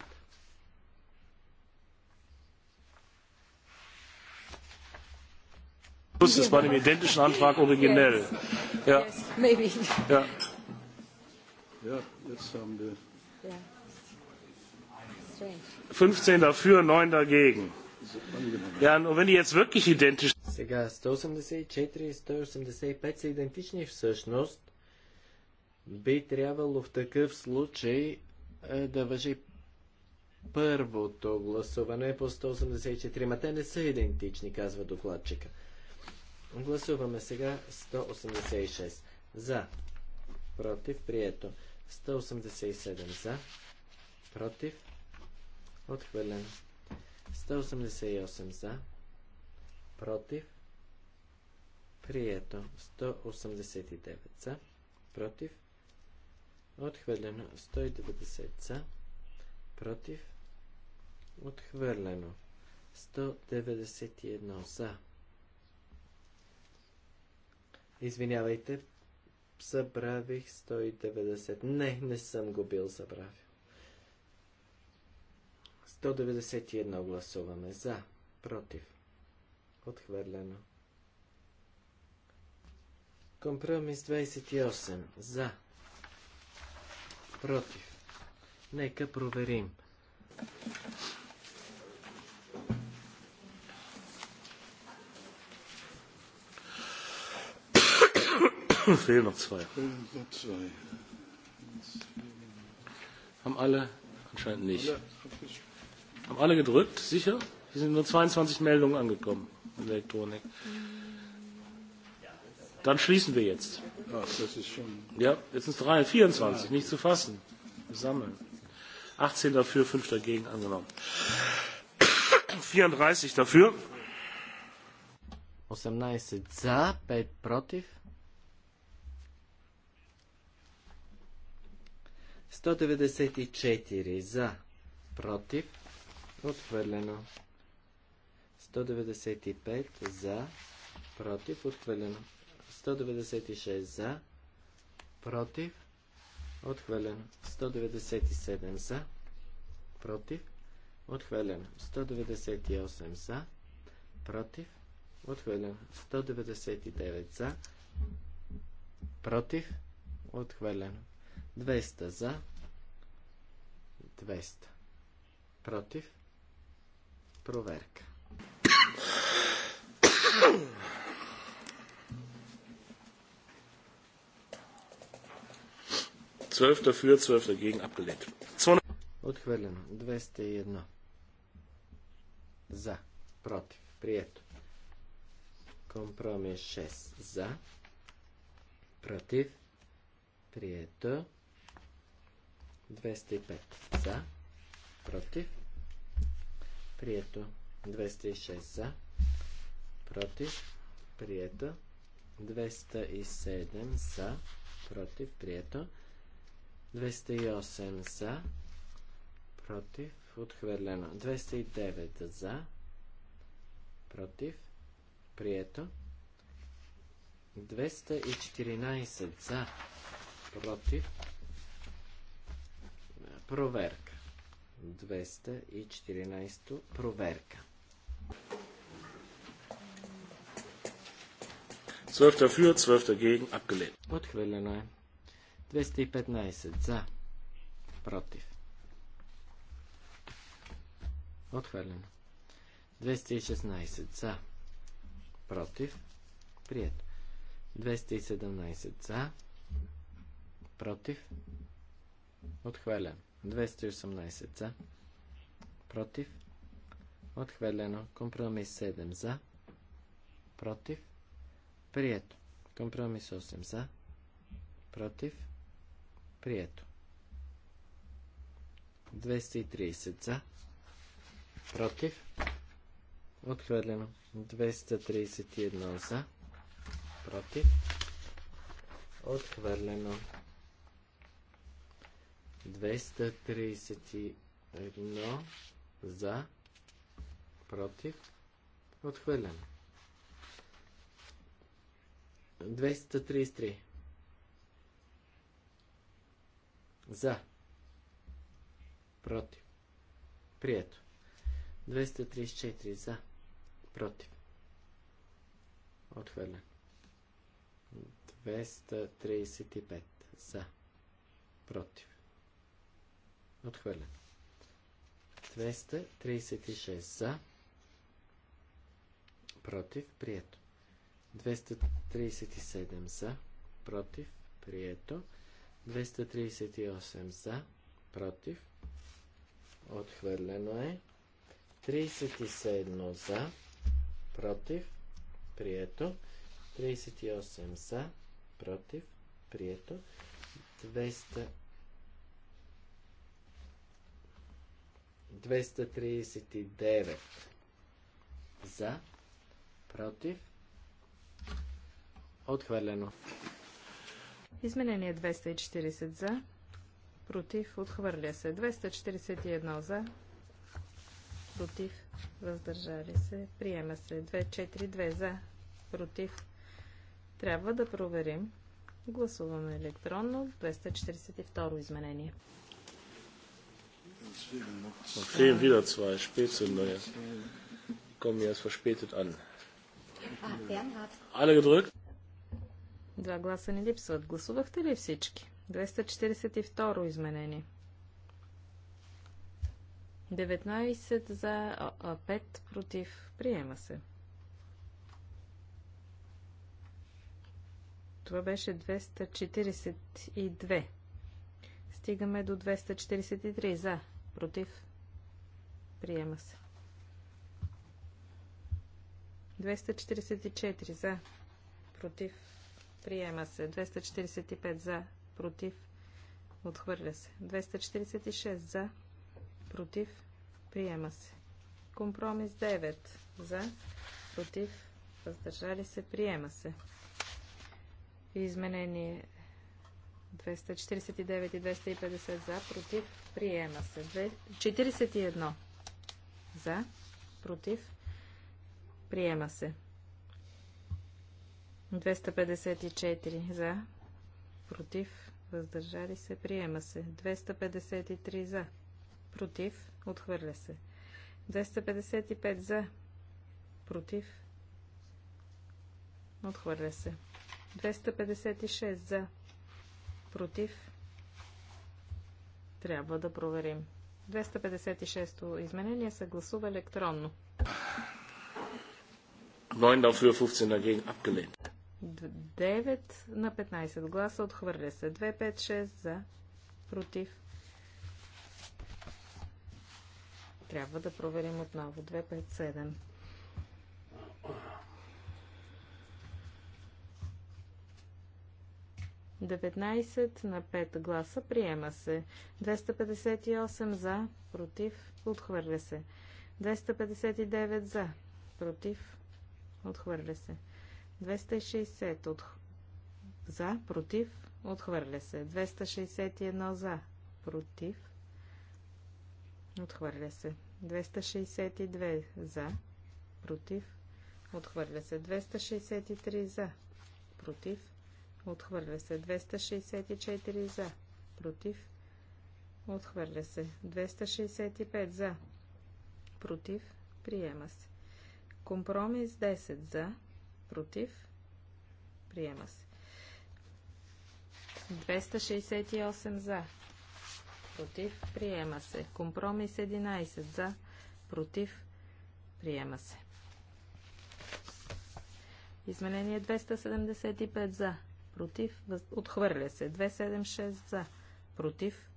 [SPEAKER 3] dem identischen Antrag originell. Ja. Ja. Ja, jetzt haben wir. 15 dafür, 9 dagegen. Ja, wenn die jetzt wirklich identisch... Сега 184 и
[SPEAKER 1] 185 са идентични всъщност. Би трябвало в такъв случай е, да въжи първото гласуване по 184, ма те не са идентични, казва докладчика. Гласуваме сега 186 за, против, прието. 187 за, против, отхвърлен. 188 за, против, прието. 189 за, против, отхвърлено. 190 за, против, отхвърлено. 191 за, Извинявайте, събравих 190. Не, не съм го бил събравил. 191 гласуваме за, против. Отхвърлено. Компромис 28. За. Против. Нека проверим.
[SPEAKER 3] fehlen noch zwei. Haben alle? Anscheinend nicht. Haben alle gedrückt? Sicher? Hier sind nur 22 Meldungen angekommen in der Elektronik. Dann schließen wir jetzt. Ja, jetzt sind es 24, nicht zu fassen. Sammeln. 18 dafür, 5 dagegen angenommen. 34 dafür.
[SPEAKER 1] 18 за, 5 194 за, против, отхвърлено. 195 за, против, отхвърлено. 196 за, против, отхвърлено. 197 за, против, отхвърлено. 198 за, против, отхвърлено. 199 за, против, отхвърлено. 200 за. 200. Против.
[SPEAKER 3] Проверка. Zwölf dafür, zwölf dagegen abgelehnt.
[SPEAKER 1] Отхвърлено. 201. За. Против. Прието. Компромис 6. За. Против. Прието. 205 за, против, прието. 206 за, против, прието. 207 за, против, прието. 208 за, против, отхвърлено. 209 за, против, прието. 214 за, против, Проверка. 214 проверка.
[SPEAKER 3] Zwölfter für, zwölfter gegen, abgelehnt.
[SPEAKER 1] Отхвърлено е. 215 за. Против. Отхвърлено. 216 за. Против. Прият. 217 за. Против. Отхвърлено. 218 за. Против. Отхвърлено. Компромис 7 за. Против. Прието. Компромис 8 за. Против. Прието. 230 за. Против. Отхвърлено. 231 за. Против. Отхвърлено. 231 за, против, отхвърлям. 233 за, против, прието. 234 за, против, Отхвърлен. 235 за, против. Отхвърлен. 236 за. Против. Прието. 237 за. Против. Прието. 238 за. Против. Отхвърлено е. 37 за. Против. Прието. 38 за. Против. Прието. 200 239 за, против, отхвърлено.
[SPEAKER 2] Изменение 240 за, против, отхвърля се. 241 за, против, въздържали се, приема се. 242 за, против. Трябва да проверим. Гласуваме електронно 242 изменение fehlen wieder
[SPEAKER 3] zwei Spätsünder. kommen verspätet an. Ah, Alle gedrückt?
[SPEAKER 2] Два гласа ни липсват. Гласувахте ли всички? 242 изменение. 19 за 5 против. Приема се. Това беше 242. Стигаме до 243 за против, приема се. 244 за, против, приема се. 245 за, против, отхвърля се. 246 за, против, приема се. Компромис 9 за, против, въздържали се, приема се. Изменение 249 и 250 за, против, приема се. 41 за, против, приема се. 254 за, против, въздържали се, приема се. 253 за, против, отхвърля се. 255 за, против, отхвърля се. 256 за, Против. Трябва да проверим. 256-то изменение се гласува електронно.
[SPEAKER 3] 9 на 15 dagegen апгелен.
[SPEAKER 2] 9 на 15 гласа отхвърля се. 256 за. Против. Трябва да проверим отново. 257. 19 на 5 гласа. Приема се. 258 за, против, отхвърля се. 259 за, против, отхвърля се. 260 от... за, против, отхвърля се. 261 за, против, отхвърля се. 262 за, против, отхвърля се. 263 за, против, Отхвърля се 264 за. Против. Отхвърля се 265 за. Против. Приема се. Компромис 10 за. Против. Приема се. 268 за. Против. Приема се. Компромис 11 за. Против. Приема се. Изменение 275 за против, отхвърля се. 276 за, против.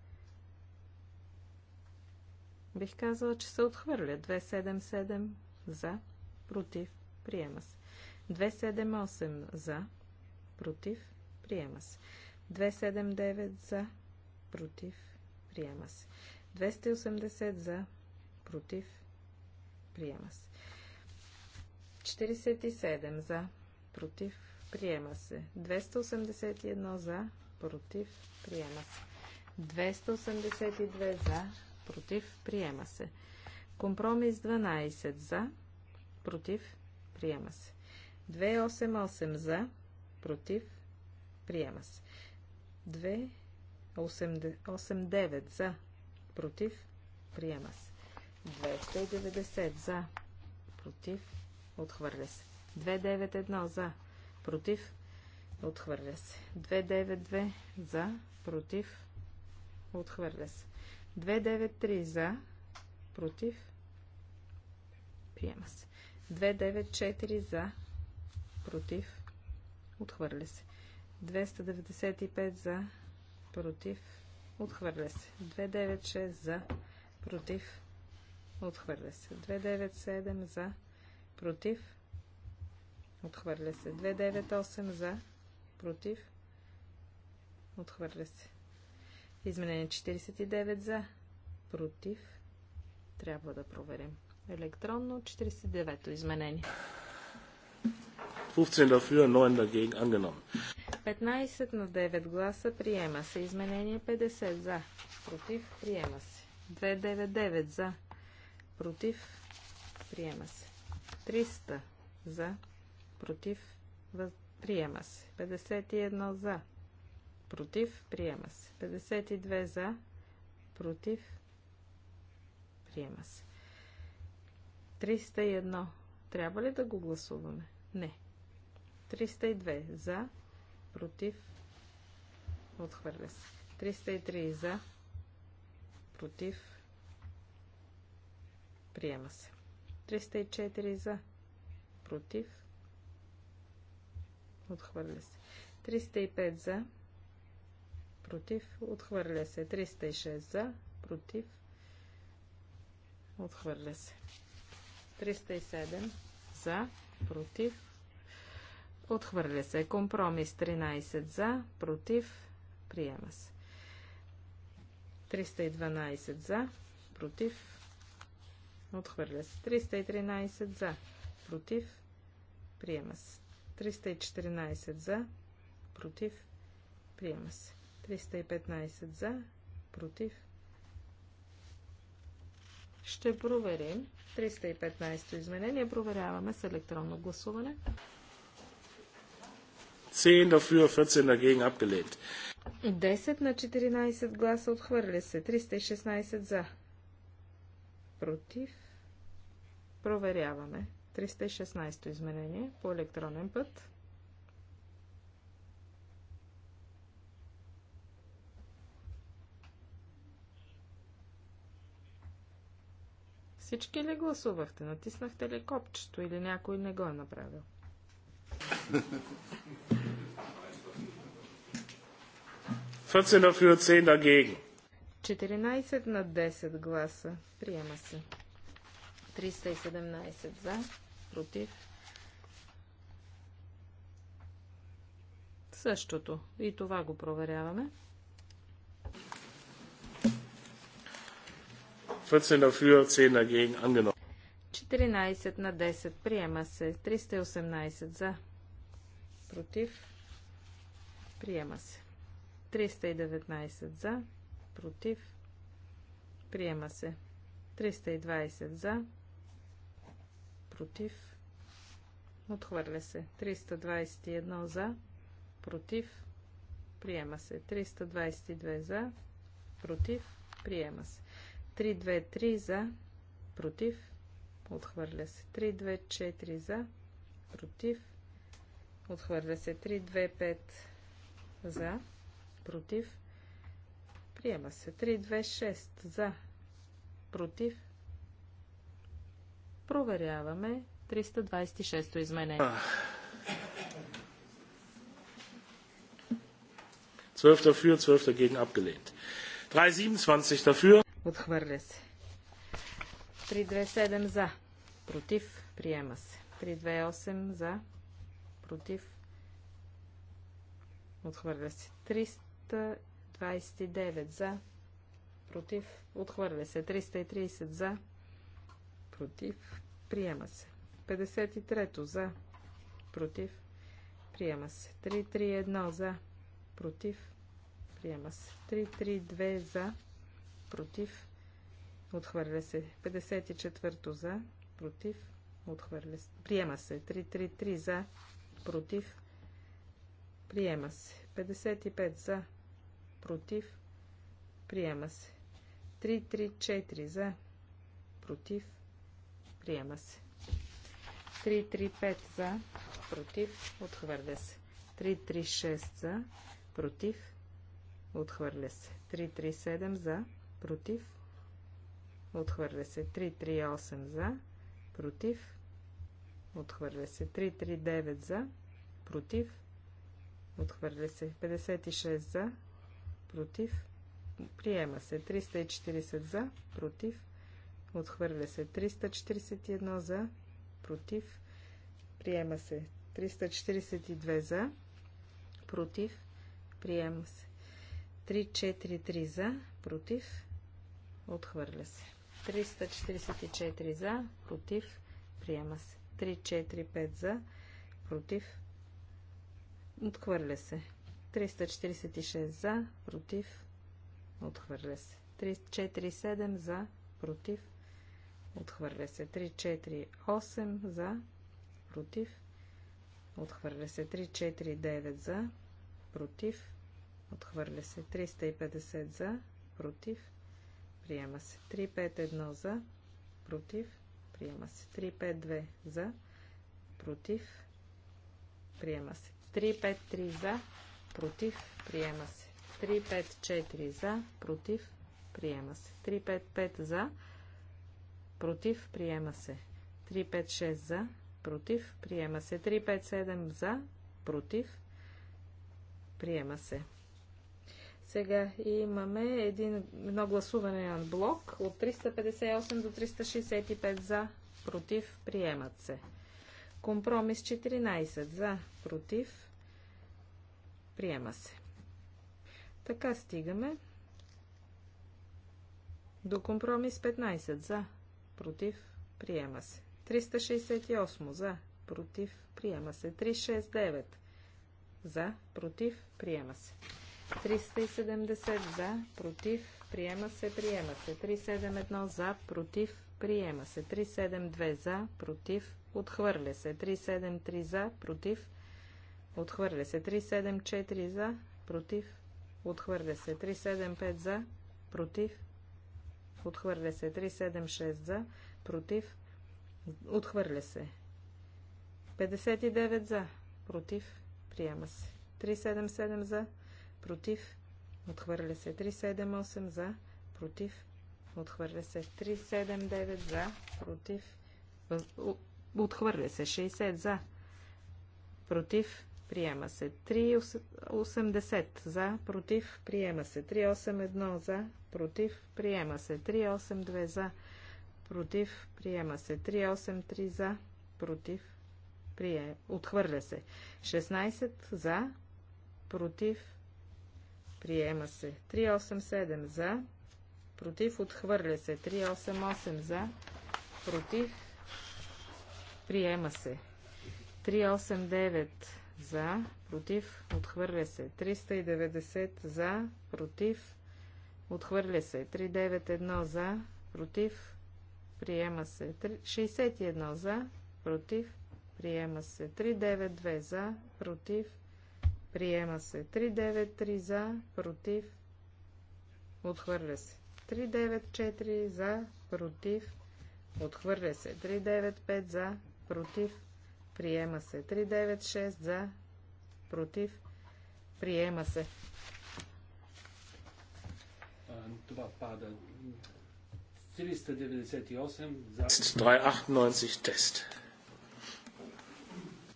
[SPEAKER 2] Бих казала, че се отхвърля. 277 за, против, приема се. 278 за, против, приема се. 279 за, против, приема се. 280 за, против, приема се. 47 за, против, Приема се. 281 за, против, приема се. 282 за, против, приема се. Компромис 12 за, против, приема се. 288 за, против, приема се. 289 за, против, приема се. 290 за, против, отхвърля се. 291 за, против, отхвърля се. 292 за, против, отхвърля се. 293 за, против, приема се. 294 за, против, отхвърля се. 295 за, против, отхвърля се. 296 за, против, отхвърля се. 297 за, против, Отхвърля се. 298 за. Против. Отхвърля се. Изменение 49 за. Против. Трябва да проверим. Електронно 49-то изменение.
[SPEAKER 3] 15 dafür, 9 dagegen angenommen.
[SPEAKER 2] 15 на 9 гласа приема се. Изменение 50 за. Против. Приема се. 299 за. Против. Приема се. 300 за против, въз... приема се. 51 за, против, приема се. 52 за, против, приема се. 301. Трябва ли да го гласуваме? Не. 302 за, против, отхвърля се. 303 за, против, приема се. 304 за, против, Отхвърля се. 305 за. Против. Отхвърля се. 306 за. Против. Отхвърля се. 307 за. Против. Отхвърля се. Компромис 13 за. Против. Приема се. 312 за. Против. Отхвърля се. 313 за. Против. Приема се. 314 за, против, приема се. 315 за, против. Ще проверим. 315 изменение проверяваме с електронно гласуване.
[SPEAKER 3] 10 dafür, 14 dagegen abgelehnt.
[SPEAKER 2] 10 на 14 гласа отхвърля се. 316 за. Против. Проверяваме. 315. 316 изменение по електронен път. Всички ли гласувахте? Натиснахте ли копчето или някой не го е направил?
[SPEAKER 3] Dafür,
[SPEAKER 2] 14 на 10 гласа. Приема се. 317 за, против. Същото. И това го проверяваме.
[SPEAKER 3] 14 dafür, 10 dagegen, angenommen.
[SPEAKER 2] 14 на 10. Приема се. 318 за. Против. Приема се. 319 за. Против. Приема се. 320 за против, отхвърля се. 321 за, против, приема се. 322 за, против, приема се. 323 за, против, отхвърля се. 324 за, против, отхвърля се. 325 за, против, приема се. 326 за, против, Проверяваме 326-то изменение.
[SPEAKER 3] 12 dafür, 12 dagegen abgelehnt. 327 dafür.
[SPEAKER 2] Отхвърля се. 327 за. Против. Приема се. 328 за. Против. Отхвърля се. 329 за. Против. Отхвърля се. 330 за против, приема се. 53 за, против, приема се. 331 за, против, приема се. 332 за, против, отхвърля се. 54 за, против, отхвърля се. Приема се. 333 за, против, приема се. 55 за, против, приема се. 334 за, против, Приема се. 335 за, против, отхвърля се. 336 за, против, отхвърля се. 337 за, против, отхвърля се. 338 за, против, отхвърля се. 339 за, против, отхвърля се. 56 за, против, приема се. 340 за, против, Отхвърля се 341 за, против. Приема се 342 за, против. Приема се 343 за, против. Отхвърля се. 344 за, против. Приема се 345 за, против. Отхвърля се. 346 за, против. Отхвърля се. 347 за, против. Отхвърля се 3, 4, 8 за. Против. Отхвърля се 3, 4, 9 за. Против. Отхвърля се 350 за. Против. Приема се 351 за. Против. Приема се 352 за. Против. Приема се 353 за. Против. Приема се 354 за. Против. Приема се 355 за. Против против, приема се. 356 за, против, приема се. 357 за, против, приема се. Сега имаме един, едно гласуване на блок от 358 до 365 за, против, приемат се. Компромис 14 за, против, приема се. Така стигаме до компромис 15 за, против, приема се. 368 за, против, приема се. 369 за, против, приема се. 370 за, против, приема се, приема се. 371 за, против, приема се. 372 за, против, отхвърля се. 373 за, против, отхвърля се. 374 за, против, отхвърля се. 375 за, против, Отхвърля се. 376 за. Против. Отхвърля се. 59 за. Против. Приема се. 377 за. Против. Отхвърля се. 378 за. Против. Отхвърля се. 379 за. Против. Отхвърля се. 60 за. Против. Приема се 380 за, против, приема се 381 за, против, приема се 382 за, против, приема се 383 за, против, прие, отхвърля се 16 за, против, приема се 387 за, против, отхвърля се 388 за, против, приема се 389 за, за, против, отхвърля се. 390 за, против, отхвърля се. 391 за, против, приема се. 61 за, против, приема се. 392 за, против, приема се. 393 за, против, отхвърля се. 394 за, против, отхвърля се. 395 за, против, Приема се. 396 за. Против. Приема се.
[SPEAKER 4] Това пада. 398 за.
[SPEAKER 3] 398 тест.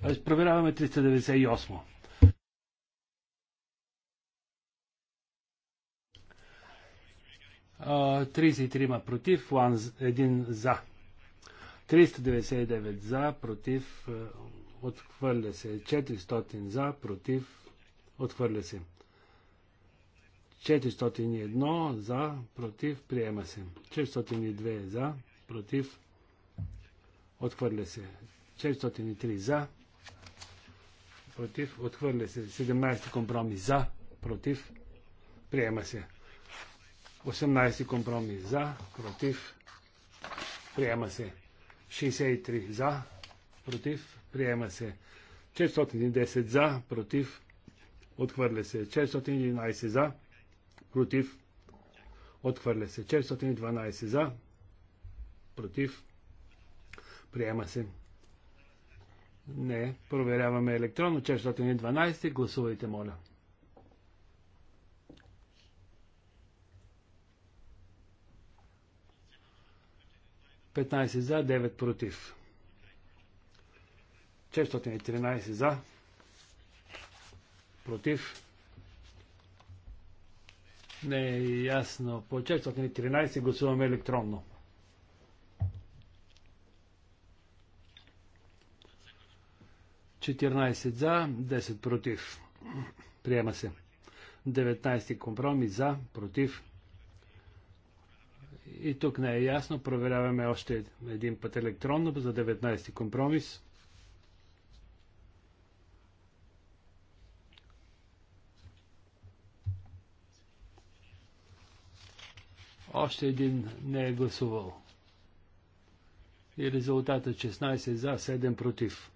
[SPEAKER 4] Аз проверяваме 398. Uh, 33 против, 1 за. 399 е, за, против, отхвърля се. 400 за, против, отхвърля се. 401 за, против, приема се. 402 за, против, отхвърля се. 403 за, против, отхвърля се. 17 компромис за, против, приема се. 18 компромис за, против, приема се. 63 за, против, приема се. 410 за, против, отхвърля се. 411 за, против, отхвърля се. 412 за, против, приема се. Не, проверяваме електронно. 412, гласувайте, моля. 15 за, 9 против. 613 за, против. Не е ясно. По 413 гласуваме електронно. Четиринайсет за, 10 против. Приема се. 19 компромис за, против. И тук не е ясно. Проверяваме още един път електронно за 19 ти компромис. Още един не е гласувал. И резултатът е 16 за, 7 против.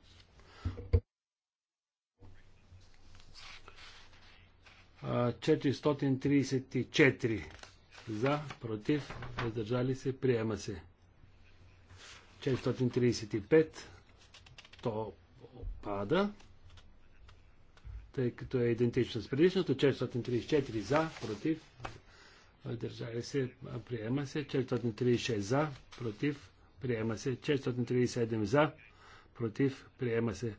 [SPEAKER 4] Uh, 434 за, против, въздържали се, приема се. 435, то пада, тъй като е идентично с предишното. 434 за, против, въздържали се, приема се. 436 за, против, приема се. 437 за, против, приема се.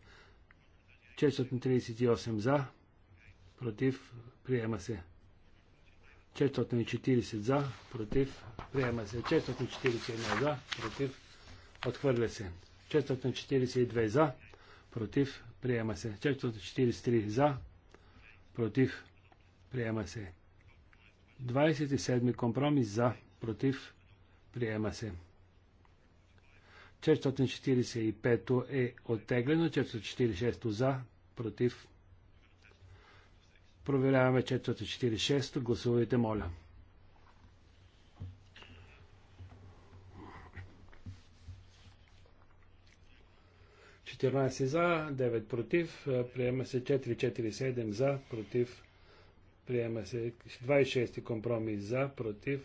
[SPEAKER 4] 438 за, против, приема се. 440 за, против, приема се. 441 за, против, отхвърля се. 442 за, против, приема се. 443 за, против, приема се. 27 компромис за, против, приема се. 445 е оттеглено, 446 за, против, Проверяваме 446. Гласувайте, моля. Четиринадесет за, 9 против, приема се 447 за, против, приема се 26 компромис за, против,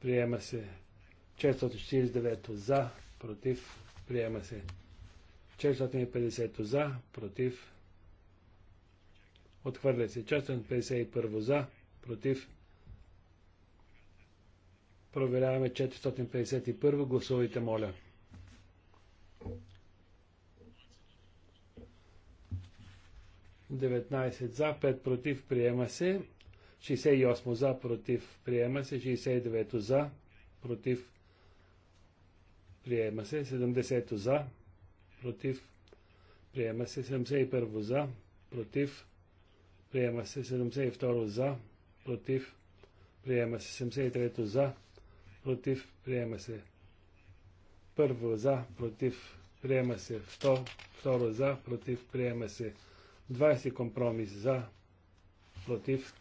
[SPEAKER 4] приема се 449 за, против, приема се 450 за, против, Отхвърля се. Частен 51 за, против. Проверяваме 451. Гласувайте, моля. Деветнайсет за, 5 против, приема се. 68 за, против, приема се. 69 за, против, приема се. 70 за, против, приема се. 71 за, против, Приема се 72 за, против. Приема се 73 за, против. Приема се първо за, против. Приема се второ, второ за, против. Приема се 20 компромис за, против.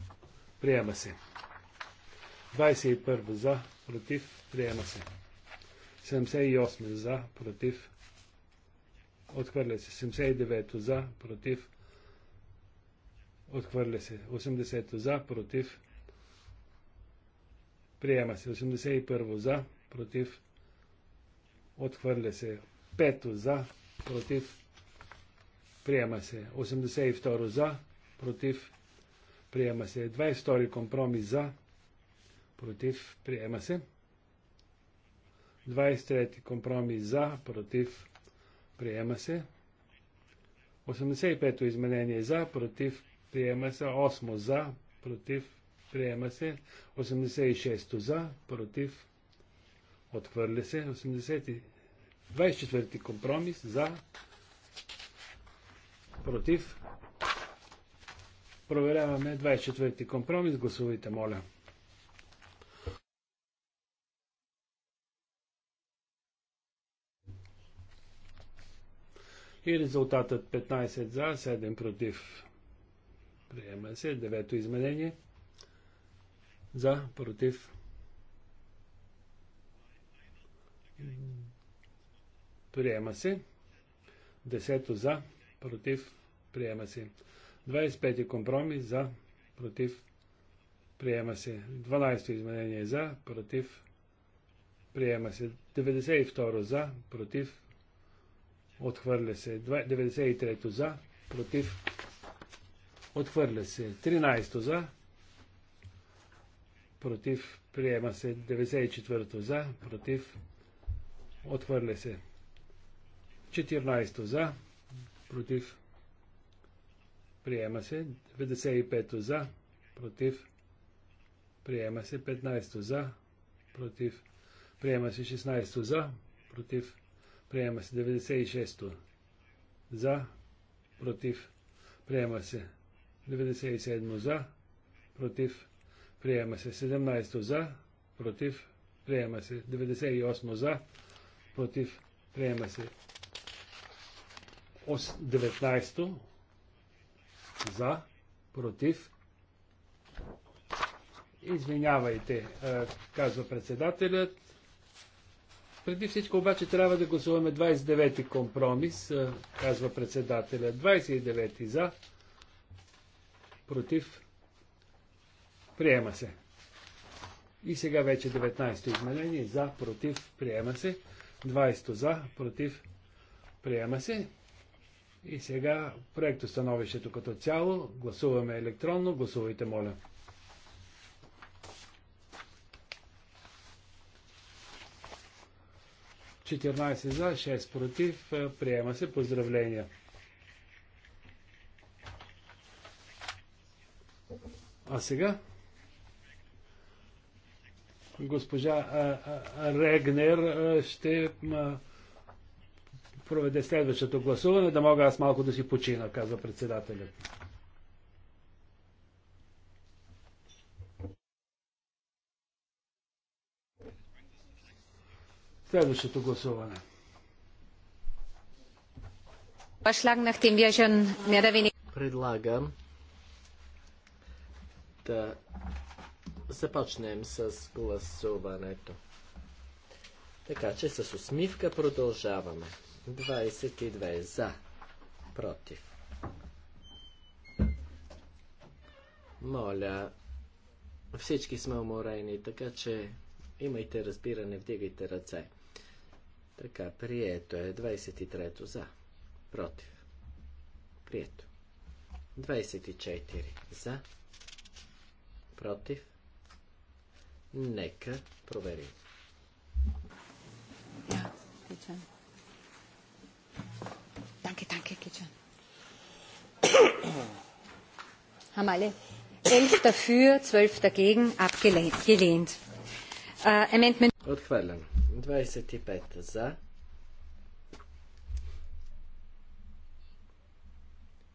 [SPEAKER 4] Приема се. 21 за, против. Приема се. 78 за, против. Отхвърля се. 79 за, против. Отхвърля се. 80 за, против. Приема се. 81 за, против. Отхвърля се. 5 за, против. Приема се. 82 за, против. Приема се. 22 компромис за, против. Приема се. 23 компромис за, против. Приема се. 85-то изменение за, против. Приема се 8 за, против. Приема се 86 за, против. Отхвърля се 80. 24 компромис за, против. Проверяваме 24 компромис. Гласувайте, моля. И резултатът 15 за, 7 против. Приема се. Девето изменение. За, против. Приема се. Десето за, против. Приема се. 25 компромис за, против. Приема се. 12 изменение за, против. Приема се. 92 за, против. Отхвърля се. 93 за, против. Отхвърля се. 13 за. Против. Приема се. 94 за. Против. Отхвърля се. 14 за. Против. Приема се. 95 за. Против. Приема се. 15 за. Против. Приема се 16 за. Против. Приема се 96 за. Против. Приема се 97 за, против, приема се. 17 за, против, приема се. 98 за, против, приема се. 19 за, против. Извинявайте, казва председателят. Преди всичко обаче трябва да гласуваме 29-ти компромис, казва председателя. 29-ти за, против, приема се. И сега вече 19-то изменение, за, против, приема се. 20-то за, против, приема се. И сега проекто становището като цяло. Гласуваме електронно. Гласувайте, моля. Четирнайсет за, 6 против. Приема се. Поздравления. А сега госпожа Регнер ще проведе следващото гласуване, да мога аз малко да си почина, казва председателят. Следващото гласуване. Предлагам
[SPEAKER 1] да започнем с гласуването. Така че с усмивка продължаваме. 22 за, против. Моля, всички сме уморени, така че имайте разбиране, вдигайте ръце. Така, прието е 23-то за, против. Прието. 24 за, Против? Нека проверим.
[SPEAKER 5] Danke, danke, Kitchen. Haben alle. Elf dafür, zwölf dagegen, abgelehnt. Äh, Amendment.
[SPEAKER 1] Отхвърлен. 25 за.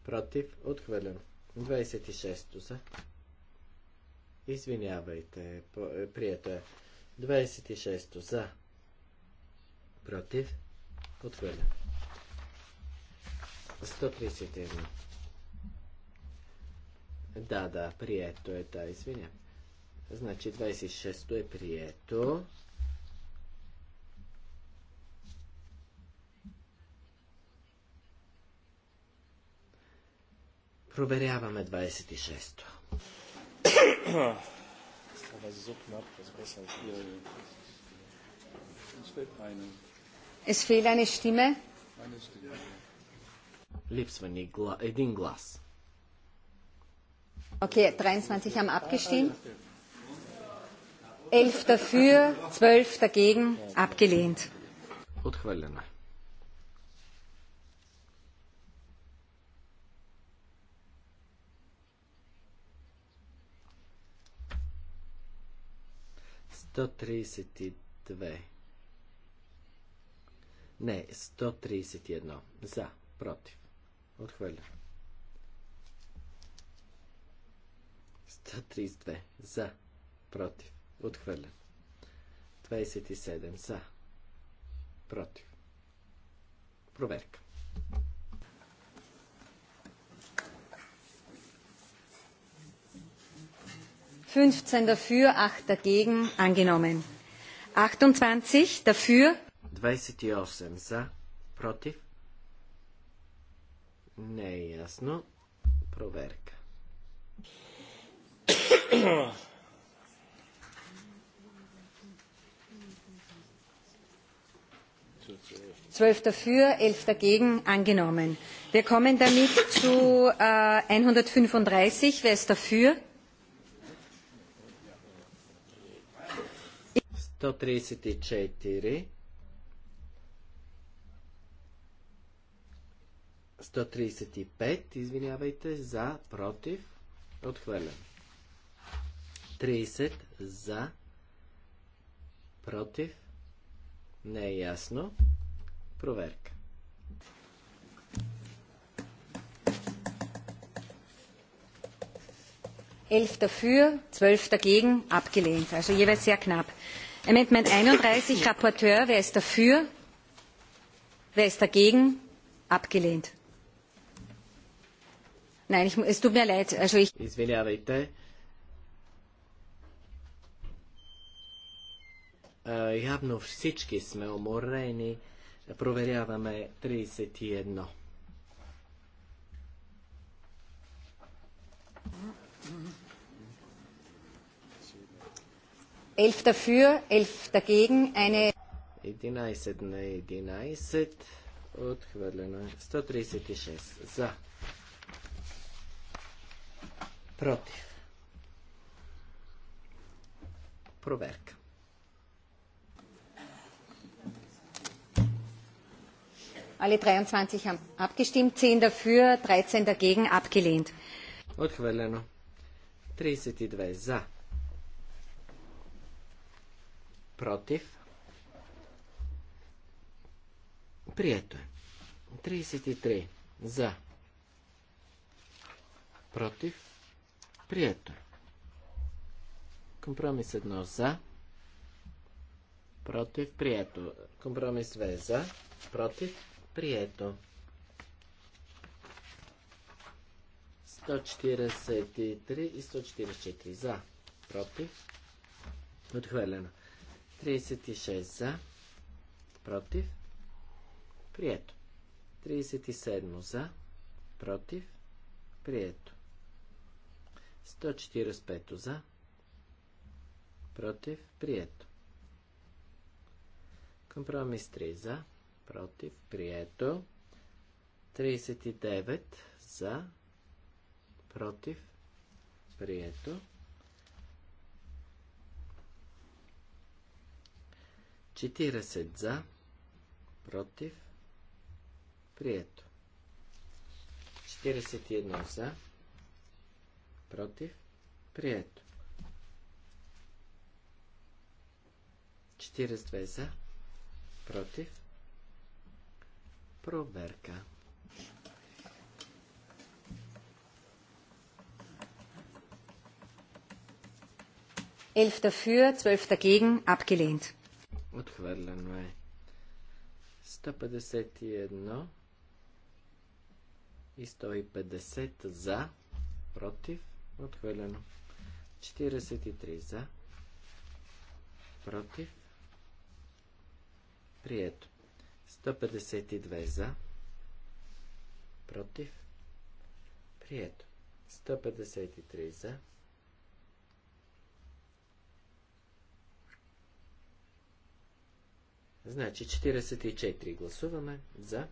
[SPEAKER 1] Против. Отхвърлен. 26 за. Извинявайте, е, прието е. 26 за. Против. Отхвърля. 131. Да, да, прието е, да, извиня. Значи 26-то е прието. Проверяваме
[SPEAKER 3] 26-то.
[SPEAKER 5] Es fehlt eine. Stimme?
[SPEAKER 1] Eine Stimme. Липсва
[SPEAKER 5] Okay, 23 haben abgestimmt. 11 dafür, 12 dagegen, abgelehnt.
[SPEAKER 1] Отхвърлено 132. Не, 131. За, против. Отхвърля. 132. За, против. Отхвърля. 27. За, против.
[SPEAKER 5] Проверка. 15 dafür, 8 dagegen, angenommen. 28 dafür.
[SPEAKER 1] 28 за, против. Не е ясно.
[SPEAKER 5] Zwölf dafür, elf dagegen, angenommen. Wir kommen damit zu äh, 135. Wer ist dafür?
[SPEAKER 1] 134, 135, извинявайте, за, против, отхвърлен. 30 за, против, не е ясно. Проверка.
[SPEAKER 5] Elf dafür, zwölf dagegen, abgelehnt. Also jeweils sehr knapp. Amendment 31, Rapporteur, wer ist dafür? Wer ist dagegen? Abgelehnt. Nein, ich, es tut mir leid. Also ich
[SPEAKER 1] всички сме уморени. Проверяваме 31.
[SPEAKER 5] 11 dafür, 11 dagegen, eine...
[SPEAKER 1] 11 на 11, отхвърлено е 136 за. Против. Проверка.
[SPEAKER 5] Alle 23 haben abgestimmt, 10 dafür, 13 dagegen, abgelehnt.
[SPEAKER 1] Отхвърлено. 32 за Против. Прието е. 33. За. Против. Прието е. Компромис 1 за. Против. Прието. Компромис 2 за. Против. Прието. 143 и 144 за. Против. Отхвърлено. 36 за, против, прието. 37 за, против, прието. 145 за, против, прието. Компромис 3 за, против, прието. 39 за, против, прието. 40 за, против, прието. 41 за, против, прието. 42 за, против, проверка.
[SPEAKER 5] Elfter für, zwölfter gegen, abgelehnt.
[SPEAKER 1] Отхвърлено е. 151 и 150 за, против, отхвърлено. 43 за, против, прието. 152 за, против, прието. 153 за, Значи 44 гласуваме за,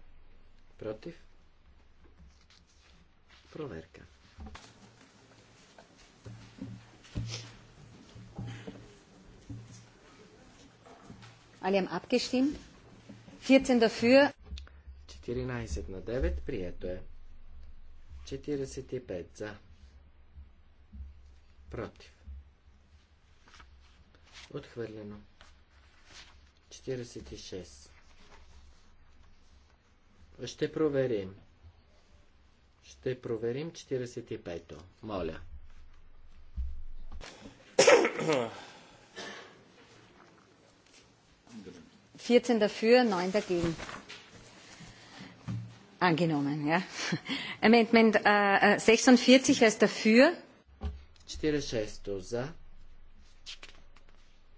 [SPEAKER 1] против, проверка.
[SPEAKER 5] Alle haben abgestimmt. 14
[SPEAKER 1] на 9 прието е. 45 за. Против. Отхвърлено. 46. Ще проверим. Ще проверим 45-то. Моля.
[SPEAKER 5] Vierzehn dafür, neun dagegen. Angenommen, ja. Amendment äh, 46 heißt dafür.
[SPEAKER 1] 46 за.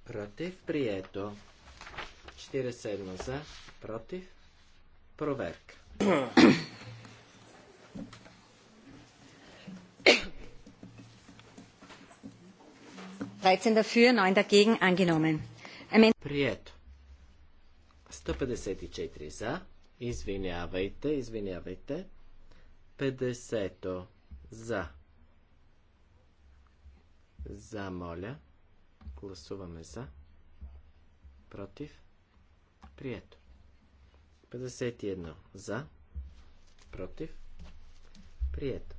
[SPEAKER 1] Против прието. 47 за, против. Проверка.
[SPEAKER 5] 9 dagegen angenommen.
[SPEAKER 1] Прието. 154 за. Извинявайте, извинявайте. 50 за. За, моля. Гласуваме за. Против. Прието. 51 за. Против. Прието.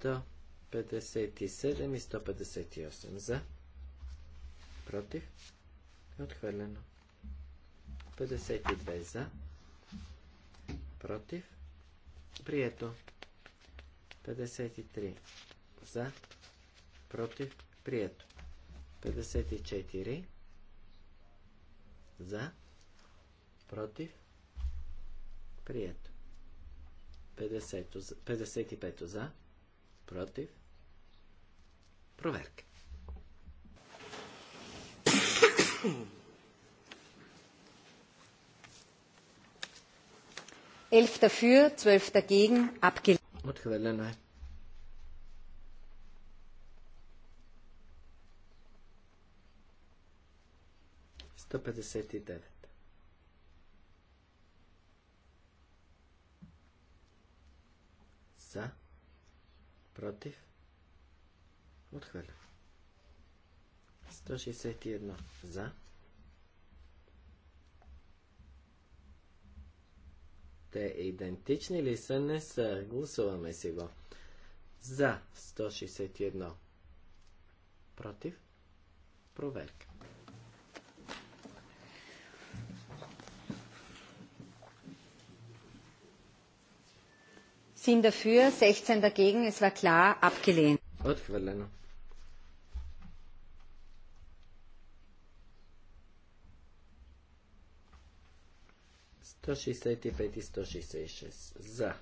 [SPEAKER 1] 157 и 158 за. Против. Отхвърлено. 52 за. Против. Прието. 53 за. Против. Прието. 54 за. Против. Прието. 55-то за. Против. Проверка.
[SPEAKER 5] Elf dafür, zwölf dagegen, abgelehnt. Отхвърлено
[SPEAKER 1] е. 159. За. Против. Отхвърля. 161. За. Те идентични ли са? Не са. Гласуваме си го. За 161. Против. Проверка.
[SPEAKER 5] sieben dafür, sechzehn dagegen. Es war klar abgelehnt. Отхвърлено.
[SPEAKER 1] Сто шестдесет и пет и сто шестдесет и шест. За.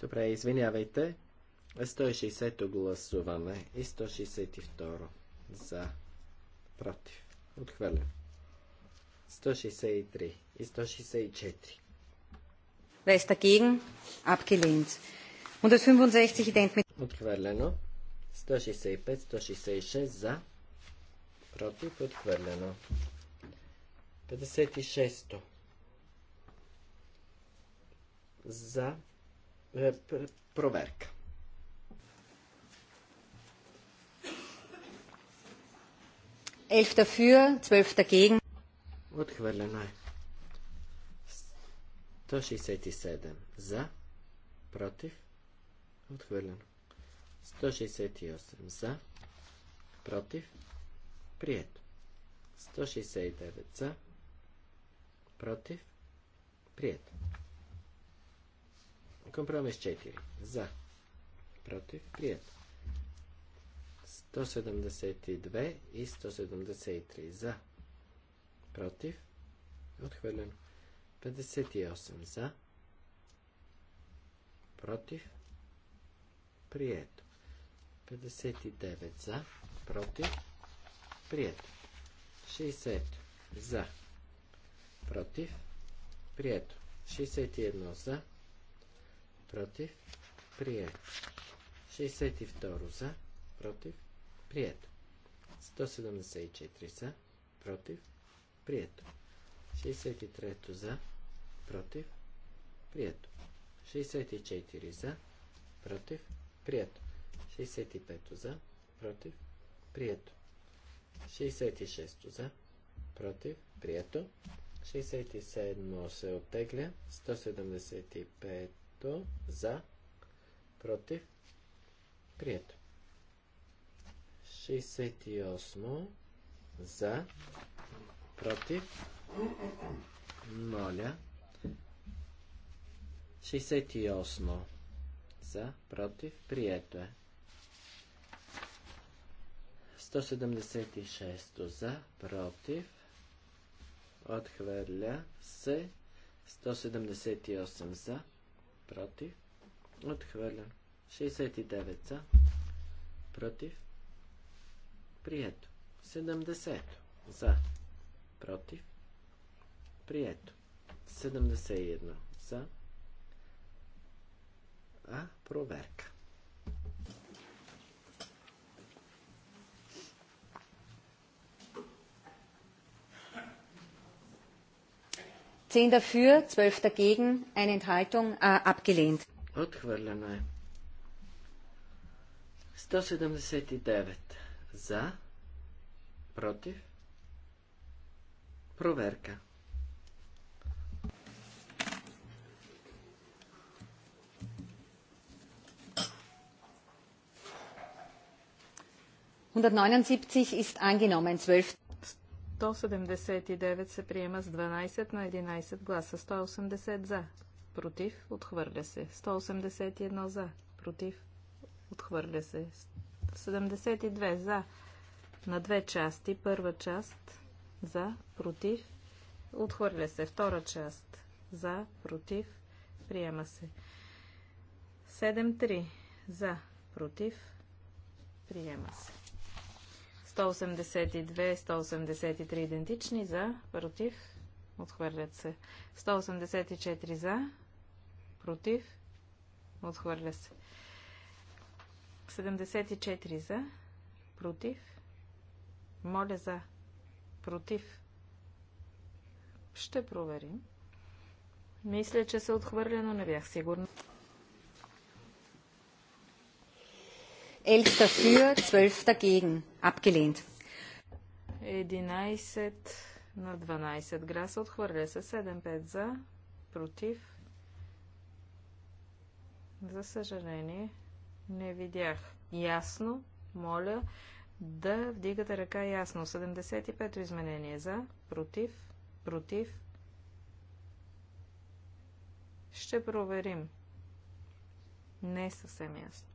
[SPEAKER 1] Добре, извинявайте. 160 гласуваме и 162 за против, отхвърлен. 163 и 164.
[SPEAKER 5] Wer ist dagegen? Abgelehnt. 165 ident
[SPEAKER 1] Отхвърлено. 165, 166 за. Против, отхвърлено. 56 За. Е, проверка.
[SPEAKER 5] 11 dafür, 12 dagegen.
[SPEAKER 1] Отхвърлено е. 167 за, против, отхвърлено. 168 за, против, прието. 169 за, против, прието. Компромис 4 за, против, прието. 172 и 173 за. Против. Отхвърлено. 58 за. Против. Прието. 59 за. Против. Прието. 60 за. Против. Прието. 61 за. Против. Прието. 62 за. Против. Прието. 174 за. Против. Прието. 63 за. Против. Прието. 64 за. Против. Прието. 65 за. Против. Прието. 66 за. Против. Прието. 67 се оттегля. 175 за. Против. Прието. 68 за, против, моля. 68 за, против, прието е. 176 за, против, отхвърля се. 178 за, против, отхвърля. 69 за, против, Прието. 70 за. Против. Прието. 71 за. А, проверка.
[SPEAKER 5] Zehn dafür, zwölf dagegen, eine Enthaltung äh, abgelehnt.
[SPEAKER 1] Отхвърлено е. 179. За. Против. Проверка.
[SPEAKER 5] einhundertneunundsiebzig ist angenommen. 12
[SPEAKER 2] 179 се приема с 12 на 11 гласа, 180 за, против, отхвърля се, 181 за, против, отхвърля се, 72 за. На две части. Първа част за, против. Отхвърля се. Втора част за, против. Приема се. 73 за, против. Приема се. 182, 183 идентични за, против. Отхвърлят се. 184 за, против. Отхвърля се. 74 за, против, моля за, против. Ще проверим. Мисля, че се отхвърля, но не бях сигурна.
[SPEAKER 5] 11 фюр, 12 геген, Abgelehnt.
[SPEAKER 2] 11 на 12 граса отхвърля се 7-5 за, против. За съжаление, не видях. Ясно. Моля да вдигате ръка ясно. 75-то изменение за, против, против. Ще проверим. Не е съвсем ясно.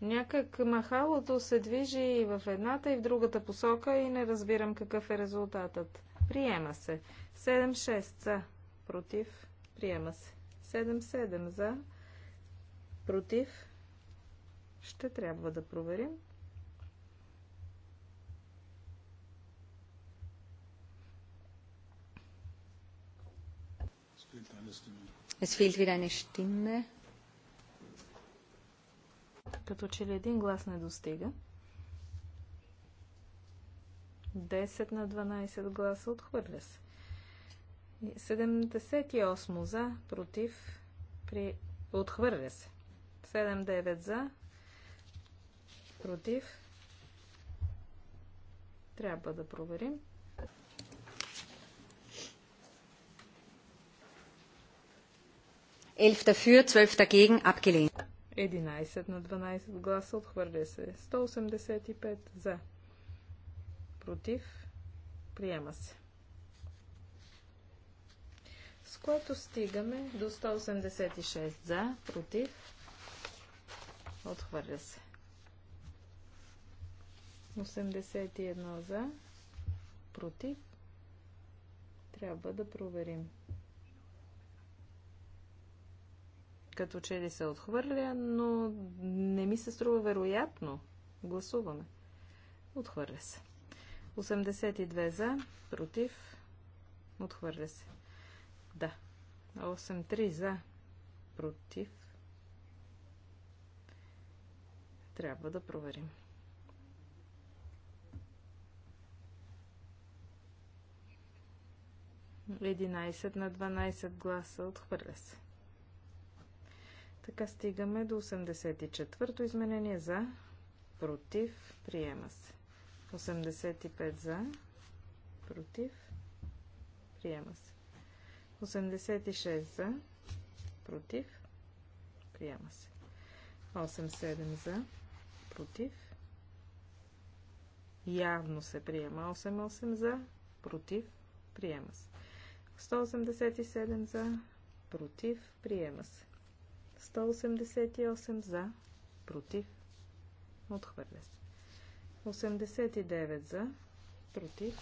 [SPEAKER 2] Някак махалото се движи и в едната и в другата посока и не разбирам какъв е резултатът. Приема се. 7-6 за, против, приема се. 7-7 за, против, ще трябва да проверим.
[SPEAKER 3] Es fehlt wieder eine
[SPEAKER 5] Stimme.
[SPEAKER 2] Като че ли един глас не достига. 10 на 12 гласа отхвърля се. 78 за, против, при... отхвърля се. 7-9 за. Против. Трябва да проверим.
[SPEAKER 5] Elf dafür, 12 dagegen, abgelehnt.
[SPEAKER 2] 11 на 12 гласа отхвърля се. 185 за. Против. Приема се. С което стигаме до 186 за. Против. Отхвърля се. 81 за. Против. Трябва да проверим. Като че ли се отхвърля, но не ми се струва вероятно. Гласуваме. Отхвърля се. 82 за. Против. Отхвърля се. Да. 83 за. Против. Трябва да проверим. Единайсет на 12 гласа отхвърля се. Така стигаме до 84-то изменение за, против, приема се. 85 за, против, приема се. 86 за, против, приема се. 87 за, против. Явно се приема 88 за, против, приема се. 187 за, против, приема се. 188 за, против, отхвърля се. 89 за, против,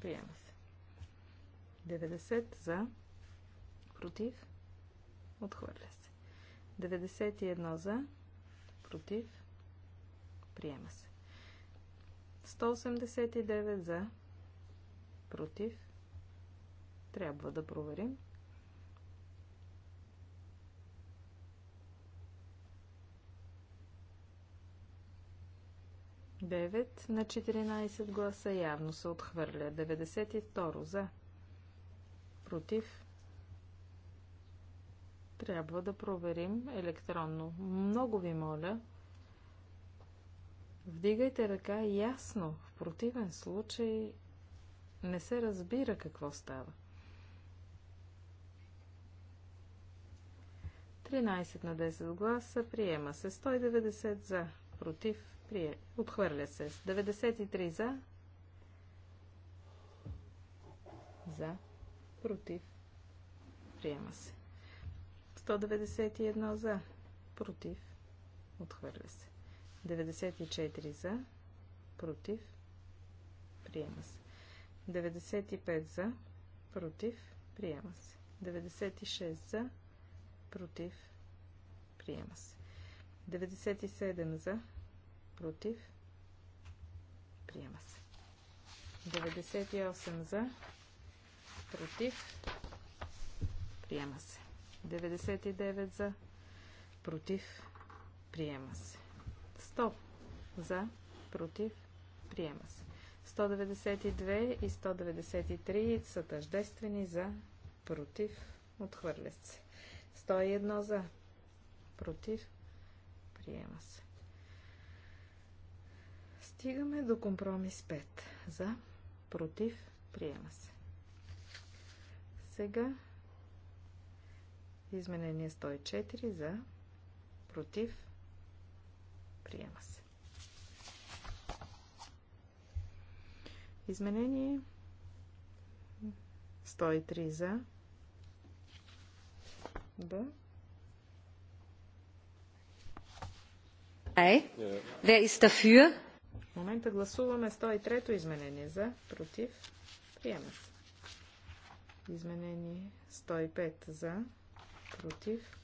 [SPEAKER 2] приема се. 90 за, против, отхвърля се. 91 за, против, Приема се. 189 за. Против. Трябва да проверим. Девет на 14 гласа явно се отхвърля. 92 за. Против. Трябва да проверим електронно. Много ви моля, Вдигайте ръка ясно, в противен случай не се разбира какво става. 13 на 10 гласа приема се 190 за, против прие... отхвърля се 93 за, за, против приема се 191 за, против отхвърля се 94 за, против, приема се. 95 за, против, приема се. 96 за, против, приема се. 97 за, против, приема се. 98 за, против, приема се. 99 за, против, приема се. 100 за, против, приема се. 192 и 193 са тъждествени за, против, отхвърлят се. 101 за, против, приема се. Стигаме до компромис 5. За, против, приема се. Сега изменение 104 за, против, Приема се. Изменение 103
[SPEAKER 5] за. Да.
[SPEAKER 2] Ай. Wer ist В момента гласуваме 103-то изменение за, против, приема се. Изменение 105 за, против.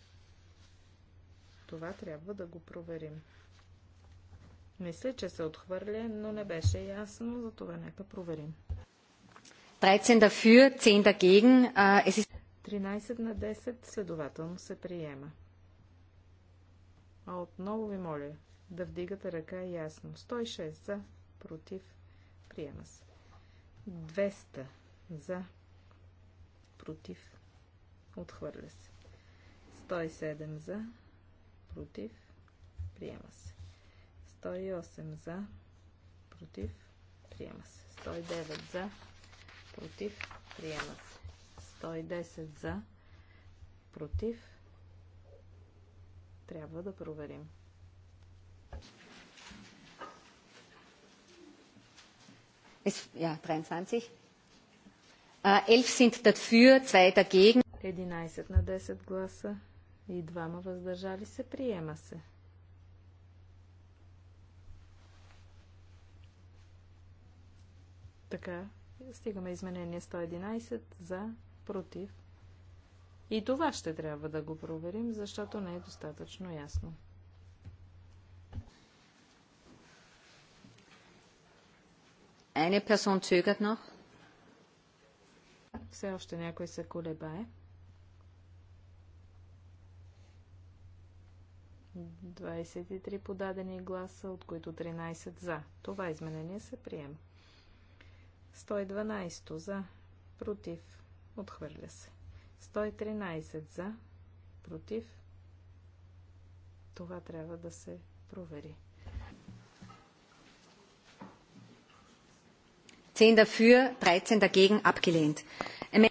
[SPEAKER 2] Това трябва да го проверим. Мисля, че се отхвърля, но не беше ясно, затова нека проверим.
[SPEAKER 5] 13 dafür, 10 dagegen. Es ist
[SPEAKER 2] 13 на 10 е следователно се приема. А отново ви моля да вдигате ръка ясно. 106 за, против, приема се. 200 за, против, отхвърля се. 107 за, против, приема се. 108 за, против, приема се. 109 за, против, приема се. 110 за, против, трябва да проверим.
[SPEAKER 5] Ja, 23. 11 äh, sind dafür, 2 dagegen. 11 на 10 гласа и двама въздържали се,
[SPEAKER 2] приема се. Така, стигаме изменение 111 за, против. И това ще трябва да го проверим, защото не е достатъчно
[SPEAKER 5] ясно. Eine Person zögert noch. Все още някой се колебае.
[SPEAKER 2] 23 подадени гласа, от които 13 за. Това изменение се приема. 112 за, против, отхвърля се. 113 за, против, това трябва да се провери.
[SPEAKER 5] dafür, 13 dagegen abgelehnt.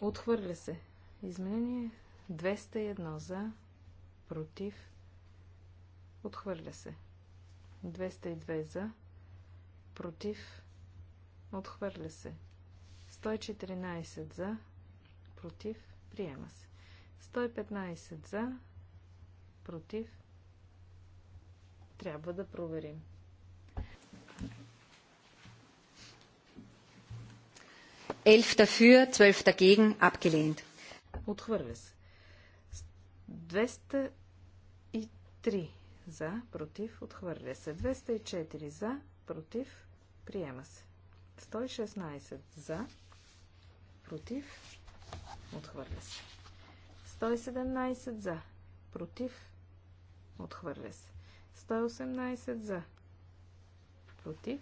[SPEAKER 5] Отхвърля се. Изменение 201 за, против,
[SPEAKER 2] отхвърля се. 202 за, против, Отхвърля се. 114 за. Против. Приема се. 115 за. Против. Трябва да проверим.
[SPEAKER 5] Elf dafür, 12 dagegen, abgelehnt.
[SPEAKER 2] Отхвърля се. 203 за, против, отхвърля се. 204 за, против, приема се. 116 за, против, отхвърля се. 117 за, против, отхвърля се. 118 за, против.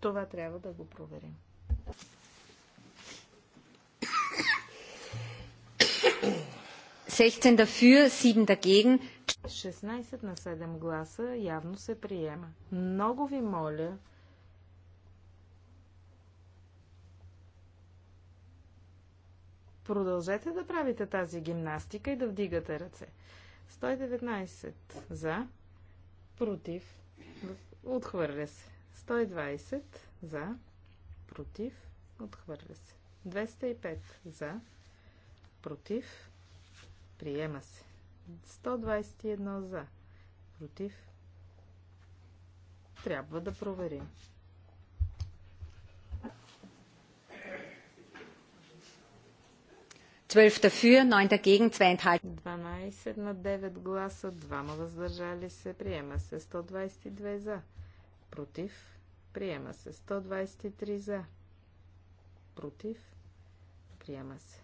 [SPEAKER 2] Това трябва да го проверим.
[SPEAKER 5] Dafür, 7 dagegen.
[SPEAKER 2] 16 на 7 гласа явно се приема. Много ви моля, Продължете да правите тази гимнастика и да вдигате ръце. 119 за, против, отхвърля се. 120 за, против, отхвърля се. 205 за, против, приема се. 121 за, против, трябва
[SPEAKER 5] да проверим. 12 dafür, 9 dagegen, 2 enthalten. 12 на
[SPEAKER 2] 9 гласа, 2 въздържали се, приема се 122 за. Против, приема се 123 за. Против, приема се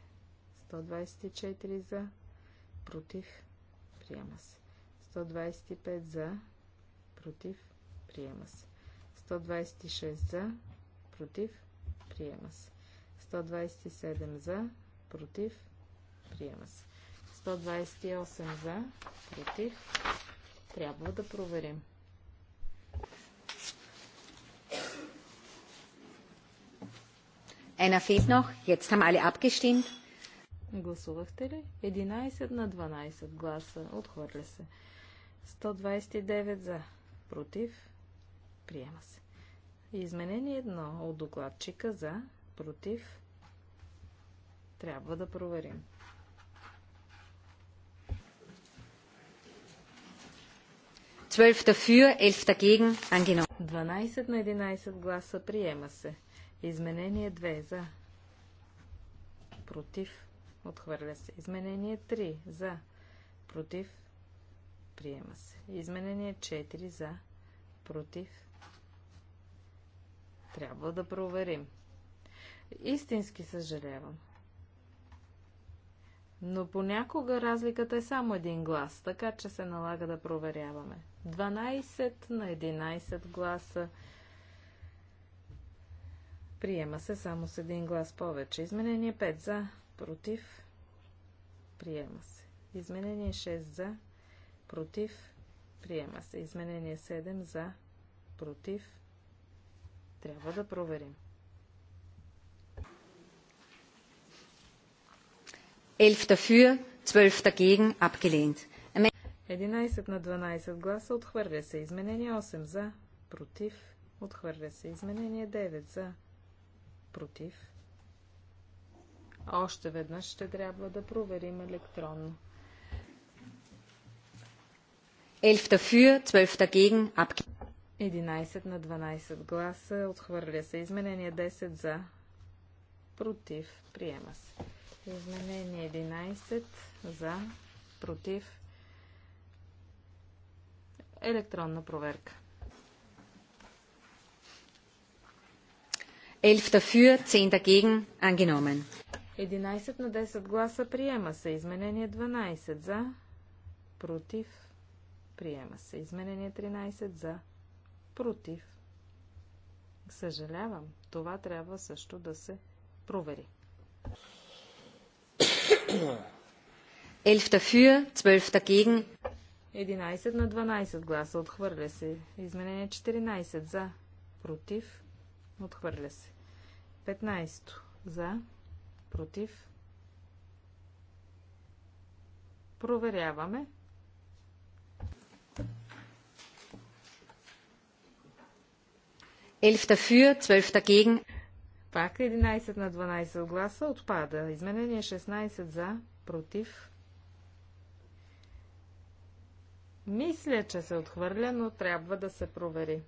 [SPEAKER 2] 124 за. Против, приема се 125 за. Против, приема се 126 за. Против, приема се 127 за против, приема се. 128 за, против, трябва да проверим.
[SPEAKER 5] Ена fehlt нох, Jetzt haben alle abgestimmt.
[SPEAKER 2] Гласувахте ли? 11 на 12 гласа. Отхвърля се. 129 за. Против. Приема се. Изменение едно от докладчика за. Против. Трябва да проверим.
[SPEAKER 5] Dafür, 11 dagegen, angenommen.
[SPEAKER 2] 12 на 11 гласа приема се. Изменение 2 за. Против. Отхвърля се. Изменение 3 за. Против. Приема се. Изменение 4 за. Против. Трябва да проверим. Истински съжалявам. Но понякога разликата е само един глас, така че се налага да проверяваме. 12 на 11 гласа. Приема се само с един глас повече. Изменение 5 за, против. Приема се. Изменение 6 за, против. Приема се. Изменение 7 за, против. Трябва да проверим.
[SPEAKER 5] 11 dafür, 12 dagegen, abgelehnt.
[SPEAKER 2] 11 на 12 гласа отхвърля се. Изменение 8 за, против, отхвърля се. Изменение 9 за, против. Още веднъж ще трябва да проверим електронно.
[SPEAKER 5] 11 dafür, 12 dagegen, abgelehnt. 11
[SPEAKER 2] на 12 гласа. Отхвърля се. Изменение 10 за. Против. Приема се. Изменение 11 за, против, електронна проверка.
[SPEAKER 5] 11 dafür, 10 дагеген, ангеномен.
[SPEAKER 2] 11 на 10 гласа приема се. Изменение 12 за, против, приема се. Изменение 13 за, против. Съжалявам, това трябва също да се провери.
[SPEAKER 5] 11 dafür, 12 dagegen.
[SPEAKER 2] 11 на 12 гласа. Отхвърля се. Изменение 14. За. Против. Отхвърля се. 15. За. Против. Проверяваме.
[SPEAKER 5] Elf dafür, zwölf dagegen.
[SPEAKER 2] Пак 11 на 12 гласа отпада. Изменение 16 за, против. Мисля, че се отхвърля, но трябва да се провери.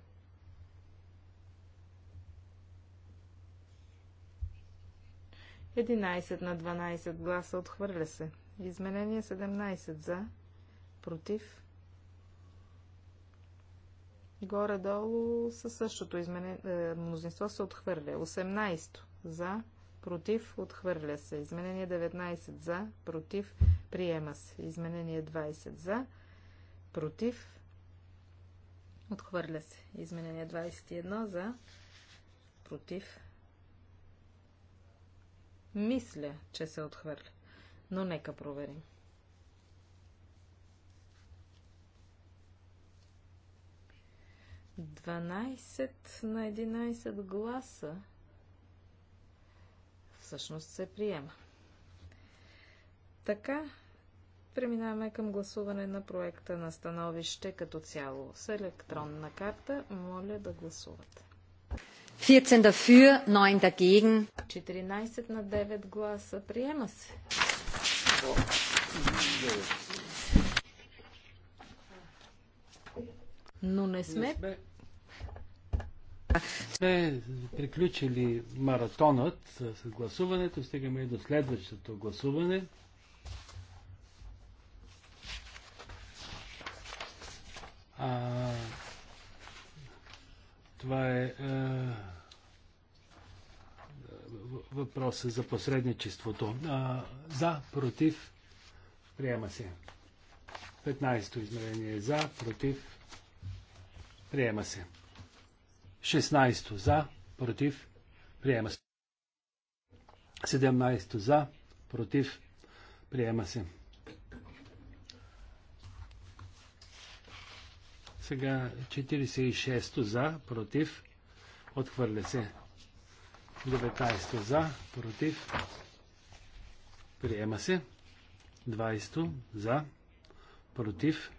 [SPEAKER 2] Единайсет на 12 гласа отхвърля се. Изменение 17 за, против. Горе-долу със същото изменение, мнозинство се отхвърля. 18 за, против, отхвърля се. Изменение 19 за, против, приема се. Изменение 20 за, против, отхвърля се. Изменение 21 за, против. Мисля, че се отхвърля. Но нека проверим. 12 на 11 гласа всъщност се приема. Така, преминаваме към гласуване на проекта на становище като цяло. С електронна карта, моля да гласувате.
[SPEAKER 5] 14 dafür, 9 dagegen.
[SPEAKER 2] 14 на 9 гласа. Приема се. Но не сме, не сме
[SPEAKER 4] сме приключили маратонът с гласуването, стигаме и до следващото гласуване. А, това е а, е, въпроса за посредничеството. А, за, против, приема се. 15-то измерение за, против, приема се. 16 за, против, приема се. 17 за, против, приема се. Сега 46 за, против, отхвърля се. 19 за, против, приема се. 20 за, против,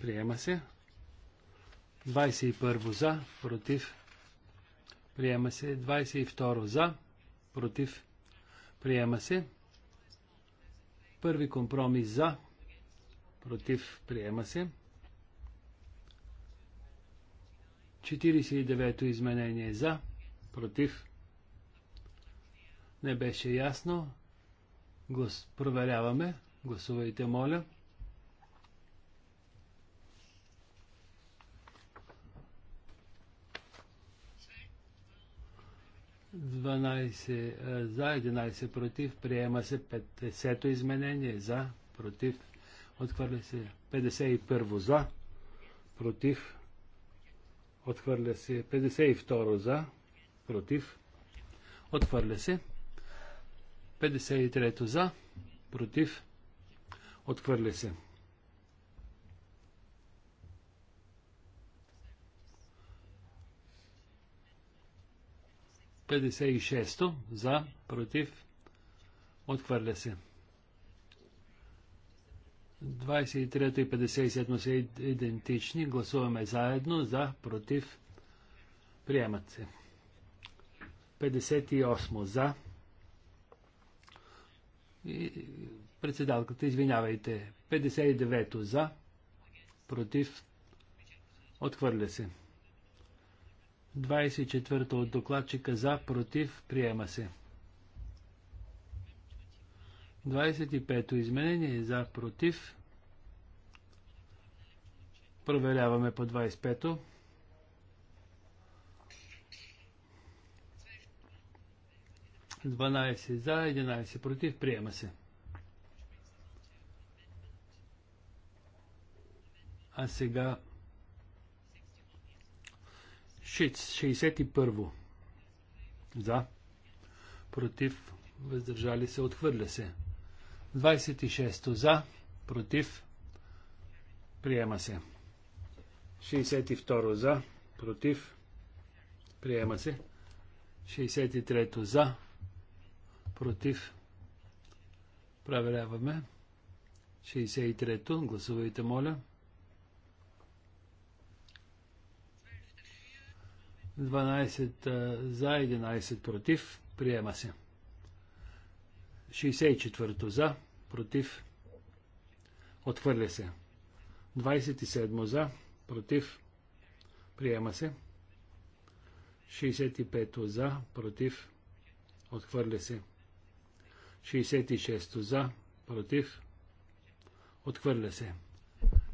[SPEAKER 4] приема се. 21 за, против, приема се. 22 за, против, приема се. Първи компромис за, против, приема се. 49-то изменение за, против, не беше ясно. Проверяваме. Гласувайте, моля. 49 12 за, 11 против. Приема се 50-то изменение за, против. Отхвърля се 51 за, против. Отхвърля се 52 за, против. Отхвърля се 53 за, против. Отхвърля се 56-то за, против, отхвърля се. 23 и 57 са идентични. Гласуваме заедно за, против, приемат се. 58 за. И председалката, извинявайте. 59 за, против, отхвърля се. 24 от докладчика за, против, приема се. 25 изменение е за, против. Проверяваме по 25-то. Дванайсет за, 11 против, приема се. А сега 61. За. Против. Въздържали се. Отхвърля се. 26. За. Против. Приема се. 62. За. Против. Приема се. 63. За. Против. Проверяваме. 63. Гласувайте, моля. 64. 12 за, 11 против. Приема се. 64 за, против. Отхвърля се. 27 за, против. Приема се. 65 за, против. Отхвърля се. 66 за, против. Отхвърля се.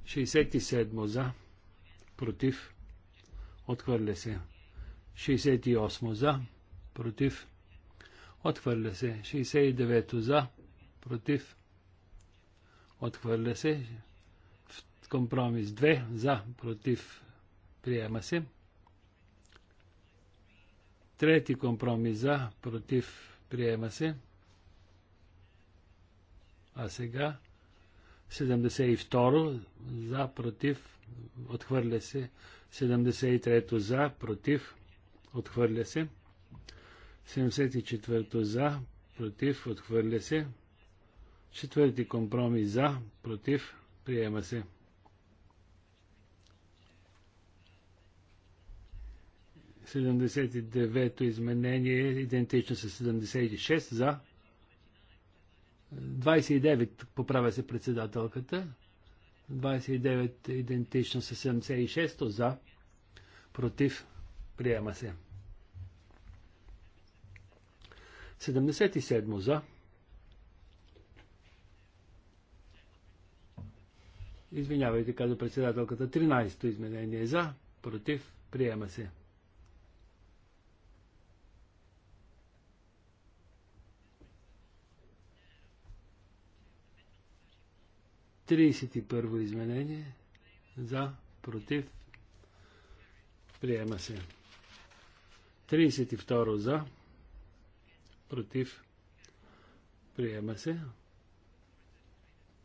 [SPEAKER 4] 67 за, против. Отхвърля се. 68 за, против, отхвърля се. 69 за, против, отхвърля се. Компромис 2 за, против, приема се. Трети компромис за, против, приема се. А сега 72 за, против, отхвърля се. 73 за, против, отхвърля се. 74-то за, против, отхвърля се. Четвърти компромис за, против, приема се. Седемдесет и девето изменение идентично с 76 за. 29 поправя се председателката. 29 идентично с 76 за. Против Приема се. 77 за. Извинявайте, каза председателката. 13-то изменение за, против, приема се. Тридесет и първо изменение за, против, приема се. 32 за, против, приема се.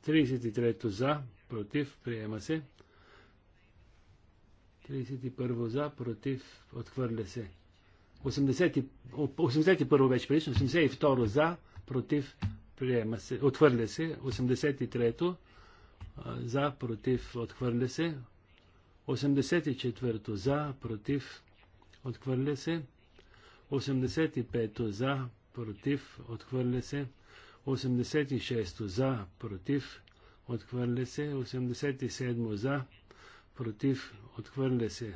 [SPEAKER 4] 33 за, против, приема се. 31 за, против, отхвърля се. 80, 81 вече предишно, 82 за, против, приема се, отхвърля се. 83 за, против, отхвърля се. 84 за, против, отхвърля се. 85-то за, против, отхвърля се. 86-то за, против, отхвърля се. 87-то за, против, отхвърля се.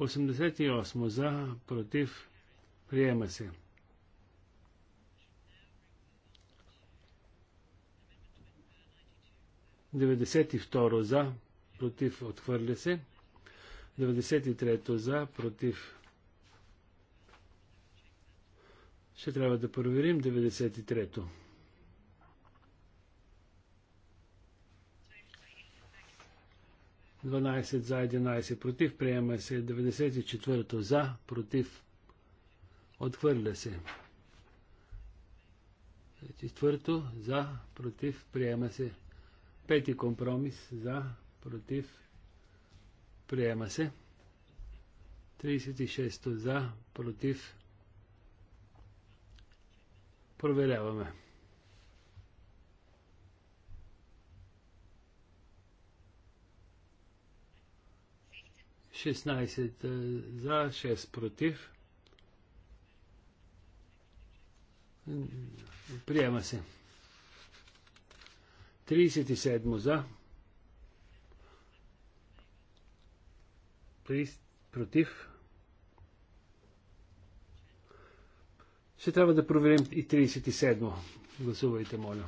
[SPEAKER 4] 88 за, против, приема се. Деведесет и второ за, против, отхвърля се. 93-то за, против. Ще трябва да проверим 93-то. Дванадесет за, 11 против. Приема се 94-то за, против. Отхвърля се. Четвърто за, против. Приема се. Пети компромис за, против Приема се. 36 за, против. Проверяваме. Шестнайсет е, за, шест против. Приема се. Тридесет и седмо за, 30, против. Ще трябва да проверим и 37. Гласувайте, моля.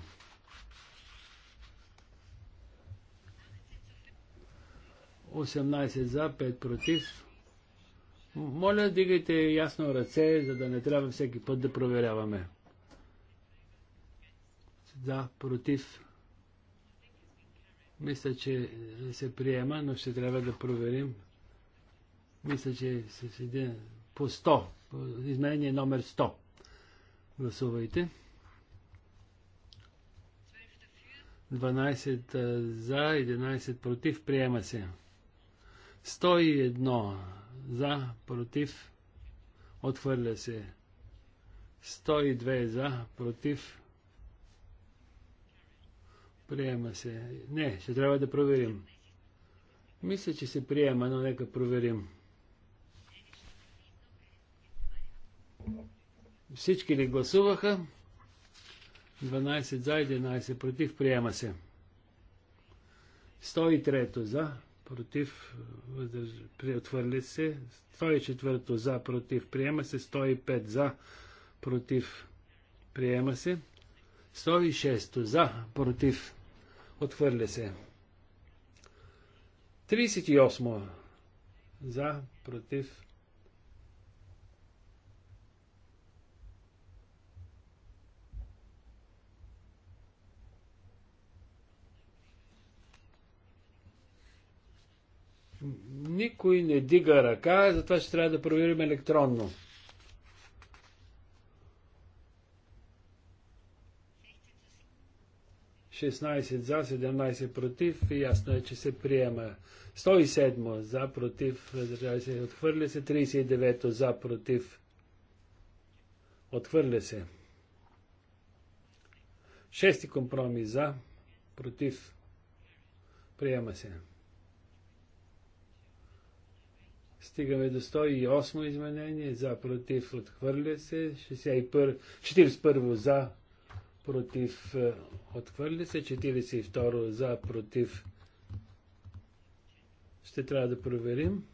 [SPEAKER 4] Осемнайсет за, 5 против. Моля, дигайте ясно ръце, за да не трябва всеки път да проверяваме. За, против. Мисля, че се приема, но ще трябва да проверим. Мисля, че с един по 100, изменение номер 100. Гласувайте. 12 за, 11 против, приема се. 101 за, против, отхвърля се. 102 за, против, приема се. Не, ще трябва да проверим. Мисля, че се приема, но нека проверим. Всички ли гласуваха? 12 за, 11 против. Приема се. 103 за, против. Отвърли се. 104 за, против. Приема се. 105 за, против. Приема се. 106 за, против. Отвърля се. 38 за, против. Никой не дига ръка, затова ще трябва да проверим електронно. за, 17 против и ясно е, че се приема. 107 за, против, въздържали се, отхвърля се. 39 за, против, отхвърля се. Шести компромис за, против, приема се. Стигаме до 108 изменение, за, против, отхвърля се, 41 за, против, е, отхвърля се, 42 за, против, ще трябва да проверим.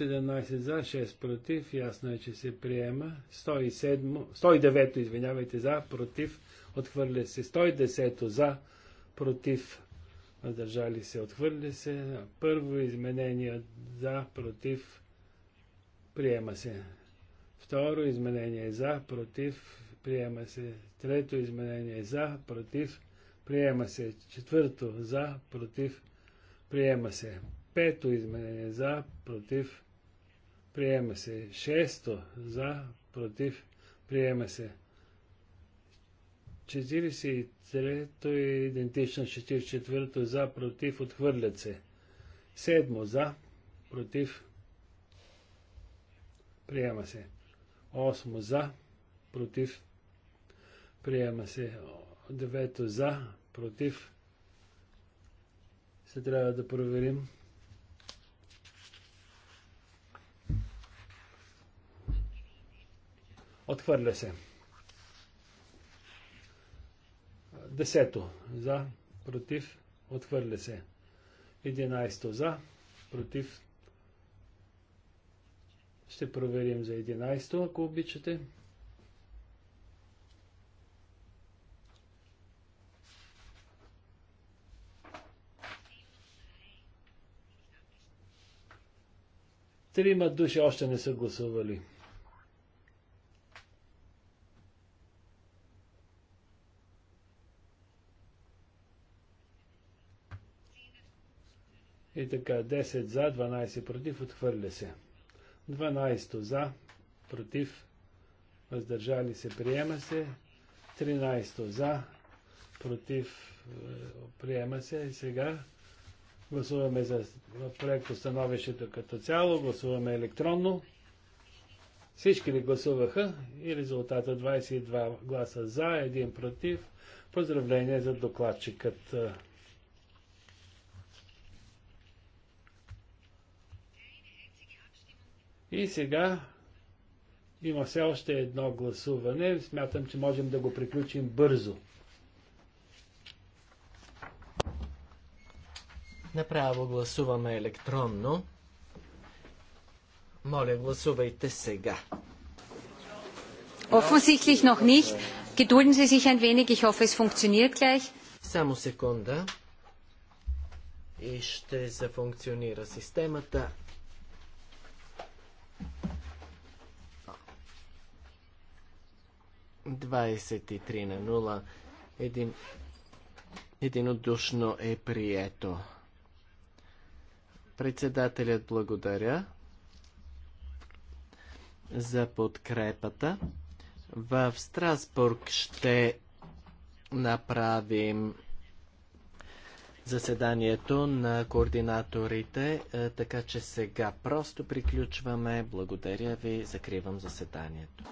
[SPEAKER 4] за, 6 против, ясно е, че се приема. 107, 109, извинявайте, за, против, отхвърля се. 110 за, против, въздържали се, отхвърли се. Първо изменение за, против, приема се. Второ изменение за, против, приема се. Трето изменение за, против, приема се. Четвърто за, против, приема се. Пето изменение за, против, приема се. Шесто за, против, приема се. 43-то е идентично 44-то е за, против, отхвърлят се. Седмо за, против, приема се. Осмо за, против, приема се. Девето за, против, се трябва да проверим. Отхвърля се. Десето за, против, отхвърля се. Единайсто за, против. Ще проверим за единайсто, ако обичате. Трима души още не са гласували. И така, 10 за, 12 против, отхвърля се. 12 за, против, въздържали се, приема се. 13 за, против, е, приема се. И сега гласуваме за проект становището като цяло, гласуваме електронно. Всички ли гласуваха и резултата 22 гласа за, 1 против. Поздравление за докладчикът. И сега има все още едно гласуване. Смятам, че можем да го приключим бързо.
[SPEAKER 1] Направо гласуваме електронно. Моля, гласувайте сега.
[SPEAKER 5] Offensichtlich noch nicht. Gedulden Sie sich ein wenig. Ich hoffe, es funktioniert gleich.
[SPEAKER 1] Само секунда. И ще зафункционира системата. 23 на 0. Един, единодушно е прието. Председателят благодаря за подкрепата. В Страсбург ще направим заседанието на координаторите, е, така че сега просто приключваме. Благодаря ви, закривам заседанието.